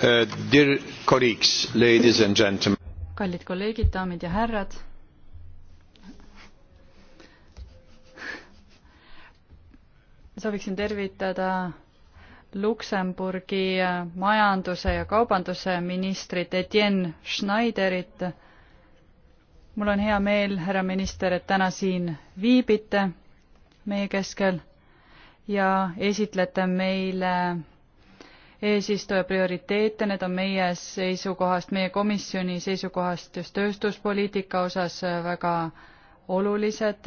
[SPEAKER 1] Uh, dear colleagues, ladies and gentlemen. kallid kolleegid, daamid ja härrad. sooviksin tervitada Luksemburgi majanduse ja kaubanduse ministrit Etienne Schneiderit. mul on hea meel, härra minister, et täna siin viibite meie keskel ja esitlete meile eesistuja prioriteete, need on meie seisukohast, meie komisjoni seisukohast just tööstuspoliitika osas väga olulised.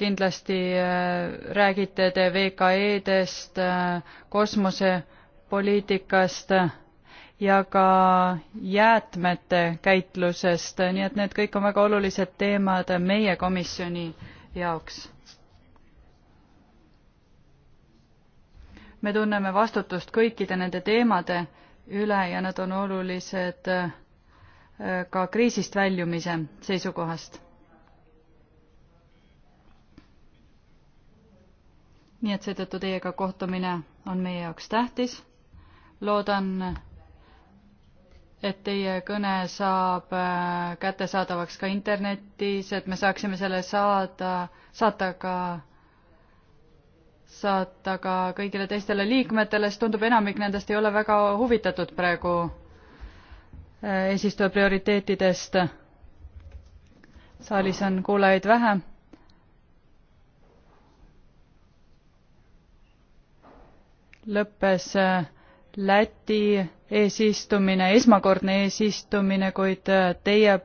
[SPEAKER 1] kindlasti äh, räägite te VKE-dest, äh, kosmosepoliitikast ja ka jäätmete käitlusest, nii et need kõik on väga olulised teemad meie komisjoni jaoks me tunneme vastutust kõikide nende teemade üle ja nad on olulised äh, ka kriisist väljumise seisukohast. nii et seetõttu teiega kohtumine on meie jaoks tähtis. loodan, et teie kõne saab äh, kättesaadavaks ka internetis, et me saaksime selle saada, saata ka saata ka kõigile teistele liikmetele, sest tundub, enamik nendest ei ole väga huvitatud praegu eh, eesistuja prioriteetidest. saalis on kuulajaid vähe lõppes eh, Läti eesistumine, esmakordne eesistumine, kuid eh, teie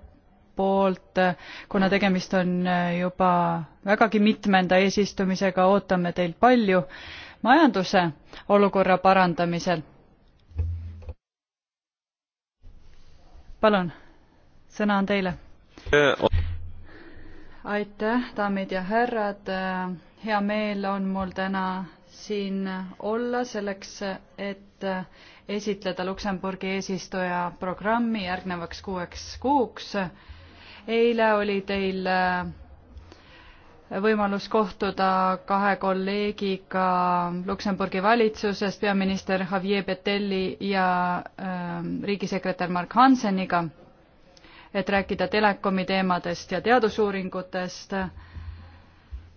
[SPEAKER 1] poolt, kuna tegemist on juba vägagi mitmenda eesistumisega ootame teilt palju majanduse olukorra parandamisel. palun, sõna on teile. aitäh, daamid ja härrad. hea meel on mul täna siin olla selleks, et esitleda Luksemburgi eesistuja programmi järgnevaks kuueks kuuks. eile oli teil võimalus kohtuda kahe kolleegiga Luksemburgi valitsusest, peaminister Javier Betelli ja äh, riigisekretär Mark Hanseniga, et rääkida telekomi teemadest ja teadusuuringutest,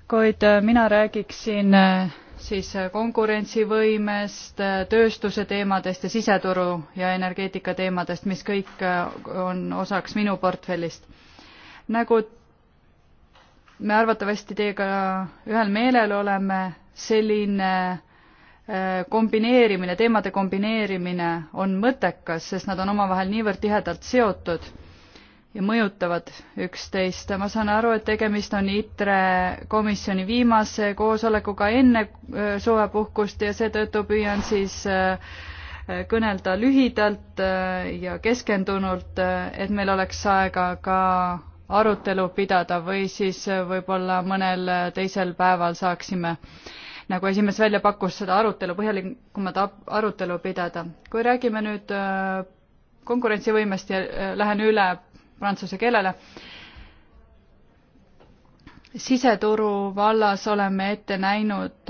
[SPEAKER 1] kuid äh, mina räägiksin äh, siis konkurentsivõimest, äh, tööstuse teemadest ja siseturu ja energeetika teemadest, mis kõik on osaks minu portfellist. nagu me arvatavasti teiega ühel meelel oleme, selline äh, kombineerimine, teemade kombineerimine on mõttekas, sest nad on omavahel niivõrd tihedalt seotud ja mõjutavad üksteist. ma saan aru, et tegemist on ITRE komisjoni viimase koosolekuga enne äh, suvepuhkust ja seetõttu püüan siis äh, kõnelda lühidalt ja keskendunult, et meil oleks aega ka arutelu pidada või siis äh, võib-olla mõnel äh, teisel päeval saaksime nagu esimees välja pakkus, seda arutelu, põhjalikumat arutelu pidada. kui räägime nüüd äh, konkurentsivõimest ja lähen üle prantsuse keelele, siseturu vallas oleme ette näinud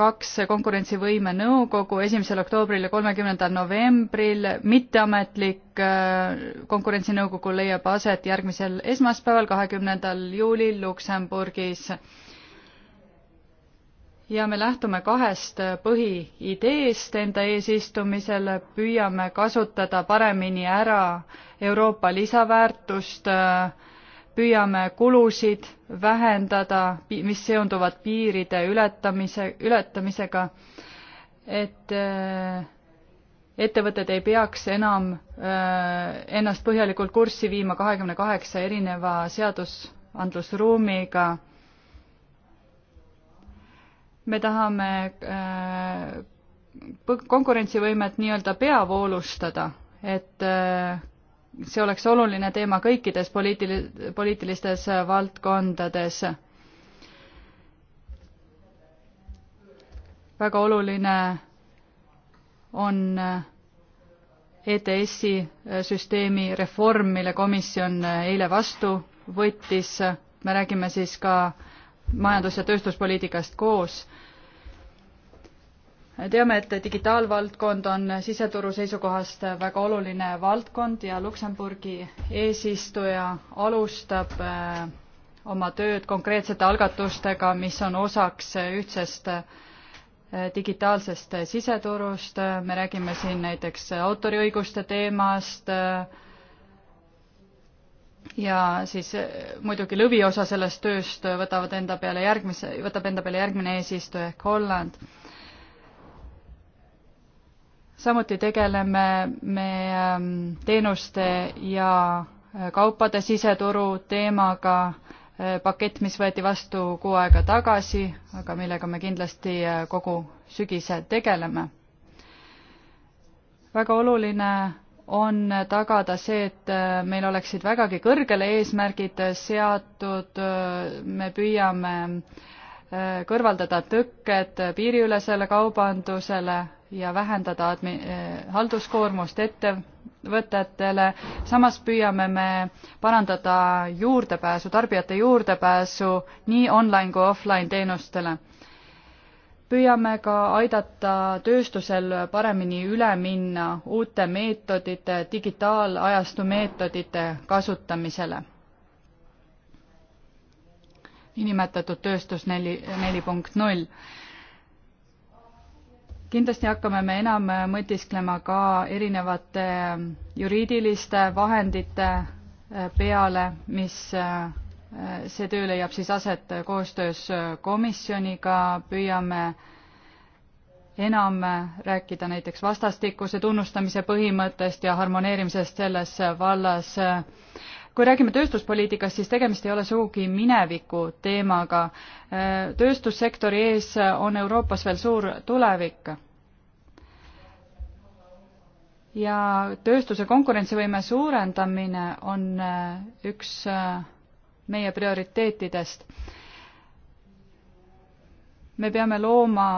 [SPEAKER 1] kaks konkurentsivõime nõukogu esimesel oktoobril ja kolmekümnendal novembril. mitteametlik äh, konkurentsinõukogu leiab aset järgmisel esmaspäeval, kahekümnendal juulil Luksemburgis. ja me lähtume kahest põhiideest enda eesistumisel, püüame kasutada paremini ära Euroopa lisaväärtust äh, püüame kulusid vähendada, mis seonduvad piiride ületamise, ületamisega, et äh, ettevõtted ei peaks enam äh, ennast põhjalikult kurssi viima kahekümne kaheksa erineva seadusandlusruumiga. me tahame äh, konkurentsivõimet nii-öelda peavoolustada, et see oleks oluline teema kõikides poliitili-, poliitilistes valdkondades. väga oluline on ETS-i süsteemi reform, mille komisjon eile vastu võttis, me räägime siis ka majandus- ja tööstuspoliitikast koos teame, et digitaalvaldkond on siseturu seisukohast väga oluline valdkond ja Luksemburgi eesistuja alustab äh, oma tööd konkreetsete algatustega, mis on osaks ühtsest äh, digitaalsest siseturust, me räägime siin näiteks autoriõiguste teemast äh, ja siis muidugi lõviosa sellest tööst võtavad enda peale järgmise, võtab enda peale järgmine eesistuja ehk Holland samuti tegeleme me ähm, teenuste ja äh, kaupade siseturu teemaga, äh, pakett, mis võeti vastu kuu aega tagasi, aga millega me kindlasti äh, kogu sügise tegeleme. väga oluline on tagada see, et meil oleksid vägagi kõrgele eesmärgid seatud, me püüame äh, Äh, kõrvaldada tõkked piiriülesele kaubandusele ja vähendada admi-, äh, halduskoormust ettevõtetele, samas püüame me parandada juurdepääsu, tarbijate juurdepääsu nii online kui offline teenustele. püüame ka aidata tööstusel paremini üle minna uute meetodite, digitaalajastu meetodite kasutamisele niinimetatud tööstus neli, neli punkt null. kindlasti hakkame me enam mõtisklema ka erinevate juriidiliste vahendite peale, mis see töö leiab siis aset koostöös komisjoniga, püüame enam rääkida näiteks vastastikuse tunnustamise põhimõttest ja harmoneerimisest selles vallas kui räägime tööstuspoliitikast, siis tegemist ei ole sugugi mineviku teemaga. tööstussektori ees on Euroopas veel suur tulevik. ja tööstuse konkurentsivõime suurendamine on üks meie prioriteetidest. me peame looma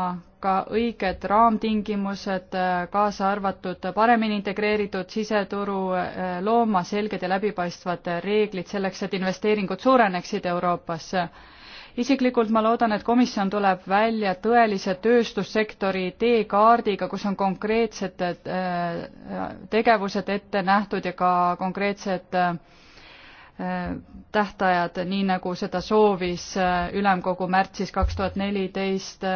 [SPEAKER 1] ka õiged raamtingimused, kaasa arvatud paremini integreeritud siseturu looma selged ja läbipaistvad reeglid selleks, et investeeringud suureneksid Euroopasse isiklikult ma loodan, et komisjon tuleb välja tõelise tööstussektori teekaardiga, kus on konkreetsed äh, tegevused ette nähtud ja ka konkreetsed äh, tähtajad, nii nagu seda soovis äh, ülemkogu märtsis kaks tuhat neliteist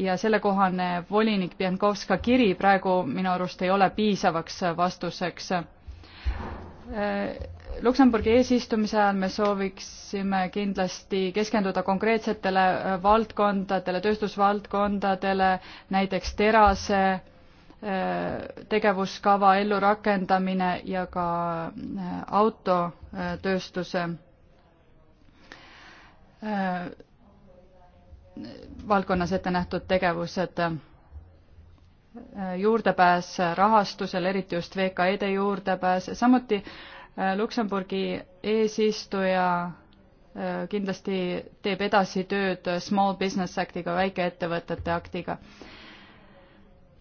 [SPEAKER 1] ja sellekohane volinik Pienkovska kiri praegu minu arust ei ole piisavaks vastuseks. Äh, Luksemburgi eesistumise ajal me sooviksime kindlasti keskenduda konkreetsetele äh, valdkondadele, tööstusvaldkondadele, näiteks terase äh, tegevuskava ellurakendamine ja ka autotööstuse valdkonnas ette nähtud tegevused, äh, juurdepääs rahastusele, eriti just VKE-de juurdepääs, samuti äh, Luksemburgi eesistuja äh, kindlasti teeb edasi tööd Small Business Actiga, väikeettevõtete aktiga.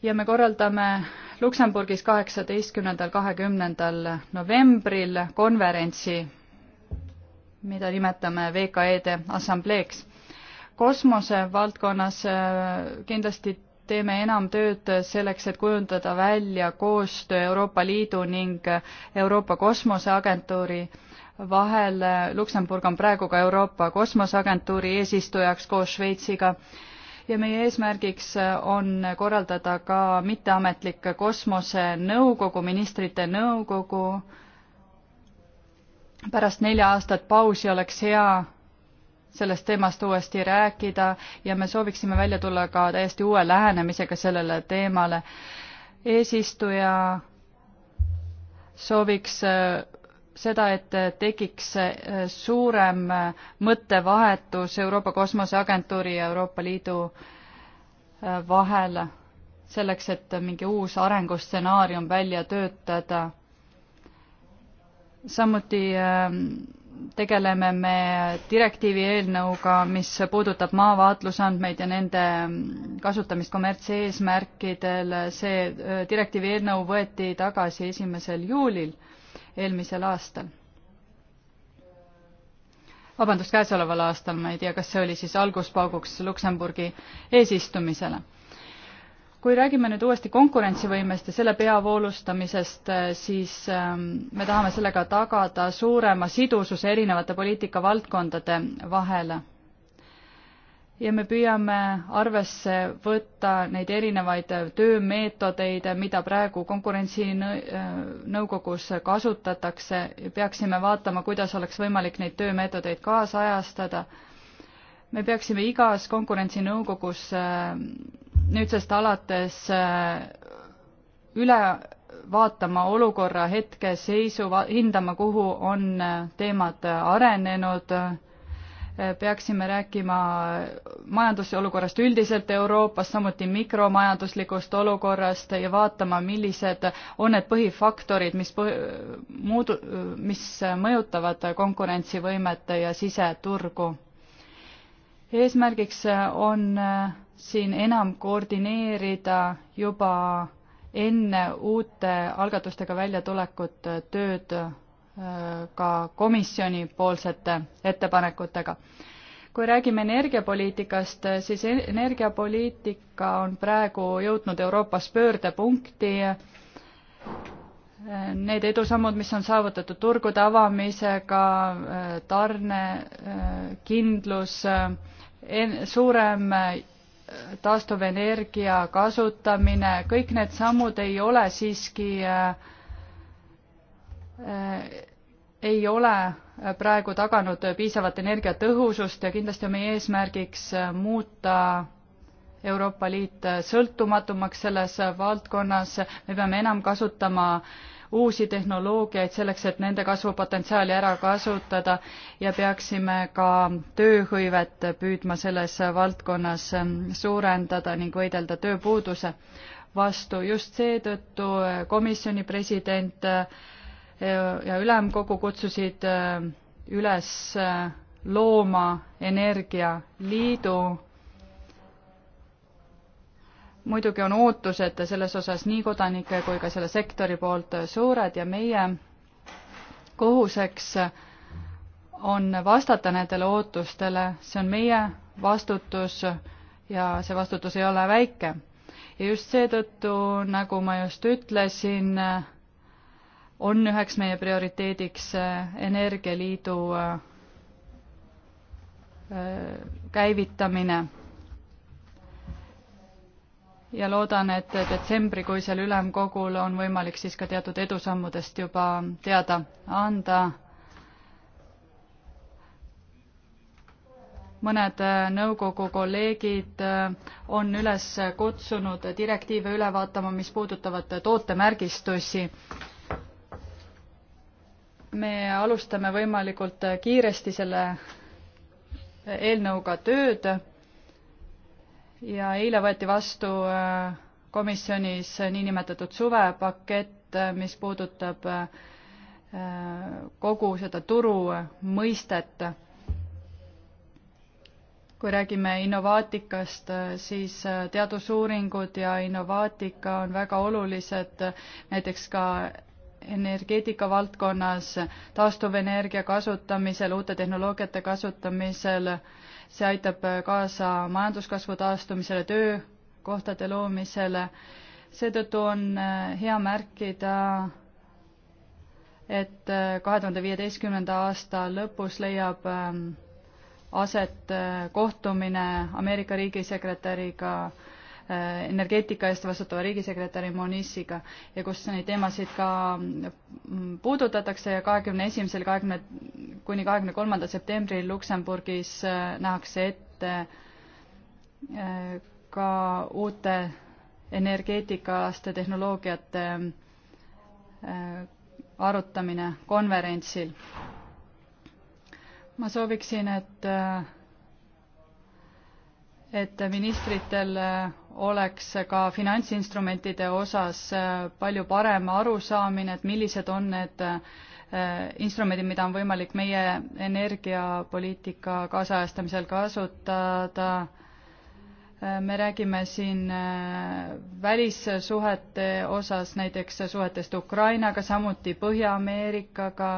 [SPEAKER 1] ja me korraldame Luksemburgis kaheksateistkümnendal, kahekümnendal novembril konverentsi, mida nimetame VKE-de assambleeks kosmose valdkonnas äh, kindlasti teeme enam tööd selleks, et kujundada välja koostöö Euroopa Liidu ning Euroopa Kosmoseagentuuri vahel. Luksemburg on praegu ka Euroopa Kosmoseagentuuri eesistujaks koos Šveitsiga ja meie eesmärgiks on korraldada ka mitteametlik kosmosenõukogu, ministrite nõukogu. pärast nelja aastat pausi oleks hea sellest teemast uuesti rääkida ja me sooviksime välja tulla ka täiesti uue lähenemisega sellele teemale. eesistuja sooviks äh, seda, et äh, tekiks äh, suurem mõttevahetus Euroopa Kosmoseagentuuri ja Euroopa Liidu vahel, selleks et mingi uus arengustsenaarium välja töötada. samuti ähm, tegeleme me direktiivi eelnõuga, mis puudutab maavaatlusandmeid ja nende kasutamist kommertseesmärkidel. see äh, direktiivi eelnõu võeti tagasi esimesel juulil eelmisel aastal. vabandust, käesoleval aastal, ma ei tea, kas see oli siis alguspauguks Luksemburgi eesistumisele kui räägime nüüd uuesti konkurentsivõimest ja selle peavoolustamisest, eh, siis ehm, me tahame sellega tagada suurema sidususe erinevate poliitikavaldkondade vahel. ja me püüame arvesse võtta neid erinevaid töömeetodeid, mida praegu Konkurentsinõukogus kasutatakse, peaksime vaatama, kuidas oleks võimalik neid töömeetodeid kaasajastada. me peaksime igas Konkurentsinõukogus ehm, nüüdsest alates äh, üle vaatama olukorra hetkeseisu, hindama, kuhu on äh, teemad äh, arenenud, peaksime rääkima majanduse olukorrast üldiselt Euroopas, samuti mikromajanduslikust olukorrast ja vaatama, millised on need põhifaktorid, mis põh-, muudu-, mis mõjutavad konkurentsivõimet ja siseturgu. eesmärgiks on äh, siin enam koordineerida juba enne uute algatustega väljatulekut tööd äh, ka komisjoni poolsete ettepanekutega. kui räägime energiapoliitikast, siis e-, energiapoliitika on praegu jõudnud Euroopas pöördepunkti. Äh, need edusammud, mis on saavutatud turgude avamisega, äh, tarnekindlus, suurem taastuvenergia kasutamine, kõik need sammud ei ole siiski äh, äh, ei ole praegu taganud piisavat energiatõhusust ja kindlasti on meie eesmärgiks muuta Euroopa Liit sõltumatumaks selles valdkonnas, me peame enam kasutama äh, uusi tehnoloogiaid selleks, et nende kasvupotentsiaali ära kasutada ja peaksime ka tööhõivet püüdma selles valdkonnas suurendada ning võidelda tööpuuduse vastu. just seetõttu komisjoni president ja ülemkogu kutsusid üles looma energialiidu muidugi on ootused selles osas nii kodanike kui ka selle sektori poolt suured ja meie kohuseks on vastata nendele ootustele, see on meie vastutus ja see vastutus ei ole väike. ja just seetõttu, nagu ma just ütlesin, on üheks meie prioriteediks Energialiidu äh, käivitamine ja loodan, et detsembrikuisel ülemkogul on võimalik siis ka teatud edusammudest juba teada anda. mõned äh, nõukogu kolleegid äh, on üles kutsunud direktiive üle vaatama, mis puudutavad tootemärgistusi me alustame võimalikult kiiresti selle eelnõuga tööd ja eile võeti vastu äh, komisjonis niinimetatud suvepakett, äh, mis puudutab äh, kogu seda turu mõistet. kui räägime innovaatikast, siis teadusuuringud ja innovaatika on väga olulised näiteks ka energeetika valdkonnas, taastuvenergia kasutamisel, uute tehnoloogiate kasutamisel see aitab äh, kaasa majanduskasvu taastumisele, töökohtade loomisele, seetõttu on äh, hea märkida, et äh, kahe tuhande viieteistkümnenda aasta lõpus leiab ähm, aset kohtumine Ameerika riigisekretäriga äh, energeetika eest vastutava riigisekretäri Monisiga ja kus neid teemasid ka mm, puudutatakse ja kahekümne esimesel, kahekümne kuni kahekümne kolmandal septembril Luksemburgis äh, nähakse ette äh, ka uute energeetikaalaste tehnoloogiate äh, arutamine konverentsil. ma sooviksin, et, et ministritel oleks ka finantsinstrumentide osas äh, palju parem arusaamine, et millised on need äh, instrumendid, mida on võimalik meie energiapoliitika kaasajastamisel kasutada. Äh, me räägime siin välissuhete osas näiteks suhetest Ukrainaga, samuti Põhja-Ameerikaga,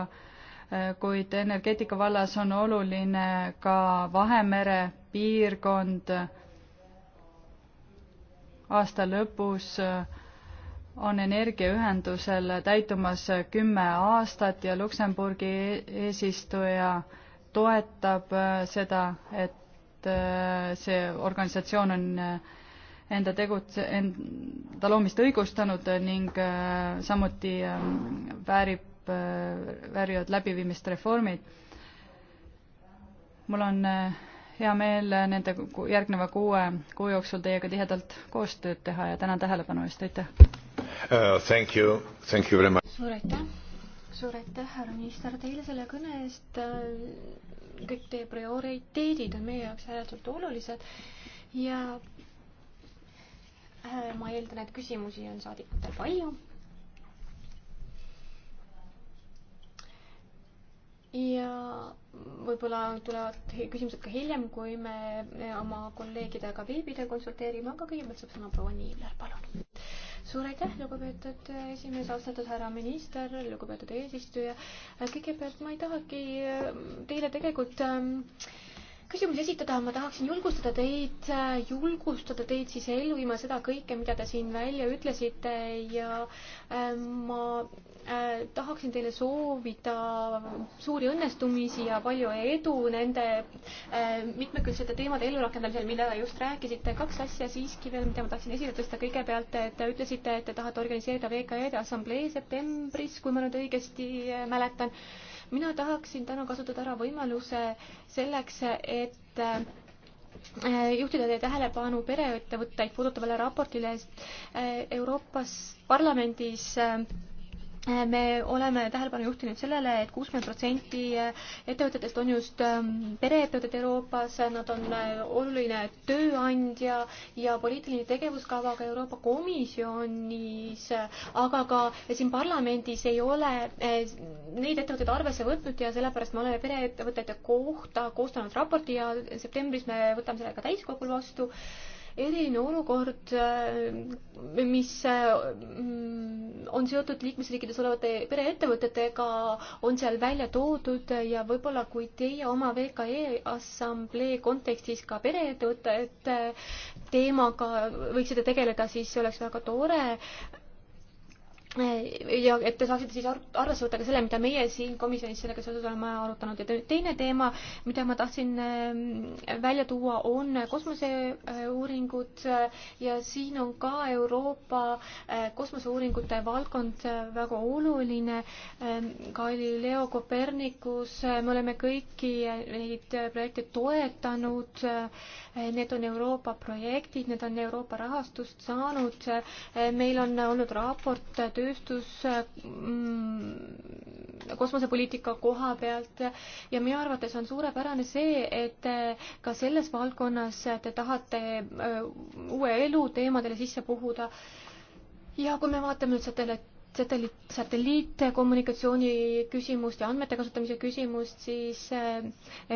[SPEAKER 1] kuid energeetika vallas on oluline ka Vahemere piirkond aasta lõpus äh, on energiaühendusel täitumas kümme aastat ja Luksemburgi eesistuja toetab äh, seda, et äh, see organisatsioon on enda tegutse-, enda loomist õigustanud ning samuti ähm, väärib, väärivad läbiviimist reformid. mul on hea meel nende järgneva kuue kuu jooksul teiega tihedalt koostööd teha ja tänan tähelepanu eest, aitäh
[SPEAKER 2] uh,!
[SPEAKER 1] Thank you, thank you very much!
[SPEAKER 2] suur aitäh, suur aitäh, härra minister, teile selle kõne eest. kõik teie prioriteedid on meie jaoks ääretult olulised ja äh, ma eeldan, et küsimusi on saadikutel palju ja võib-olla tulevad küsimused ka hiljem, kui me oma kolleegidega veebiteel konsulteerime, aga kõigepealt saab sõna proua Niiler, palun. suur aitäh, lugupeetud esimees, austatud härra minister, lugupeetud eesistuja. kõigepealt ma ei tahagi eh, teile tegelikult ähm, küsimusi esitada, ma tahaksin julgustada teid, julgustada teid siis ellu viima seda kõike, mida te siin välja ütlesite ja äh, ma äh, tahaksin teile soovida suuri õnnestumisi ja palju edu nende äh, mitmekülgsete teemade ellurakendamisel, millele just rääkisite. kaks asja siiski veel, mida ma tahtsin esile tõsta. kõigepealt te ütlesite, et te tahate organiseerida VKE-de assamblee septembris, kui ma nüüd õigesti mäletan mina tahaksin täna kasutada ära võimaluse selleks, et äh, juhtida teie tähelepanu pereettevõtteid puudutavale raportile äh, Euroopas Parlamendis äh, Äh, me oleme tähelepanu juhtinud sellele et, et kuuskümmend protsenti äh, ettevõtetest on just ähm, pereettevõtted Euroopas, nad on äh, oluline tööandja ja poliitiline tegevuskava ka Euroopa Komisjonis, aga ka siin parlamendis ei ole neid ettevõtteid arvesse võtnud ja sellepärast me oleme pereettevõtete kohta koostanud raporti ja septembris me võtame selle ka täiskogul vastu eriline olukord, äh, mis äh, on seotud liikmesriikides olevate pereettevõtetega, on seal välja toodud ja võib-olla kui teie oma VKE assamblee kontekstis ka pereettevõtete teemaga võiksite tegeleda, siis see oleks väga tore Äh, ja et te saaksite siis arvesse võtta ka selle, mida meie siin komisjonis sellega seoses oleme arutanud ja teine teema, mida ma tahtsin ähm, välja tuua, on kosmoseuuringud ja siin on ka Euroopa äh, kosmoseuuringute valdkond äh, väga oluline. Ähm, Galileo Copernicus, me oleme kõiki neid projekte toetanud. Need on Euroopa projektid, need on Euroopa rahastust saanud. meil on olnud raport tööstus mm, kosmosepoliitika koha pealt ja minu arvates on suurepärane see, et ka selles valdkonnas te tahate äh, uue elu teemadele sisse puhuda. ja kui me vaatame nüüd selle satelliit, satelliitkommunikatsiooni küsimust ja andmete kasutamise küsimust, siis äh,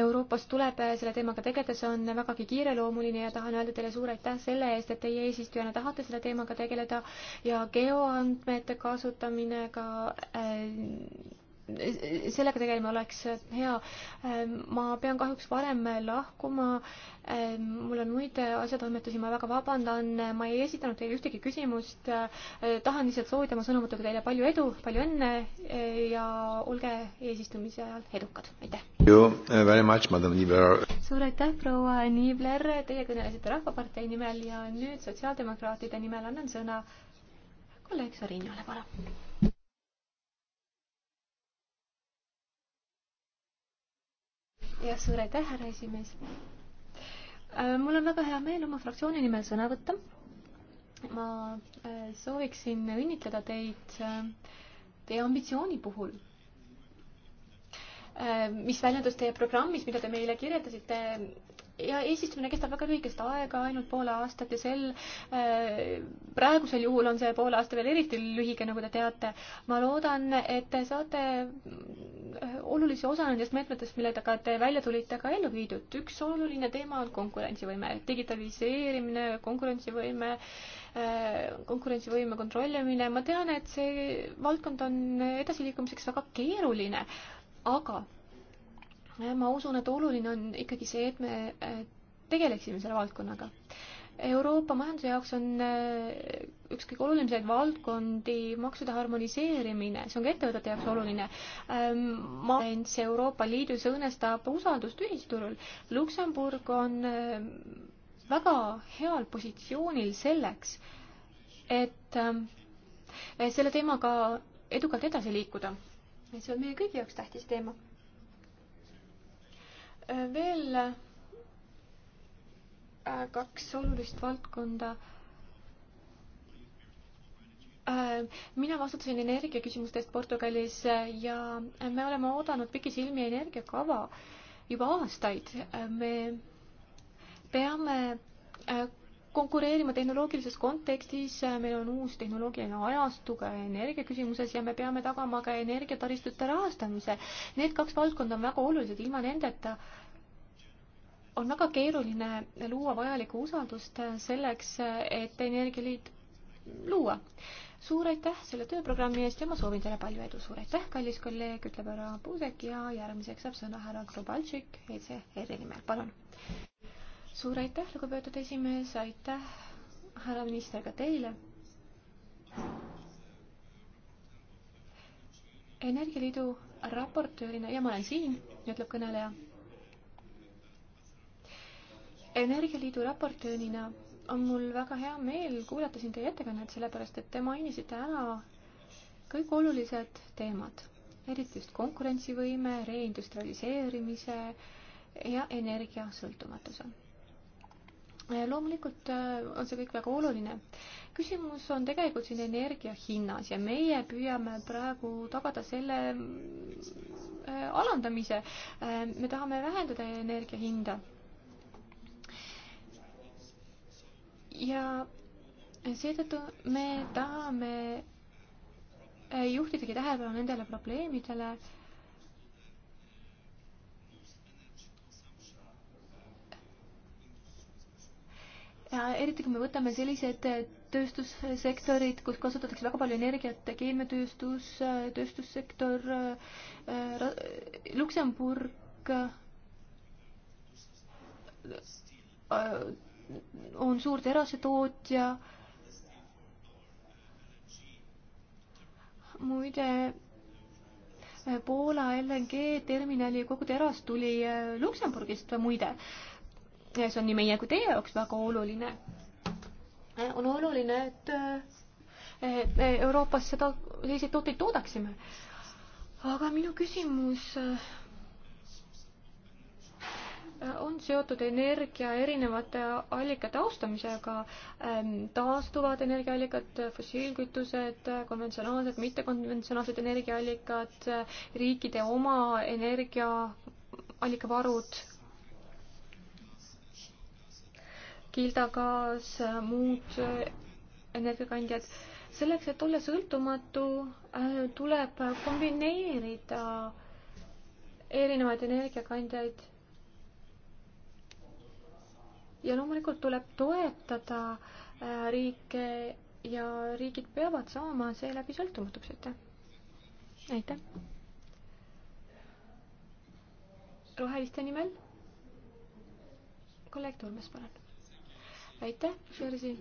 [SPEAKER 2] Euroopas tuleb äh, selle teemaga tegeleda, see on vägagi kiireloomuline ja tahan öelda teile suur aitäh selle eest, et teie eesistujana tahate selle teemaga tegeleda ja geoandmete kasutamine ka äh, sellega tegelema oleks hea. Ähm, ma pean kahjuks varem lahkuma. Ähm, mul on muid asjatoimetusi, ma väga vabandan, ma ei esitanud teile ühtegi küsimust. Äh, tahan lihtsalt soovida oma sõnumutega teile palju edu, palju õnne äh, ja olge eesistumise ajal edukad, aitäh! Uh, suur aitäh, proua Niibler, teie kõnelesite Rahvapartei nimel ja nüüd sotsiaaldemokraatide nimel annan sõna kolleeg Sorinale, palun jah, suur aitäh, härra esimees. Äh, mul on väga hea meel oma fraktsiooni nimel sõna võtta. ma äh, sooviksin õnnitleda teid äh, teie ambitsiooni puhul, mis väljendus teie programmis, mida te meile kirjeldasite ja eesistumine kestab väga lühikest aega, ainult pool aastat ja sel äh,, praegusel juhul on see pool aasta veel eriti lühike, nagu te teate. ma loodan, et te saate äh, olulise osa nendest meetmetest, millega te välja tulite, ka ellu viidud. üks oluline teema on konkurentsivõime, digitaliseerimine, konkurentsivõime äh,, konkurentsivõime kontrollimine. ma tean, et see valdkond on edasiliikumiseks väga keeruline, aga ma usun, et oluline on ikkagi see, et me äh, tegeleksime selle valdkonnaga. Euroopa majanduse jaoks on äh, üks kõige olulisemaid valdkondi maksude harmoniseerimine, see on ka ettevõtete jaoks oluline. Ähm, Maailmas Euroopa Liidus õõnestab usaldust ühisturul. Luksemburg on äh, väga heal positsioonil selleks, et ähm, selle teemaga edukalt edasi liikuda. see on meie kõigi jaoks tähtis teema veel äh, kaks olulist valdkonda. Äh, mina vastutasin energiaküsimuste eest Portugalis äh, ja me oleme oodanud pikisilmi energiakava juba aastaid. me peame konkureerima tehnoloogilises kontekstis, äh, meil on uus tehnoloogiline ajastu ka energiaküsimuses ja me peame tagama ka energiataristute rahastamise. Need kaks valdkonda on väga olulised, ilma nendeta on väga keeruline luua vajalikku usaldust äh, selleks, äh, et Energialiit luua. suur aitäh selle tööprogrammi eest ja ma soovin teile palju edu, suur aitäh, kallis kolleeg, ütleb härra Puusek ja järgmiseks saab sõna härra Grubaltšik ECR-i nimel, palun suur aitäh, lugupeetud esimees, aitäh, härra minister, ka teile. energialiidu raportöörina ja ma olen siin, ütleb kõneleja. energialiidu raportöörina on mul väga hea meel kuulata siin teie ettekannet, sellepärast et te mainisite ära kõik olulised teemad, eriti just konkurentsivõime, reindustrialiseerimise ja energiasõltumatuse loomulikult äh, on see kõik väga oluline. küsimus on tegelikult siin energia hinnas ja meie püüame praegu tagada selle äh, alandamise. Äh, me tahame vähendada energia hinda. ja seetõttu me tahame juhtidagi tähelepanu nendele probleemidele eriti kui me võtame sellised äh, tööstussektorid, kus kasutatakse väga palju energiat, keemiatööstus, äh, tööstussektor, äh, Luksemburg on suur terasetootja. muide, Poola LNG terminali kogu teras tuli Luksemburgist muide see on nii meie kui teie jaoks väga oluline. Äh, on oluline, et äh, äh, Euroopas seda, selliseid tooteid toodaksime. aga minu küsimus on seotud energia erinevate allikate austamisega, ähm, taastuvad energiaallikad, fossiilkütused, konventsionaalsed, mittekonventsionaalsed energiaallikad, riikide oma energiaallikavarud kildagaas, muud energiakandjad. selleks, et olla sõltumatu, äh, tuleb kombineerida erinevaid energiakandjaid. ja loomulikult tuleb toetada äh, riike ja riigid peavad saama seeläbi sõltumatuks, aitäh. aitäh. roheliste nimel kolleeg Turmes, palun aitäh, Jerzy.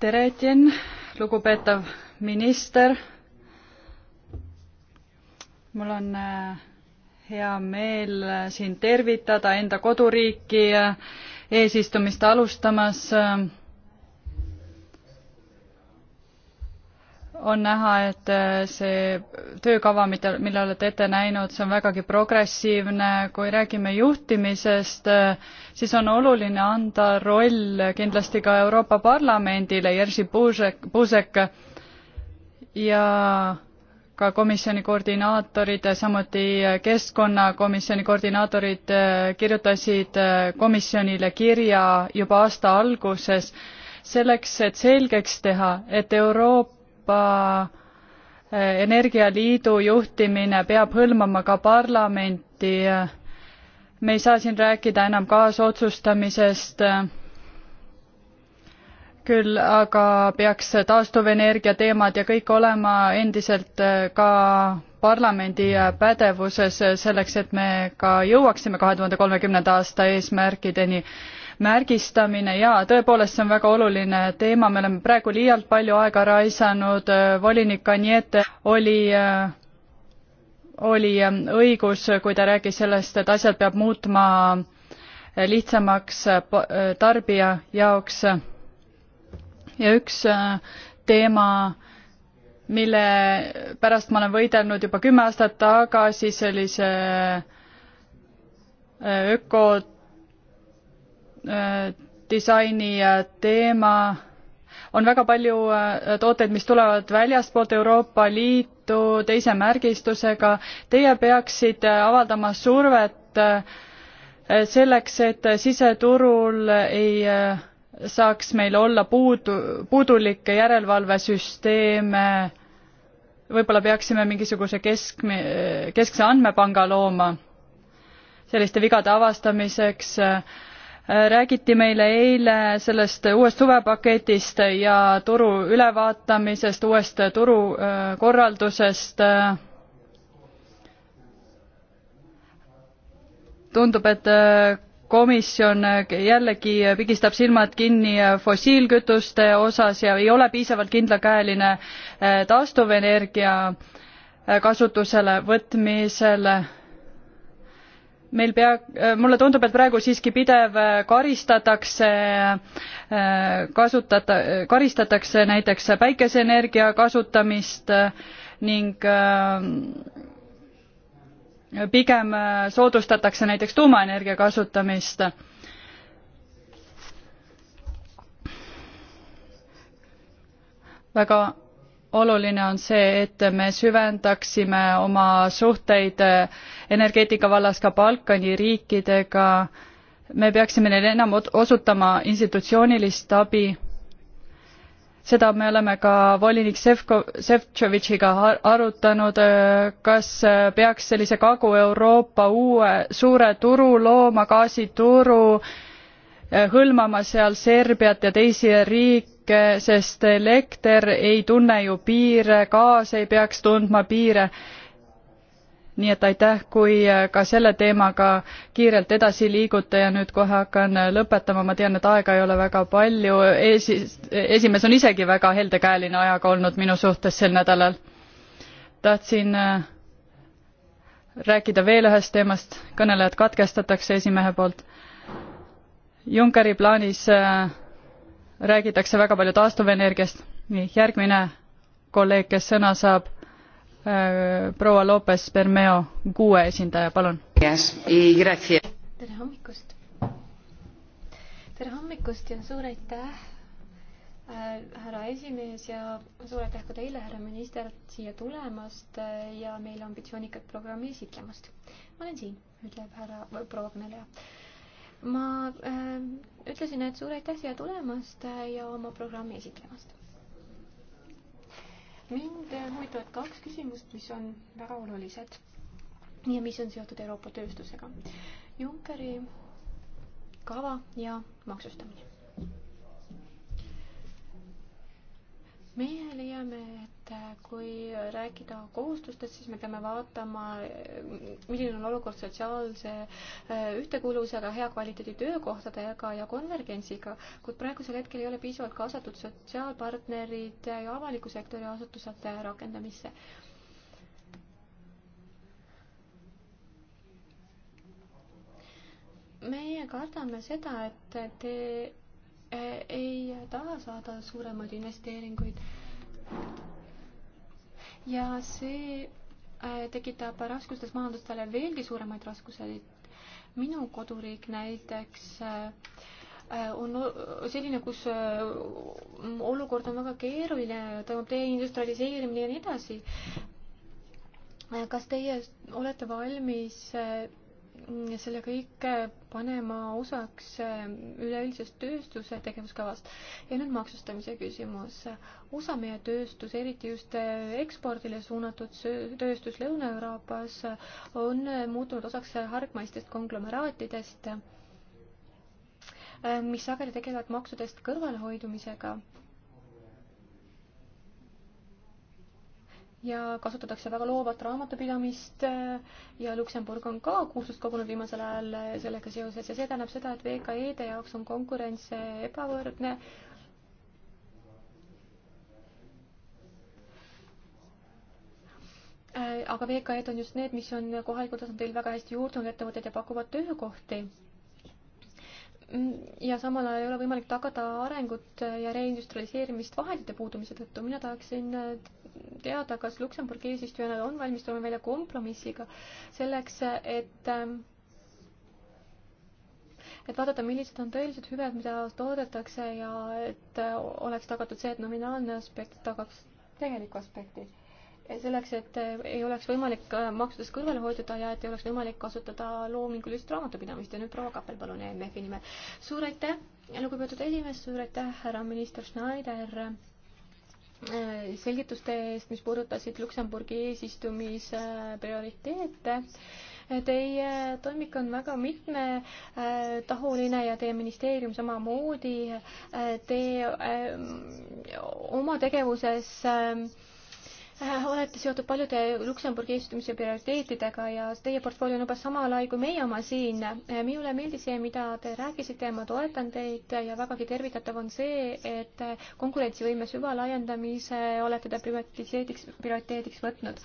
[SPEAKER 1] tere, Etienne, lugupeetav minister. mul on äh, hea meel äh, sind tervitada enda koduriiki äh, eesistumist alustamas on näha, et äh, see töökava, mida, mille olete ette näinud, see on vägagi progressiivne, kui räägime juhtimisest, äh, siis on oluline anda roll kindlasti ka Euroopa Parlamendile, Jerzy Buzek, Buzek ja ka komisjoni koordinaatorid, samuti keskkonnakomisjoni koordinaatorid äh, kirjutasid komisjonile kirja juba aasta alguses selleks, et selgeks teha, et Euroopa Euroopa eh, Energialiidu juhtimine peab hõlmama ka parlamenti. me ei saa siin rääkida enam kaasotsustamisest, küll aga peaks taastuvenergia teemad ja kõik olema endiselt eh, ka parlamendi pädevuses selleks, et me ka jõuaksime kahe tuhande kolmekümnenda aasta eesmärkideni märgistamine jaa, tõepoolest, see on väga oluline teema, me oleme praegu liialt palju aega raisanud, äh, volinik Anijete oli äh, oli äh, õigus, kui ta rääkis sellest, et asjad peab muutma lihtsamaks tarbija jaoks. ja üks teema, mille pärast ma olen võidelnud juba kümme aastat tagasi, sellise ökod Äh, disaini äh, teema, on väga palju äh, tooteid, mis tulevad väljastpoolt Euroopa Liitu teise märgistusega. Teie peaksite avaldama survet selleks, et siseturul ei saaks meil olla puudu, puudulikke järelevalvesüsteeme, võib-olla peaksime mingisuguse kesk, keskse andmepanga looma selliste vigade avastamiseks äh, Äh, räägiti meile eile sellest uuest suvepaketist ja turu ülevaatamisest, uuest turukorraldusest. Äh, tundub, et äh, komisjon jällegi pigistab silmad kinni fossiilkütuste osas ja ei ole piisavalt kindlakäeline taastuvenergia kasutusele võtmisel meil pea, mulle tundub, et praegu siiski pidev äh, karistatakse, äh, kasutata, karistatakse näiteks päikeseenergia kasutamist äh, ning pigem soodustatakse näiteks tuumaenergia kasutamist väga oluline on see, et me süvendaksime oma suhteid äh, energeetika vallas ka Balkani riikidega, me peaksime neile enam osutama institutsioonilist abi, seda me oleme ka volinik Sefko-, Sefcovitšiga arutanud, äh, kas äh, peaks sellise Kagu-Euroopa uue suure turu looma, gaasituru, hõlmama seal Serbiat ja teisi riike, võrgustikke, sest elekter ei tunne ju piire, gaas ei peaks tundma piire. nii et aitäh, kui äh, ka selle teemaga kiirelt edasi liigute ja nüüd kohe hakkan äh, lõpetama, ma tean, et aega ei ole väga palju, esi-, esimees on isegi väga heldekäeline ajaga olnud minu suhtes sel nädalal. tahtsin äh, rääkida veel ühest teemast, kõnelejad katkestatakse esimehe poolt Junckeri plaanis räägitakse väga palju taastuvenergiast. nii, järgmine kolleeg, kes sõna saab, äh, proua Lopez Bermeo, kuue esindaja, palun. tere
[SPEAKER 2] hommikust! tere hommikust ja suur aitäh, äh, härra esimees ja suur aitäh ka teile, härra minister, siia tulemast äh, ja meile ambitsioonikat programmi esitlemast. ma olen siin, ütleb härra, proua kõneleja ma äh, ütlesin, et suur aitäh siia tulemast äh, ja oma programmi esitlemast. mind äh, huvitavad kaks küsimust, mis on väga olulised ja mis on seotud Euroopa tööstusega. Junckeri kava ja maksustamine meie leiame, et äh, kui rääkida kohustustest, siis me peame vaatama, äh, milline on olukord sotsiaalse äh, ühtekuuluvusega, hea kvaliteedi töökohtadega ja konvergentsiga, kuid praegusel hetkel ei ole piisavalt kaasatud sotsiaalpartnerid ja avaliku sektori asutused rakendamisse. meie kardame seda, et te ei taha saada suuremaid investeeringuid. ja see äh, tekitab raskustes majandustele veelgi suuremaid raskusi. minu koduriik näiteks äh, äh, on selline, kus olukord on väga keeruline, toimub deindustrialiseerimine ja nii edasi. kas teie olete valmis selle kõike panema osaks üleüldisest tööstuse tegevuskavast. ja nüüd maksustamise küsimus. osa meie tööstus, eriti just ekspordile suunatud tööstus Lõuna-Euroopas, on muutunud osaks hargmaistest konglomeraatidest, mis sageli tegelevad maksudest kõrvalehoidumisega ja kasutatakse väga loovat raamatupidamist äh, ja Luksemburg on ka kuulsust kogunud viimasel ajal äh, sellega seoses ja see tähendab seda, et VKE-de jaoks on konkurents äh, ebavõrdne. aga VKE-d on just need, mis on kohalikul tasandil väga hästi juurdunud ettevõtted ja pakuvad töökohti mm, ja samal ajal ei ole võimalik tagada arengut ja reindustrialiseerimist vahendite puudumise tõttu. mina tahaksin teada, kas Luksemburg eesistujana on valmis tulema välja kompromissiga selleks, et et vaadata, millised on tõelised hüved, mida toodetakse ja et oleks tagatud see, et nominaalne aspekt tagaks tegeliku aspekti. selleks, et ei oleks võimalik äh, maksudest kõrvale hoiduda ja et ei oleks võimalik kasutada loomingulist raamatupidamist ja nüüd proua Kappel, palun, EMF-i nimel. suur aitäh, lugupeetud esimees, suur aitäh, härra minister Schneider Äh, selgituste eest, mis puudutasid Luksemburgi eesistumise äh, prioriteete. Äh, teie toimik on väga mitmetahuline ja teie ministeerium samamoodi. Te ähm, oma tegevuses äh, Äh, olete seotud paljude Luksemburgi eesistumise prioriteetidega ja teie portfoolio on umbes sama lai kui meie oma siin. Äh, minule meeldis see, mida te rääkisite, ma toetan teid ja vägagi tervitatav on see, et äh, konkurentsivõime süvalaiendamise olete te prioriteediks, prioriteediks võtnud.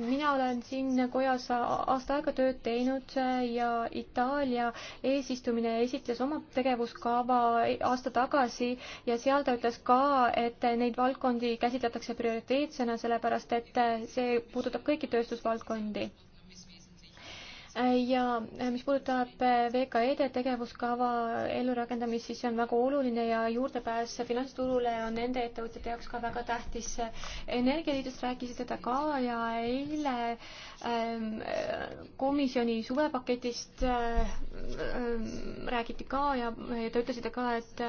[SPEAKER 2] mina olen siin kojas aasta aega tööd teinud ja Itaalia eesistumine esitles oma tegevuskava e, aasta tagasi ja seal ta ütles ka, et neid valdkondi käsitletakse prioriteetsena, sellepärast et see puudutab kõiki tööstusvaldkondi ja mis puudutab VKE-de tegevuskava ellurakendamist, siis see on väga oluline ja juurdepääs finantsturule on nende ettevõtjate jaoks ka väga tähtis. energialiidust rääkisite te ka ja eile ähm, komisjoni suvepaketist ähm, räägiti ka ja te ütlesite ka, et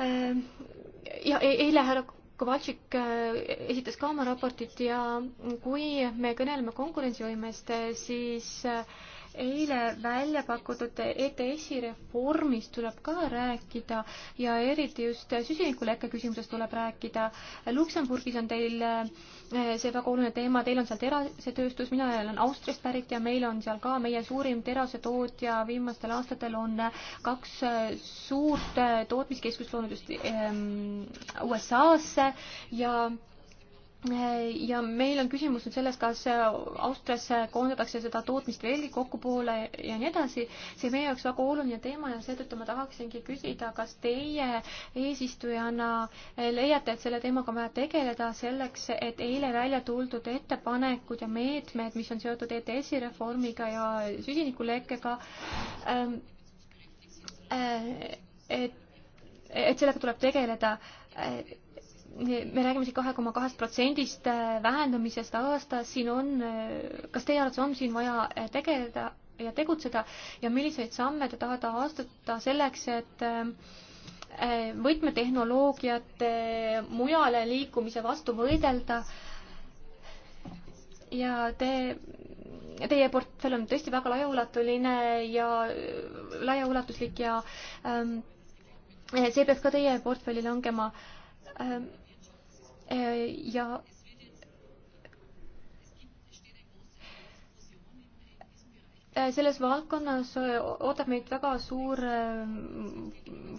[SPEAKER 2] ähm, ja e-, eile härra Kovatšik äh, esitas ka oma raportit ja kui me kõneleme konkurentsivõimest, siis äh, eile välja pakutud ETS-i reformist tuleb ka rääkida ja eriti just süsinikulekke küsimusest tuleb rääkida. Luksemburgis on teil äh, Eh, see väga oluline teema, teil on seal terasetööstus, mina olen Austriast pärit ja meil on seal ka meie suurim terasetootja viimastel aastatel on kaks eh, suurt eh, tootmiskeskust loonud just ähm, USA-sse ja ja meil on küsimus nüüd selles, kas Austrias koondatakse seda tootmist veelgi kokku poole ja nii edasi. see on meie jaoks väga oluline teema ja seetõttu ma tahaksingi küsida, kas teie eesistujana leiate, et selle teemaga on vaja tegeleda selleks, et eile välja tuldud ettepanekud ja meetmed, mis on seotud ETS-i reformiga ja süsinikulekkega ähm,, äh, et, et sellega tuleb tegeleda äh, me räägime siin kahe koma kahest protsendist äh, vähendamisest aastas, siin on, äh, kas teie arvates on siin vaja äh, tegeleda ja tegutseda ja milliseid samme te tahate astuda selleks, et võtmetehnoloogiate mujale liikumise vastu võidelda? ja te teie portfell on tõesti väga laiaulatuline ja laiaulatuslik ja ähm, see peaks ka teie portfelli langema ähm,. Äh, ja äh, selles valdkonnas äh, ootab meid väga suur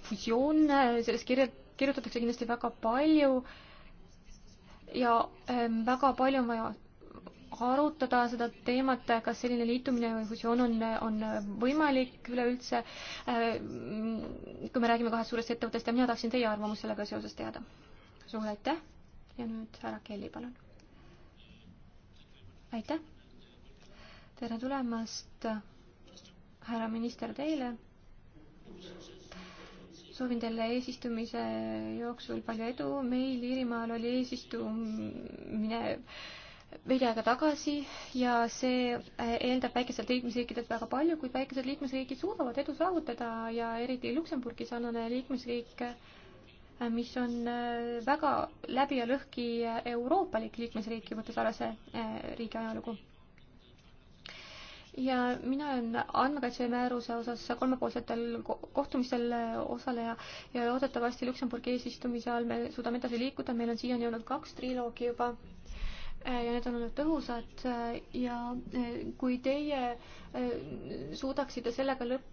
[SPEAKER 2] fusioon, sellest kirja-, kirjutatakse kindlasti väga palju ja ähm, väga palju on vaja arutada seda teemat, kas selline liitumine või fusioon on, on võimalik üleüldse, kui me räägime kahest suurest ettevõttest ja mina tahaksin teie arvamust sellega seoses teada. suur aitäh! ja nüüd härra Kelly, palun. aitäh. tere tulemast, härra minister, teile. soovin teile eesistumise jooksul palju edu. meil Iirimaal oli eesistumine veidi aega tagasi ja see eeldab väikestelt liikmesriikidelt väga palju, kuid väikesed liikmesriigid suudavad edu saavutada ja eriti Luksemburgis anname liikmesriike äh, mis on äh, väga läbi ja lõhki euroopalik liikmesriiki, võttes arvesse äh, riigi ajalugu. ja mina olen andmekaitsemääruse osas kolmepoolsetel kohtumistel äh, osaleja ja loodetavasti Luksemburgi eesistumise ajal me suudame edasi liikuda, meil on siiani olnud kaks triloogi juba ja need on olnud tõhusad ja kui teie suudaksite sellega lõpp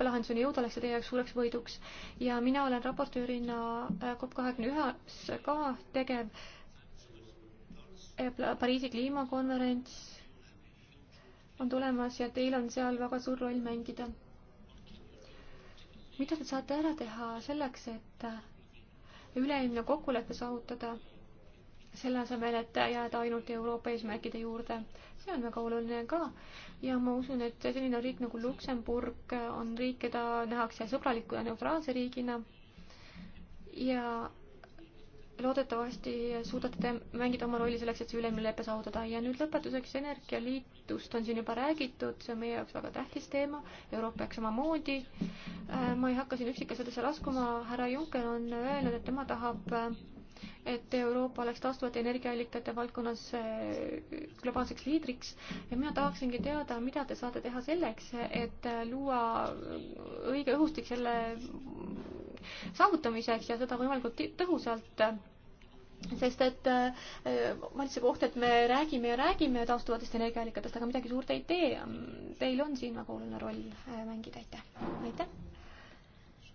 [SPEAKER 2] lahenduseni jõuda, oleks see teie jaoks suureks võiduks. ja mina olen raportöörina äh, COP kahekümne ühes ka tegev äh, Pariisi kliimakonverents on tulemas ja teil on seal väga suur roll mängida. mida te saate ära teha selleks, et äh, üleilmne kokkulepe saavutada, selle asemel, et jääda ainult Euroopa eesmärkide juurde? see on väga oluline ka ja ma usun, et selline riik nagu Luksemburg on riik, keda nähakse sõbraliku ja neutraalse riigina ja loodetavasti suudate te mängida oma rolli selleks, et see ülemlepe saavutada ja nüüd lõpetuseks energialiitust on siin juba räägitud, see on meie jaoks väga tähtis teema, Euroopa jaoks samamoodi. Äh, ma ei hakka siin üksikasjadesse laskuma, härra Juncker on öelnud, et tema tahab äh, et Euroopa oleks taastuvate energiaallikate valdkonnas äh, globaalseks liidriks ja mina tahaksingi teada, mida te saate teha selleks, et äh, luua äh, õige õhustik selle saavutamiseks ja seda võimalikult tõhusalt sest et valitseb oht, et me räägime ja räägime taastuvatest energiaallikatest, aga midagi suurt ei tee. Teil on siin väga oluline roll mängida, aitäh. aitäh.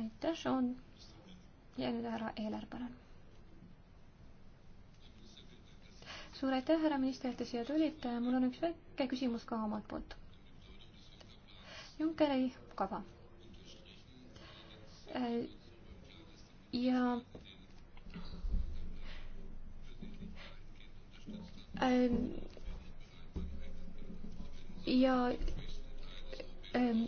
[SPEAKER 2] aitäh, Sean ja nüüd härra Eeler, palun. suur aitäh, härra minister, et te siia tulite, mul on üks väike küsimus ka omalt poolt. Junckeri kava. Äh, ja ähm, ja ähm,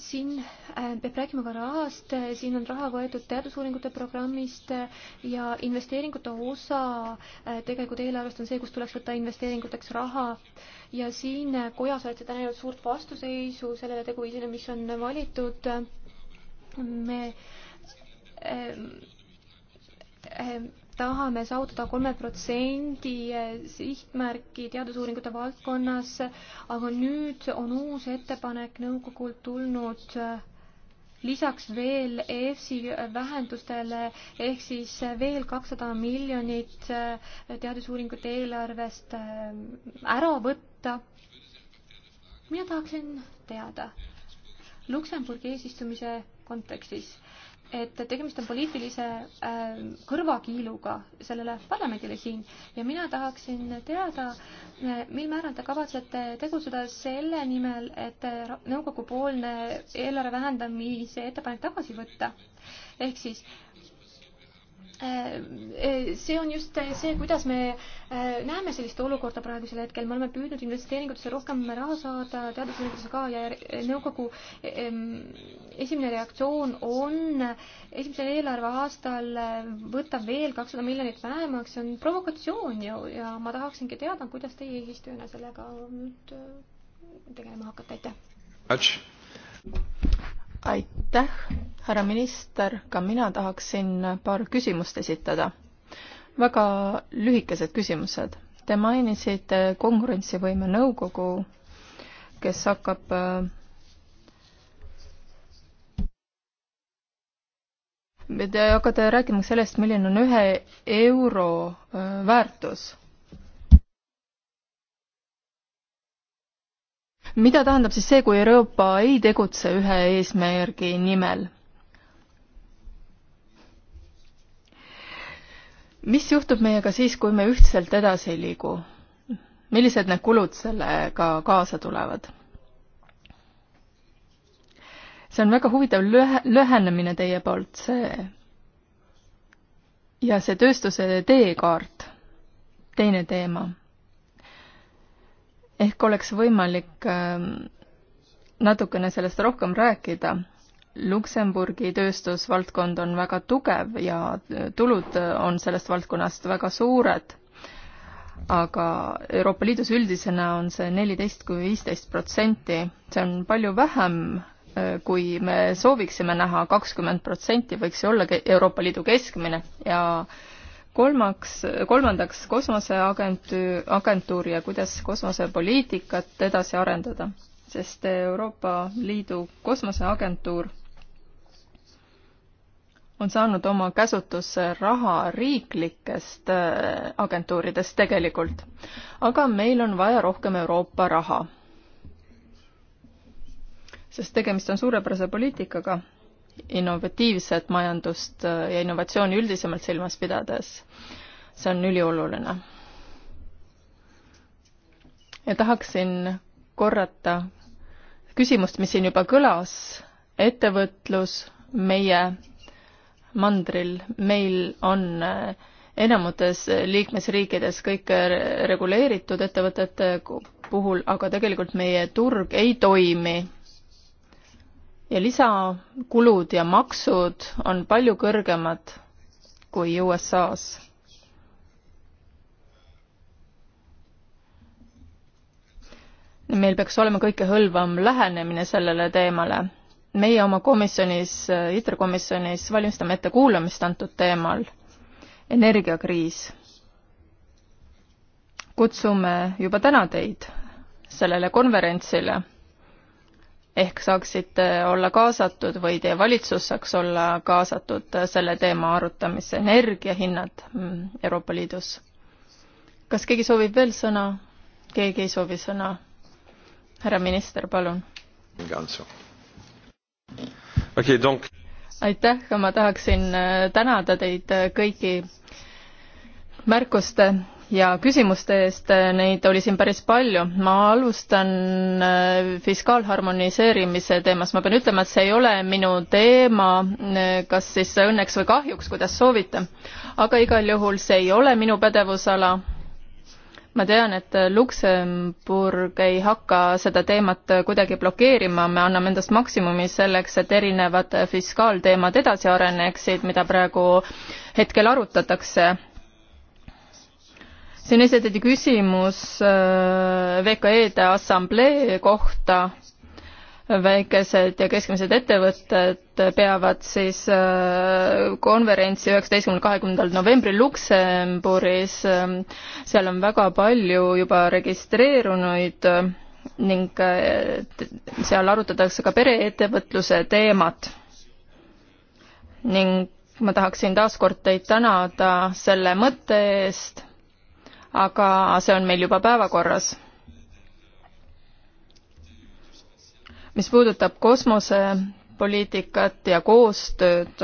[SPEAKER 2] siin äh, peab rääkima ka rahast, siin on raha võetud teadusuuringute programmist äh, ja investeeringute osa äh, tegelikult eelarvest on see, kust tuleks võtta investeeringuteks raha ja siin kojas olete te näinud suurt vastuseisu sellele teguviisile, mis on valitud. me ähm, ähm, tahame saavutada kolme protsendi sihtmärki teadusuuringute valdkonnas, aga nüüd on uus ettepanek nõukogult tulnud eh, lisaks veel EFSI vähendustele ehk siis veel kakssada miljonit eh, teadusuuringute eelarvest eh, ära võtta. mina tahaksin teada Luksemburgi eesistumise kontekstis et tegemist on poliitilise äh, kõrvakiiluga sellele parlamendile siin ja mina tahaksin teada, äh, mil määral te kavatsete tegutseda selle nimel, et nõukogu poolne eelarve vähendamise ettepanek tagasi võtta. ehk siis äh, Äh, äh, see on just äh, see, kuidas me näeme sellist olukorda praegusel hetkel, me oleme püüdnud investeeringutesse rohkem raha saada, teadusuuringutesse ka ja nõukogu ähm, esimene reaktsioon on esimesel eelarveaastal võtta veel kakssada miljonit vähemaks, see on provokatsioon ju ja ma tahaksingi teada, kuidas teie eesistujana sellega nüüd tegelema hakkate, aitäh!
[SPEAKER 3] aitäh, härra minister, ka mina tahaksin paar küsimust esitada. väga lühikesed küsimused. Te mainisite konkurentsivõime nõukogu, kes hakkab äh, Te hakkate rääkima sellest, milline on ühe euro äh, väärtus mida tähendab siis see, kui Euroopa ei tegutse ühe eesmärgi nimel? mis juhtub meiega siis, kui me ühtselt edasi ei liigu? millised need kulud sellega kaasa tulevad? see on väga huvitav löhe, löhenemine teie poolt, see ja see tööstuse teekaart, teine teema ehk oleks võimalik ähm, natukene sellest rohkem rääkida. Luksemburgi tööstusvaldkond on väga tugev ja äh, tulud äh, on sellest valdkonnast väga suured, aga Euroopa Liidus üldisena on see neliteist kui viisteist protsenti, see on palju vähem äh, kui me sooviksime näha, kakskümmend protsenti võiks see olla Euroopa Liidu keskmine ja kolmaks, kolmandaks kosmoseagentuur, agentuur ja kuidas kosmosepoliitikat edasi arendada, sest Euroopa Liidu kosmoseagentuur on saanud oma käsutusse raha riiklikest äh, agentuuridest tegelikult. aga meil on vaja rohkem Euroopa raha. sest tegemist on suurepärase poliitikaga innovatiivset majandust äh, ja innovatsiooni üldisemalt silmas pidades. see on ülioluline. ja tahaksin korrata küsimust, mis siin juba kõlas, ettevõtlus meie mandril, meil on äh, enamates liikmesriikides kõik äh, reguleeritud ettevõtete puhul, aga tegelikult meie turg ei toimi ja lisakulud ja maksud on palju kõrgemad kui USA-s. meil peaks olema kõikehõlvam lähenemine sellele teemale. meie oma komisjonis, ITRE komisjonis valmistame ette kuulamist antud teemal, energiakriis. kutsume juba täna teid sellele konverentsile ehk saaksite olla kaasatud või teie valitsus saaks olla kaasatud selle teema arutamisse, energiahinnad mm, Euroopa Liidus. kas keegi soovib veel sõna? keegi ei soovi sõna. härra minister, palun. Okay, donc... aitäh, ma tahaksin äh, tänada teid äh, kõigi märkuste ja küsimuste eest, eh, neid oli siin päris palju. ma alustan eh, fiskaalharmoniseerimise teemast, ma pean ütlema, et see ei ole minu teema, eh, kas siis õnneks või kahjuks, kuidas soovite. aga igal juhul see ei ole minu pädevusala. ma tean, et Luksemburg ei hakka seda teemat kuidagi blokeerima, me anname endast maksimumi selleks, et erinevad fiskaalteemad edasi areneksid, mida praegu hetkel arutatakse siin esitati küsimus äh, VKE-de assamblee kohta väikesed ja keskmised ettevõtted peavad siis äh, konverentsi üheksateistkümnendal, kahekümnendal novembril Luksemburis. seal on väga palju juba registreerunuid ning äh, seal arutatakse ka pereettevõtluse teemat. ning ma tahaksin taas kord teid tänada selle mõtte eest aga see on meil juba päevakorras. mis puudutab kosmosepoliitikat ja koostööd,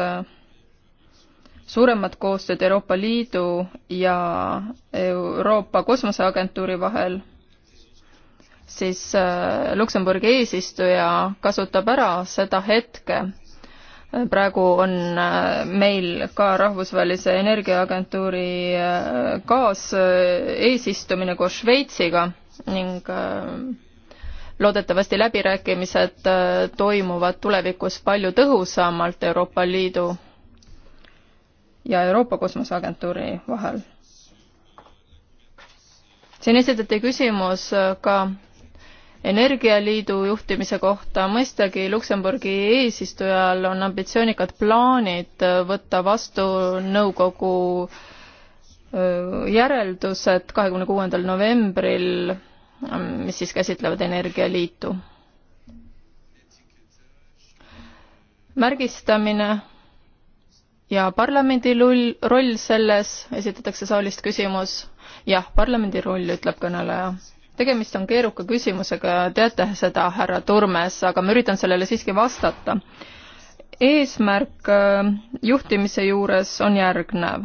[SPEAKER 3] suuremat koostööd Euroopa Liidu ja Euroopa Kosmoseagentuuri vahel, siis äh, Luksemburgi eesistuja kasutab ära seda hetke, praegu on äh, meil ka Rahvusvahelise Energiaagentuuri äh, kaaseesistumine koos Šveitsiga ning äh, loodetavasti läbirääkimised toimuvad tulevikus palju tõhusamalt Euroopa Liidu ja Euroopa Kosmoseagentuuri vahel. siin esitati küsimus ka energialiidu juhtimise kohta. mõistagi Luksemburgi eesistujal on ambitsioonikad plaanid võtta vastu nõukogu järeldused kahekümne kuuendal novembril, mis siis käsitlevad energialiitu. märgistamine ja parlamendi roll selles, esitatakse saalist küsimus. jah, parlamendi roll, ütleb kõneleja tegemist on keeruka küsimusega, teate seda, härra Turmes, aga ma üritan sellele siiski vastata. eesmärk äh, juhtimise juures on järgnev,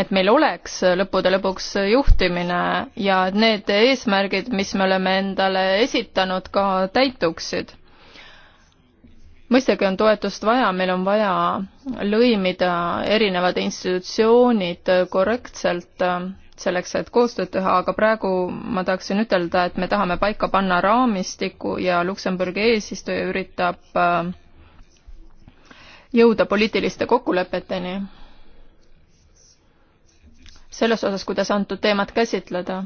[SPEAKER 3] et meil oleks lõppude lõpuks juhtimine ja et need eesmärgid, mis me oleme endale esitanud, ka täituksid mõistagi on toetust vaja, meil on vaja lõimida erinevad institutsioonid korrektselt äh, selleks, et koostööd teha, aga praegu ma tahaksin ütelda, et me tahame paika panna raamistiku ja Luksemburgi eesistuja üritab äh, jõuda poliitiliste kokkulepeteni selles osas, kuidas antud teemat käsitleda.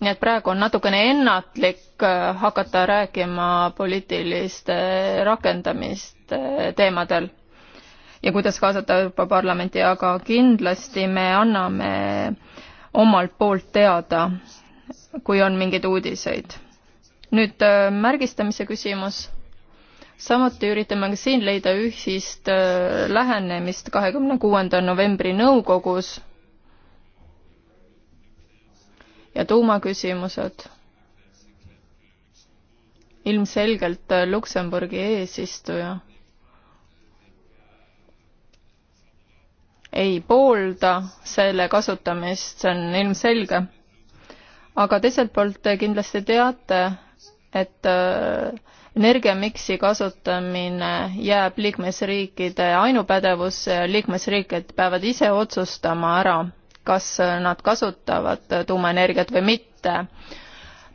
[SPEAKER 3] nii et praegu on natukene ennatlik äh, hakata rääkima poliitiliste rakendamist äh, teemadel ja kuidas kaasata Euroopa Parlamenti, aga kindlasti me anname omalt poolt teada, kui on mingeid uudiseid. nüüd äh, märgistamise küsimus. samuti üritame ka siin leida ühist äh, lähenemist kahekümne kuuenda novembri nõukogus ja tuumaküsimused. ilmselgelt äh, Luksemburgi eesistuja ei poolda selle kasutamist, see on ilmselge. aga teiselt poolt te kindlasti teate, et äh, energiamiksi kasutamine jääb liikmesriikide ainupädevusse ja liikmesriigid peavad ise otsustama ära, kas nad kasutavad tuumaenergiat või mitte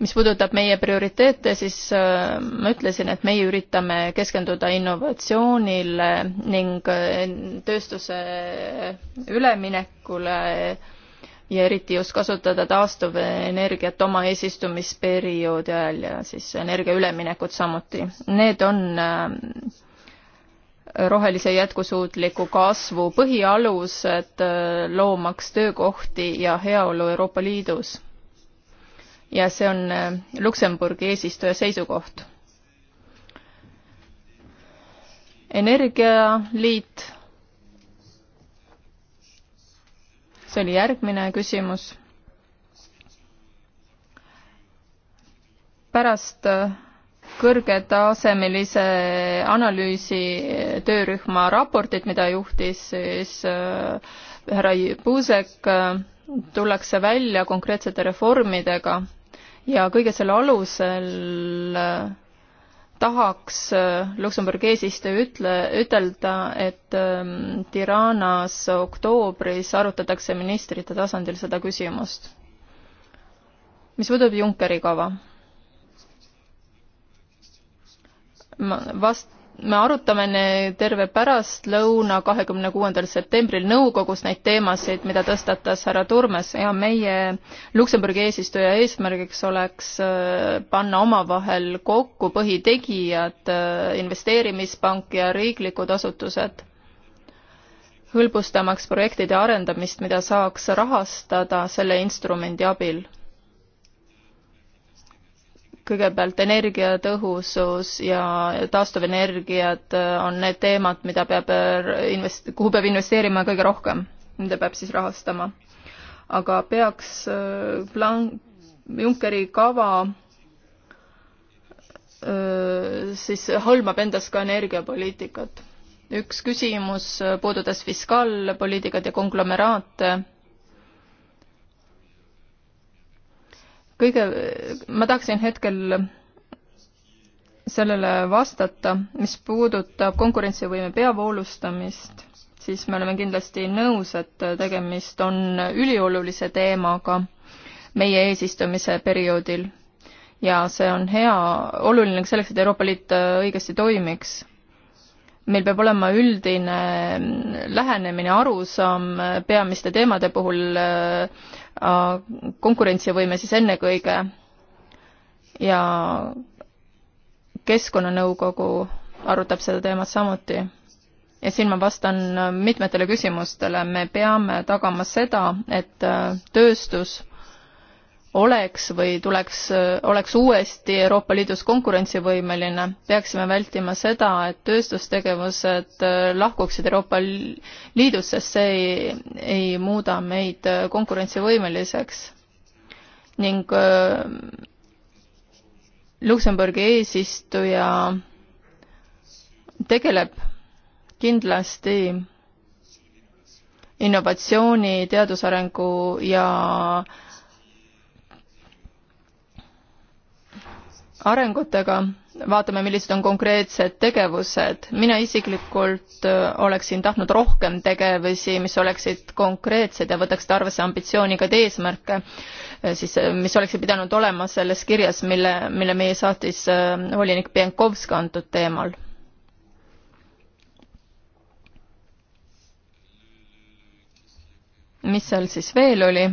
[SPEAKER 3] mis puudutab meie prioriteete, siis äh, ma ütlesin, et meie üritame keskenduda innovatsioonile ning äh, tööstuse üleminekule ja eriti just kasutada taastuvenergiat oma eesistumisperioodi ajal ja siis energia üleminekut samuti. Need on äh, rohelise jätkusuutliku kasvu põhialused, loomaks töökohti ja heaolu Euroopa Liidus ja see on äh, Luksemburgi eesistuja seisukoht. energialiit, see oli järgmine küsimus. pärast äh, kõrgetasemelise analüüsi äh, töörühma raportit, mida juhtis siis härra Puusek, tullakse välja konkreetsete reformidega ja kõige selle alusel äh, tahaks äh, Luksemburgi eesistuja ütle, ütelda, et ähm, Tiranas oktoobris arutatakse ministrite tasandil seda küsimust. mis puudutab Junckeri kava? ma vast-, me arutame terve pärastlõuna, kahekümne kuuendal septembril nõukogus neid teemasid, mida tõstatas härra Turmes ja meie Luksemburgi eesistuja eesmärgiks oleks äh, panna omavahel kokku põhitegijad, äh, investeerimispank ja riiklikud asutused, hõlbustamaks projektide arendamist, mida saaks rahastada selle instrumendi abil kõigepealt energiatõhusus ja taastuvenergiad on need teemad, mida peab äh, invest-, kuhu peab investeerima kõige rohkem, mida peab siis rahastama. aga peaks äh, plan-, Junckeri kava äh, siis hõlmab endas ka energiapoliitikat. üks küsimus puudutas fiskaalpoliitikat ja konglomeraate kõige, ma tahaksin hetkel sellele vastata, mis puudutab konkurentsivõime peavoolustamist, siis me oleme kindlasti nõus, et tegemist on üliolulise teemaga meie eesistumise perioodil. ja see on hea, oluline selleks, et Euroopa Liit õigesti toimiks meil peab olema üldine lähenemine, arusaam peamiste teemade puhul, äh, konkurentsivõime siis ennekõige ja keskkonnanõukogu arutab seda teemat samuti. ja siin ma vastan mitmetele küsimustele, me peame tagama seda, et äh, tööstus oleks või tuleks, oleks uuesti Euroopa Liidus konkurentsivõimeline, peaksime vältima seda, et tööstustegevused äh, lahkuksid Euroopa Liidust, sest see ei, ei muuda meid äh, konkurentsivõimeliseks. ning äh, Luksemburgi eesistuja tegeleb kindlasti innovatsiooni, teadusarengu ja äh, arengutega, vaatame, millised on konkreetsed tegevused. mina isiklikult äh, oleksin tahtnud rohkem tegevusi, mis oleksid konkreetsed ja võtaksid arvesse ambitsioonikaid eesmärke, äh, siis äh, mis oleksid pidanud olema selles kirjas, mille, mille meie saatis volinik Pienkovska antud teemal mis seal siis veel oli?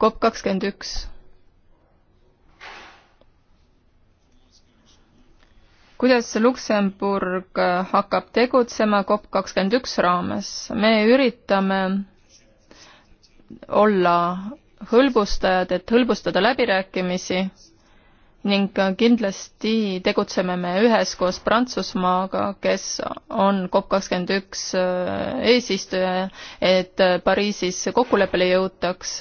[SPEAKER 3] COP kakskümmend üks. kuidas Luksemburg hakkab tegutsema COP kakskümmend üks raames? me üritame olla hõlbustajad, et hõlbustada läbirääkimisi ning kindlasti tegutseme me üheskoos Prantsusmaaga, kes on COP kakskümmend üks eesistuja, et Pariisis kokkuleppele jõutaks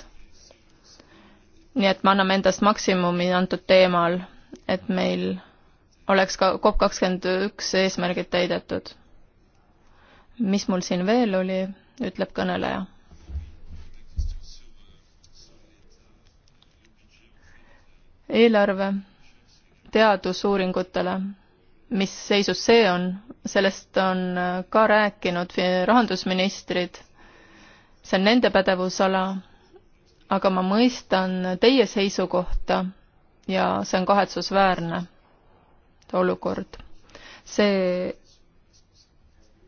[SPEAKER 3] nii et me anname endast maksimumi antud teemal, et meil oleks ka COP kakskümmend üks eesmärgid täidetud. mis mul siin veel oli, ütleb kõneleja. eelarve teadusuuringutele, mis seisus see on, sellest on ka rääkinud rahandusministrid, see on nende pädevusala aga ma mõistan teie seisukohta ja see on kahetsusväärne olukord. see,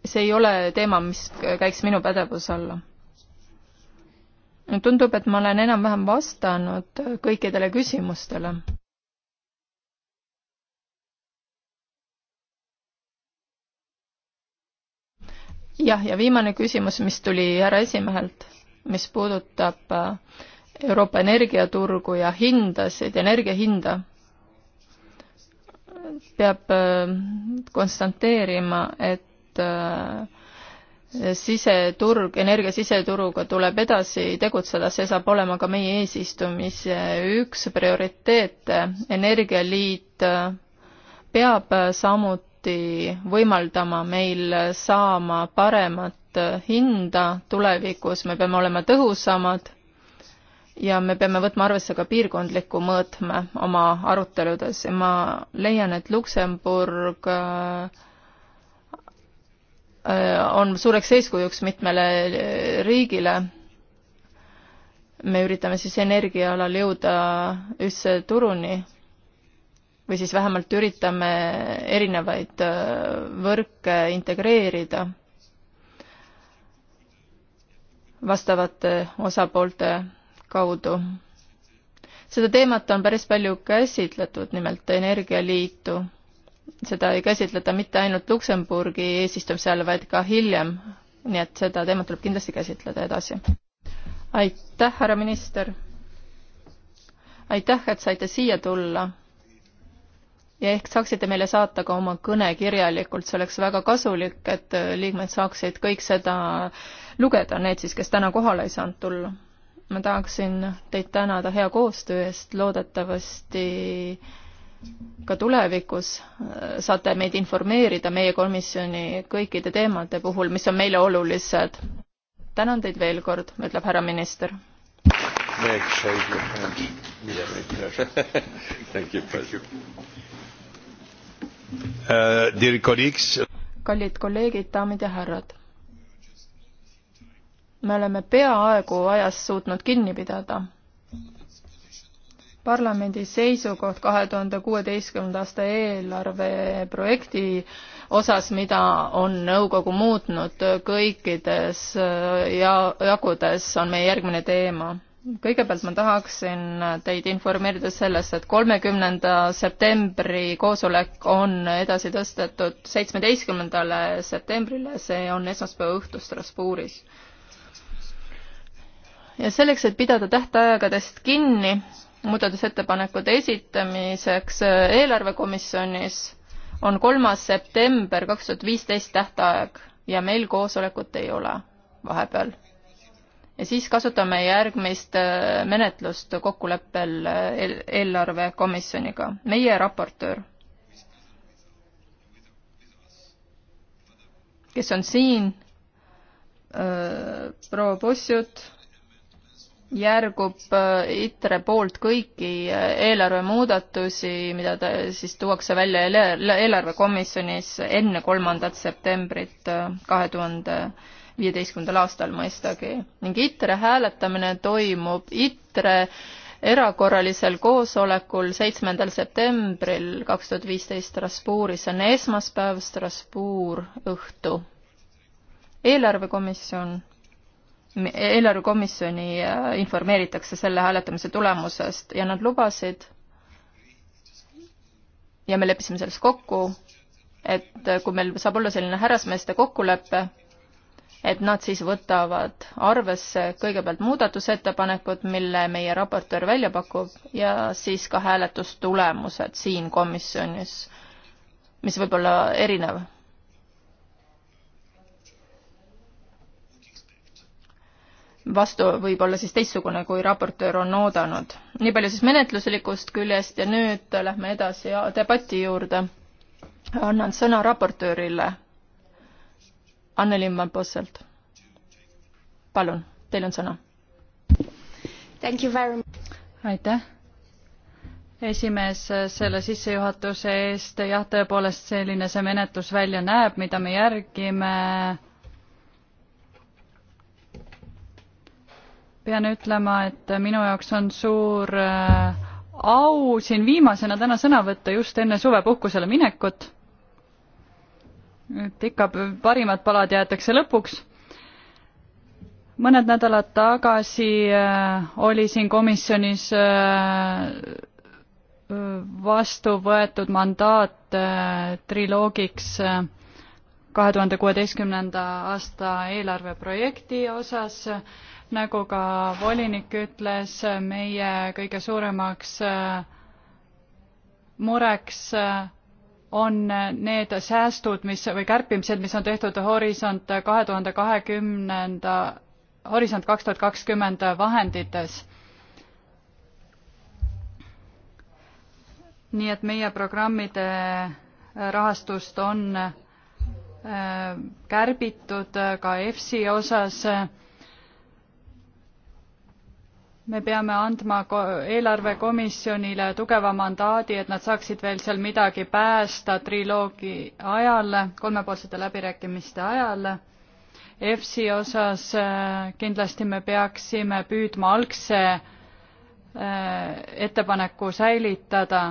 [SPEAKER 3] see ei ole teema, mis käiks minu pädevuse alla. tundub, et ma olen enam-vähem vastanud kõikidele küsimustele. jah, ja viimane küsimus, mis tuli härra esimehelt mis puudutab äh, Euroopa energiaturgu ja hindasid, energia hinda, peab äh, konstanteerima, et äh, siseturg, energia siseturuga tuleb edasi tegutseda, see saab olema ka meie eesistumise üks prioriteete. energialiit peab samuti võimaldama meil saama paremat kõrgemat äh, hinda tulevikus, me peame olema tõhusamad ja me peame võtma arvesse ka piirkondliku mõõtme oma aruteludes ja ma leian, et Luksemburg äh, on suureks eeskujuks mitmele äh, riigile. me üritame siis energia alal jõuda ühtse turuni või siis vähemalt üritame erinevaid võrke integreerida vastavate osapoolte kaudu. seda teemat on päris palju käsitletud, nimelt Energialiitu. seda ei käsitleta mitte ainult Luksemburgi eesistumise all, vaid ka hiljem, nii et seda teemat tuleb kindlasti käsitleda edasi. aitäh, härra minister! aitäh, et saite siia tulla! ja ehk saaksite meile saata ka oma kõne kirjalikult, see oleks väga kasulik, et liikmed saaksid kõik seda lugeda, need siis, kes täna kohale ei saanud tulla. ma tahaksin teid tänada hea koostöö eest, loodetavasti ka tulevikus äh, saate meid informeerida meie komisjoni kõikide teemade puhul, mis on meile olulised. tänan teid veel kord, ütleb härra minister.
[SPEAKER 2] Meg, shake your hand. Yes. My pleasure. Thank you. Thank you.
[SPEAKER 1] Uh, dear colleagues.
[SPEAKER 3] kallid kolleegid, daamid ja härrad me oleme peaaegu ajast suutnud kinni pidada. parlamendi seisukoht kahe tuhande kuueteistkümnenda aasta eelarve projekti osas, mida on nõukogu muutnud kõikides äh, ja jagudes, on meie järgmine teema kõigepealt ma tahaksin teid informeerida sellest, et kolmekümnenda septembri koosolek on edasi tõstetud seitsmeteistkümnendale septembrile, see on esmaspäeva õhtul Strasbourgis ja selleks, et pidada tähtaegadest kinni muudatusettepanekute esitamiseks äh, eelarvekomisjonis, on kolmas september kaks tuhat viisteist tähtaeg ja meil koosolekut ei ole vahepeal. ja siis kasutame järgmist äh, menetlust kokkuleppel äh, eelarvekomisjoniga. meie raportöör, kes on siin, proua Bossjut järgub äh, ITRE poolt kõiki äh, eelarvemuudatusi, mida ta siis tuuakse välja eelarvekomisjonis enne kolmandat septembrit äh, kahe tuhande viieteistkümnendal aastal mõistagi. ning ITRE hääletamine toimub ITRE erakorralisel koosolekul seitsmendal septembril kaks tuhat viisteist Strasbourgis, see on esmaspäev, Strasbourg õhtu. eelarvekomisjon eelarvekomisjoni äh, informeeritakse selle hääletamise tulemusest ja nad lubasid ja me leppisime selles kokku, et äh, kui meil saab olla selline härrasmeeste kokkulepe, et nad siis võtavad arvesse kõigepealt muudatusettepanekud, mille meie raportöör välja pakub ja siis ka hääletustulemused siin komisjonis, mis võib olla erinev vastu võib-olla siis teistsugune, kui raportöör on oodanud. nii palju siis menetluslikust küljest ja nüüd lähme edasi debati juurde. annan sõna raportöörile. Anneli Mambosselt. palun, teil on sõna.
[SPEAKER 2] aitäh
[SPEAKER 1] esimees selle sissejuhatuse eest, jah, tõepoolest selline see menetlus välja näeb, mida me järgime pean ütlema, et minu jaoks on suur äh, au siin viimasena täna sõna võtta just enne suvepuhkusele minekut. et ikka parimad palad jäetakse lõpuks. mõned nädalad tagasi äh, oli siin komisjonis äh, vastu võetud mandaat triloogiks kahe tuhande kuueteistkümnenda aasta eelarveprojekti osas nagu ka volinik ütles, meie kõige suuremaks äh, mureks äh, on need säästud, mis või kärpimised, mis on tehtud Horisont kahe tuhande kahekümnenda, Horisont kaks tuhat kakskümmend vahendites. nii et meie programmide äh, rahastust on kärbitud ka EFSI osas me peame andma eelarvekomisjonile tugeva mandaadi, et nad saaksid veel seal midagi päästa triloogi ajal, kolmepoolsete läbirääkimiste ajal. EFSi osas äh, kindlasti me peaksime püüdma algse äh, ettepaneku säilitada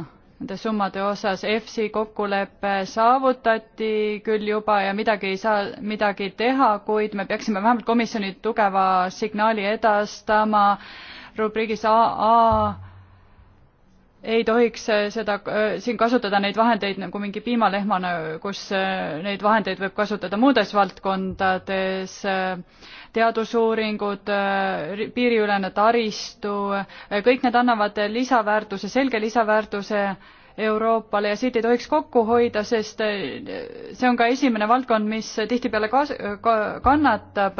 [SPEAKER 1] nende summade osas. EFSi kokkulepe saavutati küll juba ja midagi ei saa midagi teha, kuid me peaksime vähemalt komisjoni tugeva signaali edastama äh, rubriigis AA ei tohiks äh, seda, äh, siin kasutada neid vahendeid nagu mingi piimalehmana, kus äh, neid vahendeid võib kasutada muudes valdkondades, teadusuuringud, piiriülene taristu, kõik need annavad lisaväärtuse, selge lisaväärtuse Euroopale ja siit ei tohiks kokku hoida, sest see on ka esimene valdkond, mis tihtipeale kas-, kannatab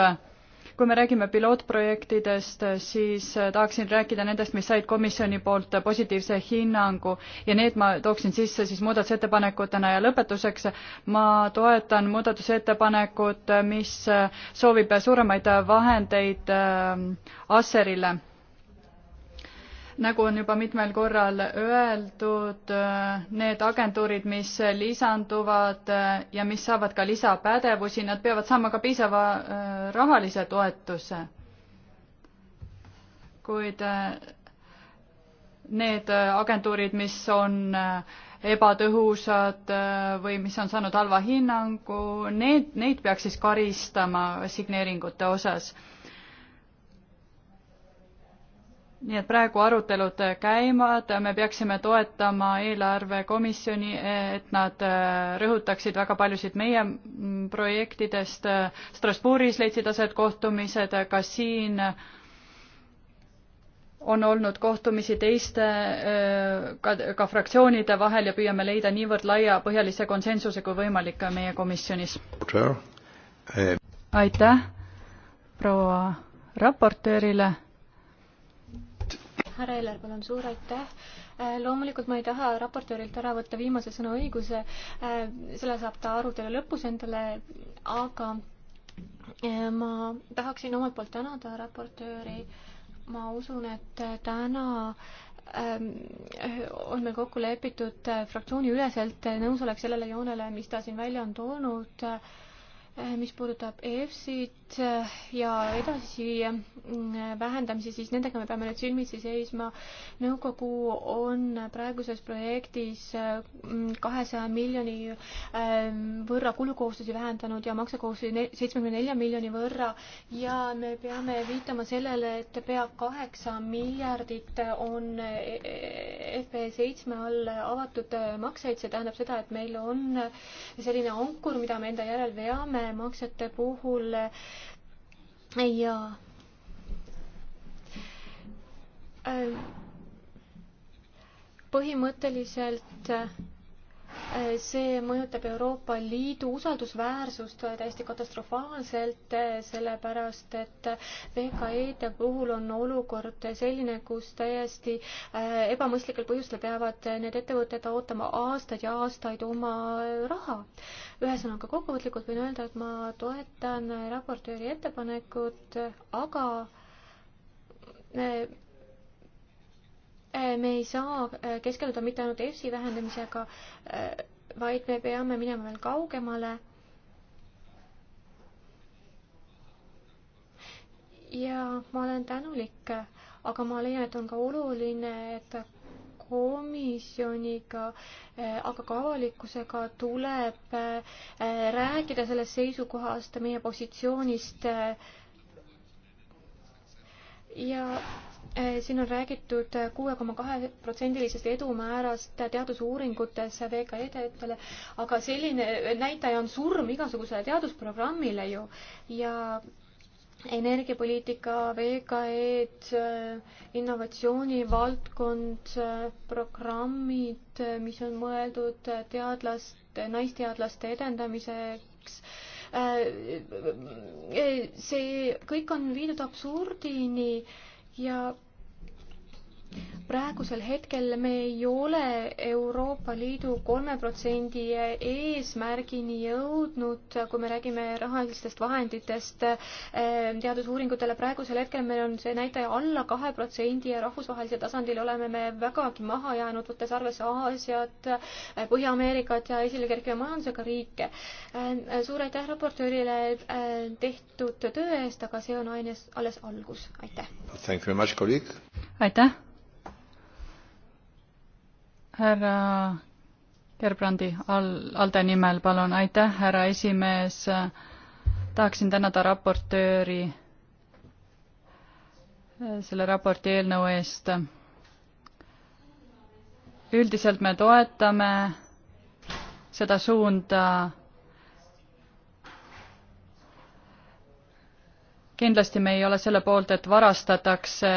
[SPEAKER 1] kui me räägime pilootprojektidest, siis tahaksin rääkida nendest, mis said komisjoni poolt positiivse hinnangu ja need ma tooksin sisse siis muudatusettepanekutena ja lõpetuseks ma toetan muudatusettepanekut, mis soovib suuremaid vahendeid ähm, Asserile nagu on juba mitmel korral öeldud, need agentuurid, mis lisanduvad äh, ja mis saavad ka lisapädevusi, nad peavad saama ka piisava äh, rahalise toetuse. kuid äh, need agentuurid, mis on ebatõhusad või mis on saanud halva hinnangu, need, neid peaks siis karistama signeeringute osas nii et praegu arutelud käivad, me peaksime toetama eelarvekomisjoni, et nad äh, rõhutaksid väga paljusid meie mm, projektidest. Strasbourgis leidsid aset kohtumised, ka siin on olnud kohtumisi teiste, äh, ka, ka fraktsioonide vahel ja püüame leida niivõrd laiapõhjalise konsensuse kui võimalik meie komisjonis. Eh, aitäh proua raportöörile
[SPEAKER 2] härra Eller, palun, suur aitäh. Äh, loomulikult ma ei taha raportöörilt ära võtta viimase sõna õiguse, äh, selle saab ta arutelu lõpus endale, aga äh, ma tahaksin omalt poolt tänada raportööri. ma usun, et täna ähm, on meil kokku lepitud fraktsiooniüleselt nõusolek sellele joonele, mis ta siin välja on toonud, mis puudutab EFSit meetmeid äh, ja edasisi äh, vähendamisi, siis nendega me peame nüüd silmitsi seisma. nõukogu on praeguses projektis äh, kahesaja miljoni võrra kulukohustusi vähendanud ja maksekohustusi seitsmekümne nelja miljoni võrra ja me peame viitama sellele, et pea kaheksa miljardit on FP seitsme all avatud makseid, see tähendab seda, et meil on selline ankur, mida me enda järel veame maksete puhul ja põhimõtteliselt Äh, see mõjutab Euroopa Liidu usaldusväärsust täiesti katastrofaalselt, äh, sellepärast et äh, VKE-de puhul on olukord selline, kus täiesti ebamõistlikel põhjustel peavad need ettevõtted ootama aastaid ja aastaid oma raha. ühesõnaga, kokkuvõtlikult võin öelda, et ma toetan raportööri ettepanekut, aga Äh, me ei saa äh, keskenduda mitte ainult EFSi vähendamisega, äh, vaid me peame minema veel kaugemale. ja ma olen tänulik, aga ma leian, et on ka oluline, et komisjoniga, aga ka avalikkusega tuleb rääkida sellest seisukohast, meie positsioonist äh, ja äh, siin on räägitud äh, kuue koma kahe protsendilisest edumäärast teadusuuringutes VKE-de ettele, aga selline äh, näitaja on surm igasugusele teadusprogrammile ju ja energiapoliitika, VKE-d, innovatsioonivaldkond, programmid, mis on mõeldud teadlaste, naisteadlaste edendamiseks Äh, äh, äh, see kõik on viidud absurdini ja praegusel hetkel me ei ole Euroopa Liidu kolme protsendi eesmärgini jõudnud, kui me räägime rahalistest vahenditest eh, teadusuuringutele. praegusel hetkel meil on see näitaja alla kahe protsendi ja rahvusvahelisel tasandil oleme me vägagi maha jäänud, võttes arvesse Aasiat, eh, Põhja-Ameerikat ja esile kerkiva majandusega riike. Eh, suur aitäh raportöörile tehtud töö eest, aga see on aines, alles algus. aitäh!
[SPEAKER 1] aitäh! härra Gerbrandi al-, ALDE nimel, palun, aitäh, härra esimees. tahaksin tänada raportööri selle raporti eelnõu eest. üldiselt me toetame seda suunda. kindlasti me ei ole selle poolt, et varastatakse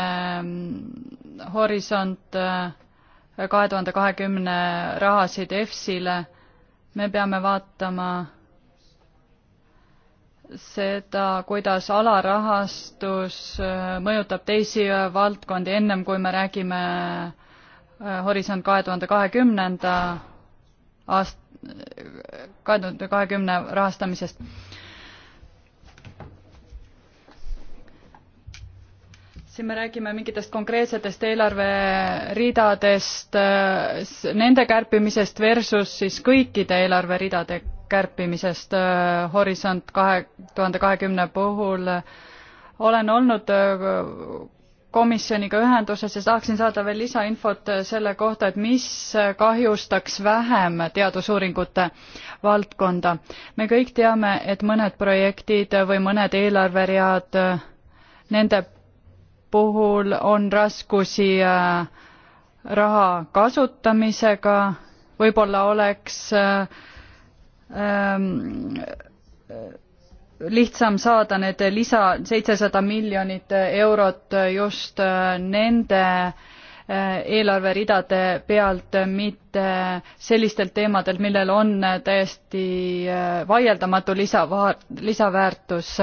[SPEAKER 1] mm, horisont kahe tuhande kahekümne rahasid EFSile, me peame vaatama seda, kuidas alarahastus äh, mõjutab teisi äh, valdkondi, ennem kui me räägime äh, Horisont kahe tuhande kahekümnenda aast-, kahe tuhande kahekümne rahastamisest siin me räägime mingitest konkreetsetest eelarveridadest, äh, nende kärpimisest versus siis kõikide eelarveridade kärpimisest äh, Horisont kahe tuhande kahekümne puhul. olen olnud äh, komisjoniga ühenduses ja tahaksin saada veel lisainfot selle kohta, et mis kahjustaks vähem teadusuuringute valdkonda. me kõik teame, et mõned projektid või mõned eelarveread, nende puhul on raskusi äh, raha kasutamisega, võib-olla oleks äh, ähm, lihtsam saada need lisa seitsesada miljonit eurot just äh, nende eelarveridade pealt, mitte sellistelt teemadelt, millel on täiesti vaieldamatu lisava-, lisaväärtus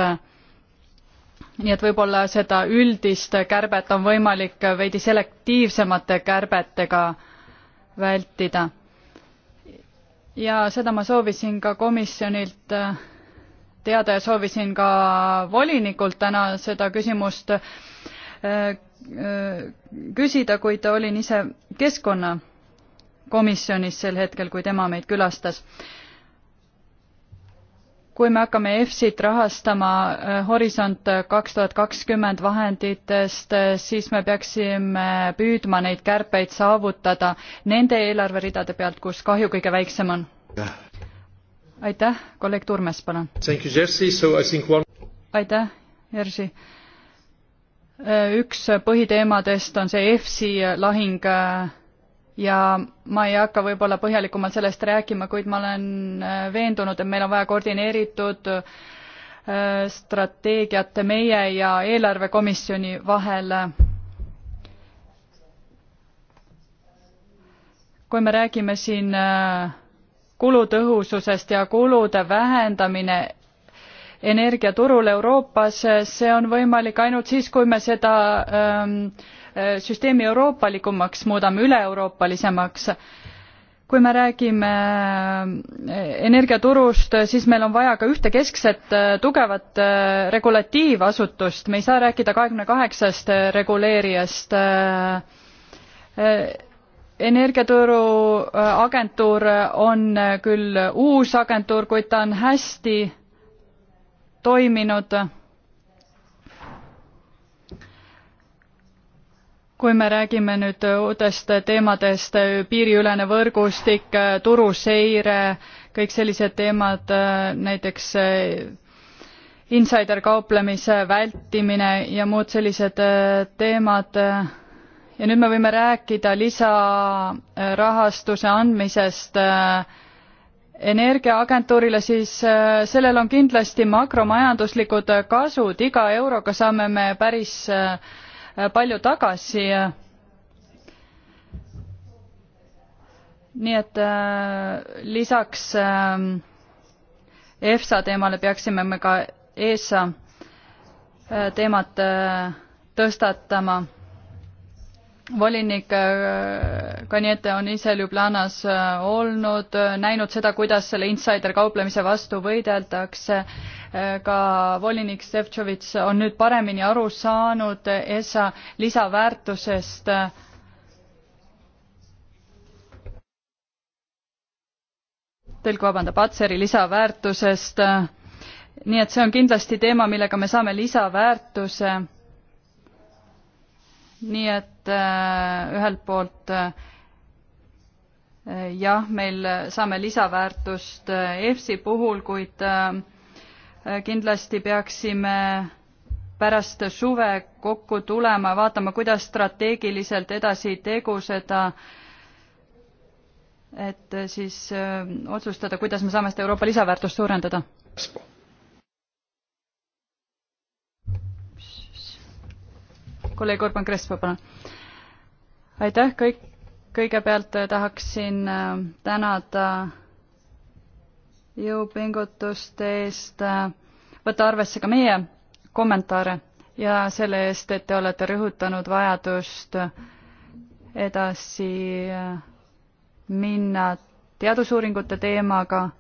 [SPEAKER 1] nii et võib-olla seda üldist kärbet on võimalik veidi selektiivsemate kärbetega vältida. ja seda ma soovisin ka komisjonilt teada ja soovisin ka volinikult täna seda küsimust äh, äh, küsida, kuid olin ise keskkonnakomisjonis sel hetkel, kui tema meid külastas kui me hakkame EFSit rahastama äh, Horisont kaks tuhat kakskümmend vahenditest, äh, siis me peaksime püüdma neid kärpeid saavutada nende eelarveridade pealt, kus kahju kõige väiksem on. aitäh, kolleeg Turmes, palun. aitäh, Jerzy. Äh, üks põhiteemadest on see EFSi lahing ja ma ei hakka võib-olla põhjalikumalt sellest rääkima, kuid ma olen äh, veendunud, et meil on vaja koordineeritud äh, strateegiat meie ja eelarvekomisjoni vahel. kui me räägime siin äh, kulutõhususest ja kulude vähendamine energiaturul Euroopas, see on võimalik ainult siis, kui me seda ähm, Äh, süsteemi euroopalikumaks muudame, üle-euroopalisemaks. kui me räägime äh, energiaturust, siis meil on vaja ka ühte keskset äh, tugevat regulatiivasutust, me ei saa rääkida kahekümne kaheksast reguleerijast energiaturu agentuur on küll uus agentuur, kuid ta on hästi toiminud kui me räägime nüüd uutest teemadest, piiriülene võrgustik, turuseire, kõik sellised teemad, näiteks eh, insiderkauplemise vältimine ja muud sellised eh, teemad. ja nüüd me võime rääkida lisarahastuse andmisest eh, energiaagentuurile, siis sellel on kindlasti makromajanduslikud kasud, iga euroga saame me päris Äh, palju tagasi. nii et äh, lisaks äh, EFSA teemale peaksime me ka ESA teemat tõstatama. volinik Kaniete on ise Ljubljanas olnud, näinud seda, kuidas selle insider kauplemise vastu võideldakse ka volinik Šefčovitš on nüüd paremini aru saanud ESA lisaväärtusest. tõlk vabandab, Atseri lisaväärtusest. nii et see on kindlasti teema, millega me saame lisaväärtuse. nii et äh, ühelt poolt äh, jah, meil saame lisaväärtust äh, EFSi puhul, kuid äh, Äh, kindlasti peaksime pärast suve kokku tulema, vaatama, kuidas strateegiliselt edasi tegutseda, et äh, siis öö, äh, otsustada, kuidas me saame seda Euroopa lisaväärtust suurendada. kolleeg Urban Crespo, palun. aitäh, kõik, kõigepealt tahaksin tänada äh, jõupingutuste eest äh, võtta arvesse ka meie kommentaare ja selle eest, et te olete rõhutanud vajadust edasi äh, minna teadusuuringute teemaga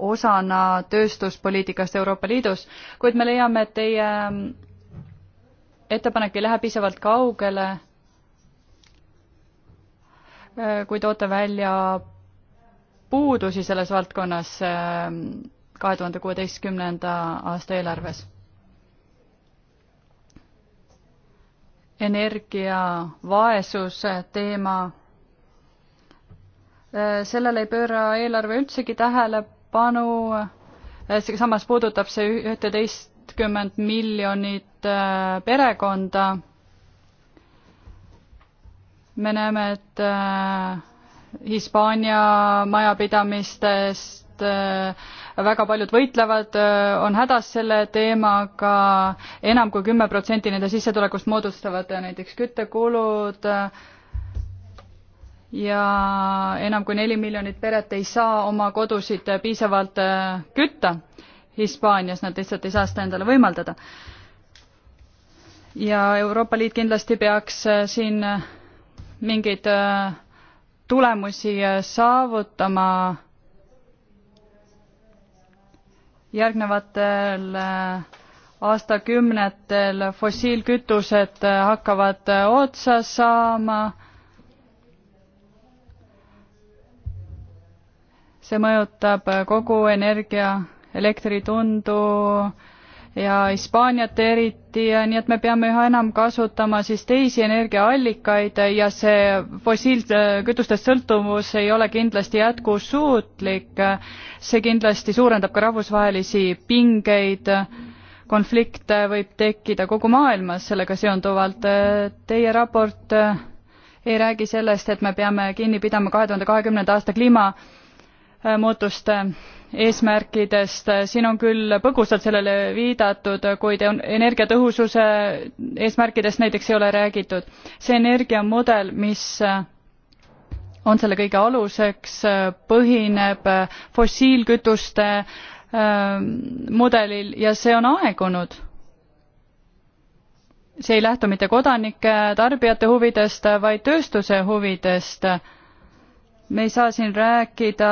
[SPEAKER 1] osana tööstuspoliitikast Euroopa Liidus, kuid me leiame, et teie äh, ettepanek ei lähe piisavalt kaugele, kui toote välja puudusi selles valdkonnas ähm, kahe tuhande kuueteistkümnenda aasta eelarves. energiavaesuse teema, äh, sellele ei pööra eelarve üldsegi tähelepanu, äh, samas puudutab see ühteteistkümmend miljonit äh, perekonda me näeme, et Hispaania majapidamistest, äh, väga paljud võitlevad, äh, on hädas selle teemaga, enam kui kümme protsenti nende sissetulekust moodustavad näiteks küttekulud äh, ja enam kui neli miljonit peret ei saa oma kodusid piisavalt kütta Hispaanias, nad lihtsalt ei saa seda endale võimaldada. ja Euroopa Liit kindlasti peaks siin mingeid tulemusi äh, saavutama järgnevatel äh, aastakümnetel fossiilkütused äh, hakkavad otsa saama. see mõjutab kogu energia, elektritundu, ja Hispaaniat eriti, nii et me peame üha enam kasutama siis teisi energiaallikaid ja see fossiilkütustest sõltuvus ei ole kindlasti jätkusuutlik. see kindlasti suurendab ka rahvusvahelisi pingeid, konflikte võib tekkida kogu maailmas sellega seonduvalt. Teie raport ei räägi sellest, et me peame kinni pidama kahe tuhande kahekümnenda aasta kliima Äh, muutuste äh, eesmärkidest, äh, siin on küll põgusalt sellele viidatud, kuid energiatõhususe eesmärkidest näiteks ei ole räägitud. see energiamudel, mis on selle kõige aluseks, põhineb fossiilkütuste mudelil ja see on aegunud. see ei lähtu mitte kodanike, tarbijate huvidest, vaid tööstuse huvidest me ei saa siin rääkida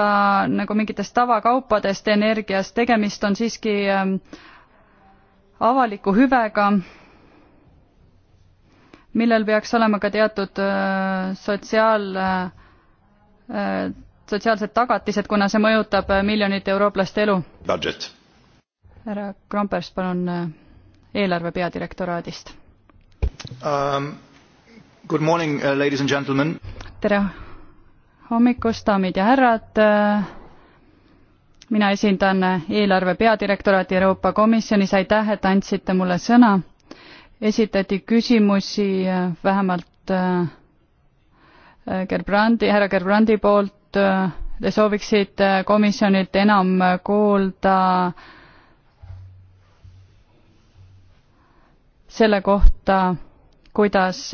[SPEAKER 1] nagu mingitest tavakaupadest energiast, tegemist on siiski ähm, avaliku hüvega, millel peaks olema ka teatud äh, sotsiaal, äh, sotsiaalsed tagatised, kuna see mõjutab äh, miljonite eurooplaste elu. härra Krompers, palun, eelarve peadirektoraadist
[SPEAKER 2] um,. Good morning, uh, ladies and gentlemen.
[SPEAKER 1] tere hommikust, daamid ja härrad. mina esindan eelarve peadirektoraati Euroopa Komisjonis, aitäh, et andsite mulle sõna. esitati küsimusi vähemalt äh, Gerbrandi, härra Gerbrandi poolt. Te sooviksite komisjonilt enam kuulda selle kohta, kuidas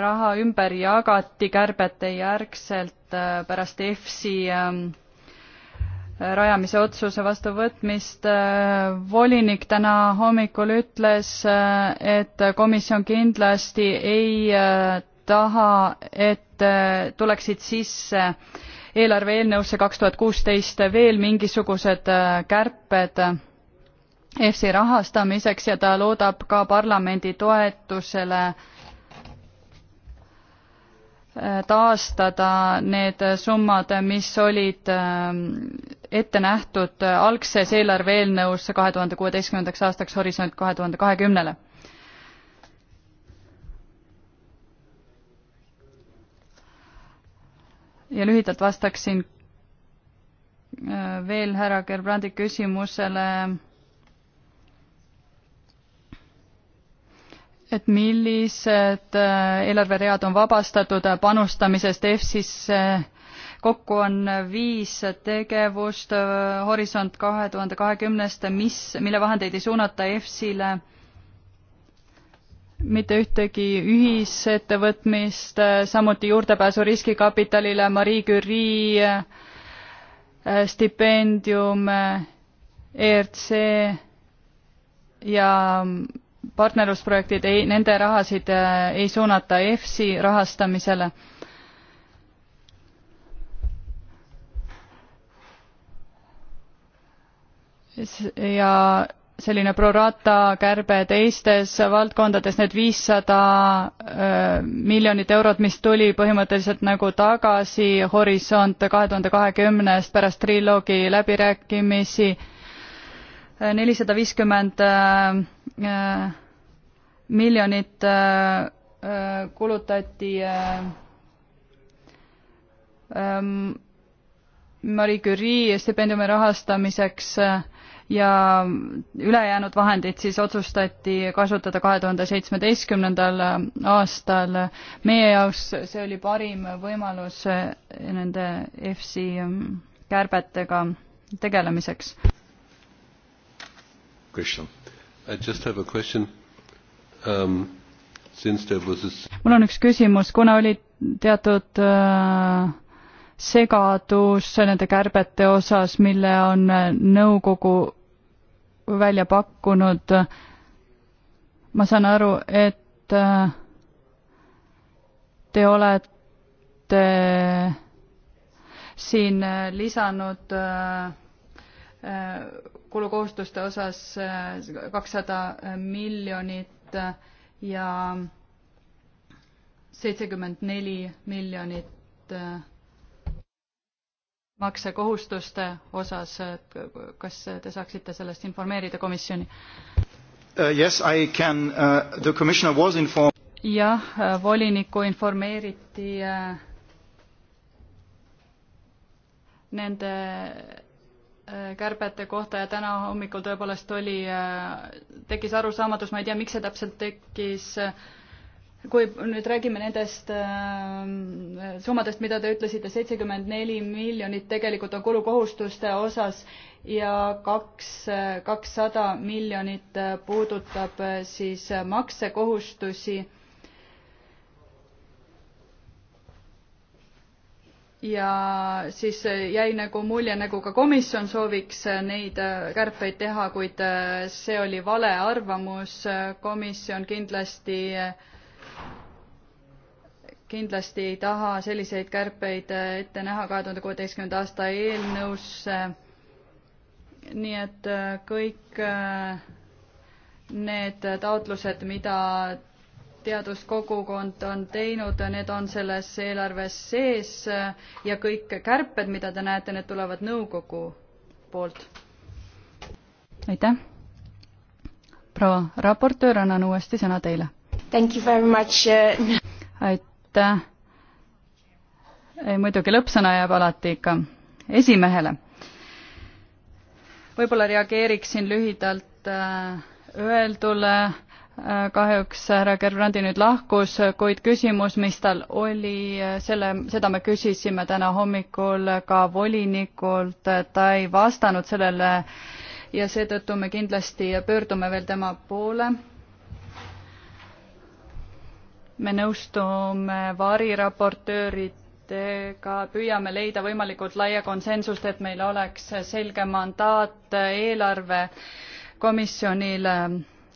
[SPEAKER 1] raha ümber jagati kärbete järgselt äh, pärast EFSi ähm, rajamise otsuse vastuvõtmist. Äh, volinik täna hommikul ütles, äh, et komisjon kindlasti ei taha, et tuleksid sisse eelarve eelnõusse kaks tuhat kuusteist veel mingisugused kärped EFSi rahastamiseks ja ta loodab ka parlamendi toetusele äh, Äh, taastada need summad, mis olid ähm, ette nähtud äh, algses eelarve eelnõus kahe tuhande kuueteistkümnendaks aastaks Horisont kahe tuhande kahekümnele. ja lühidalt vastaksin äh, veel härra Gerbrandi küsimusele et millised äh, eelarveread on vabastatud äh, panustamisest EFSisse, kokku on äh, viis tegevust Horisont kahe tuhande kahekümnest, mis, mille vahendeid ei suunata EFSile mitte ühtegi ühisettevõtmist, samuti juurdepääsu riskikapitalile, Marie Curie stipendium, ERC ja partnerlusprojektid, ei, nende rahasid äh, ei suunata EFSI rahastamisele. ja selline pro rata kärbe teistes valdkondades, need viissada äh, miljonit eurot, mis tuli põhimõtteliselt nagu tagasi Horisont kahe tuhande kahekümnest pärast triloogi läbirääkimisi nelisada viiskümmend äh, äh, miljonit äh, kulutati ähm, Marie Curie stipendiumi rahastamiseks ja ülejäänud vahendid siis otsustati kasutada kahe tuhande seitsmeteistkümnendal aastal. meie jaoks see oli parim võimalus nende EFSI ähm, kärbetega tegelemiseks
[SPEAKER 2] question. I just have a question um,. Since there was this...
[SPEAKER 1] mul on üks küsimus, kuna oli teatud äh, segadus nende kärbete osas, mille on äh, nõukogu välja pakkunud, ma saan aru, et äh, te olete äh, siin lisanud äh, äh kulukohustuste osas äh, kakssada miljonit äh, ja seitsekümmend neli miljonit äh, maksekohustuste osas, et kas te saaksite sellest informeerida komisjoni
[SPEAKER 3] uh,? Yes, I can uh,, the commissioner was
[SPEAKER 2] informed.
[SPEAKER 1] jah, volinikku informeeriti uh, nende Äh, kärbete kohta ja täna hommikul tõepoolest oli, äh, tekkis arusaamatus, ma ei tea, miks see täpselt tekkis, kui nüüd räägime nendest äh, summadest, mida te ütlesite, seitsekümmend neli miljonit tegelikult on kulukohustuste osas ja kaks, kakssada miljonit puudutab siis maksekohustusi ja siis jäi nagu mulje, nagu ka komisjon sooviks neid äh, kärpeid teha, kuid äh, see oli vale arvamus, komisjon kindlasti kindlasti ei taha selliseid kärpeid äh, ette näha kahe tuhande kuueteistkümnenda aasta eelnõusse. nii et kõik need taotlused, mida teaduskogukond on teinud, need on selles eelarves sees ja kõik kärped, mida te näete, need tulevad nõukogu poolt. aitäh. proua raportöör, annan uuesti sõna teile.
[SPEAKER 2] Thank you very much. Uh,
[SPEAKER 1] aitäh. ei, muidugi lõppsõna jääb alati ikka esimehele. võib-olla reageeriksin lühidalt äh, öeldule Äh, kahjuks härra Gerbrandi nüüd lahkus, kuid küsimus, mis tal oli, äh, selle, seda me küsisime täna hommikul ka volinikult, äh, ta ei vastanud sellele ja seetõttu me kindlasti pöördume veel tema poole. me nõustume variraportööridega, püüame leida võimalikult laia konsensust, et meil oleks selge mandaat eelarvekomisjonile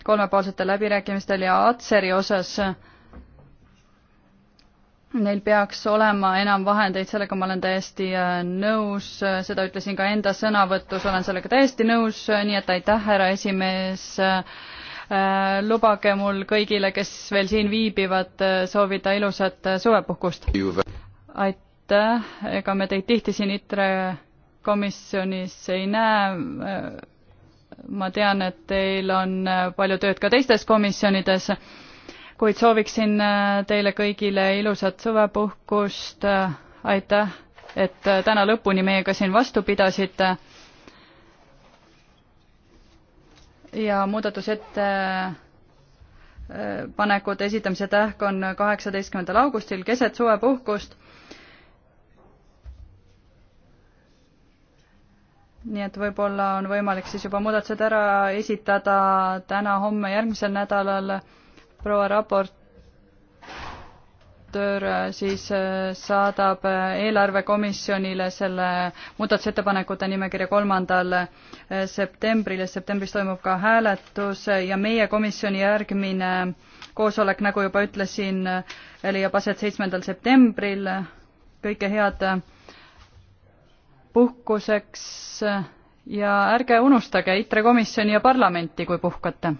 [SPEAKER 1] kolmepoolsetel läbirääkimistel ja Atseri osas neil peaks olema enam vahendeid, sellega ma olen täiesti äh, nõus, seda ütlesin ka enda sõnavõtus, olen sellega täiesti nõus, nii et aitäh, härra esimees. Äh, lubage mul kõigile, kes veel siin viibivad, äh, soovida ilusat suvepuhkust. aitäh, ega me teid tihti siin ITRE komisjonis ei näe ma tean, et teil on äh, palju tööd ka teistes komisjonides, kuid sooviksin äh, teile kõigile ilusat suvepuhkust, aitäh, et äh, täna lõpuni meiega siin vastu pidasite. ja muudatusette panekute esitamise tähk on kaheksateistkümnendal augustil keset suvepuhkust nii et võib-olla on võimalik siis juba muudatused ära esitada täna, homme, järgmisel nädalal. proua raportöör siis äh, saadab äh, eelarvekomisjonile selle muudatusettepanekute nimekirja kolmandal äh, septembril ja septembris toimub ka hääletus ja meie komisjoni järgmine koosolek, nagu juba ütlesin, leiab aset seitsmendal septembril. kõike head puhkuseks ja ärge unustage ITRE komisjoni ja parlamenti, kui puhkate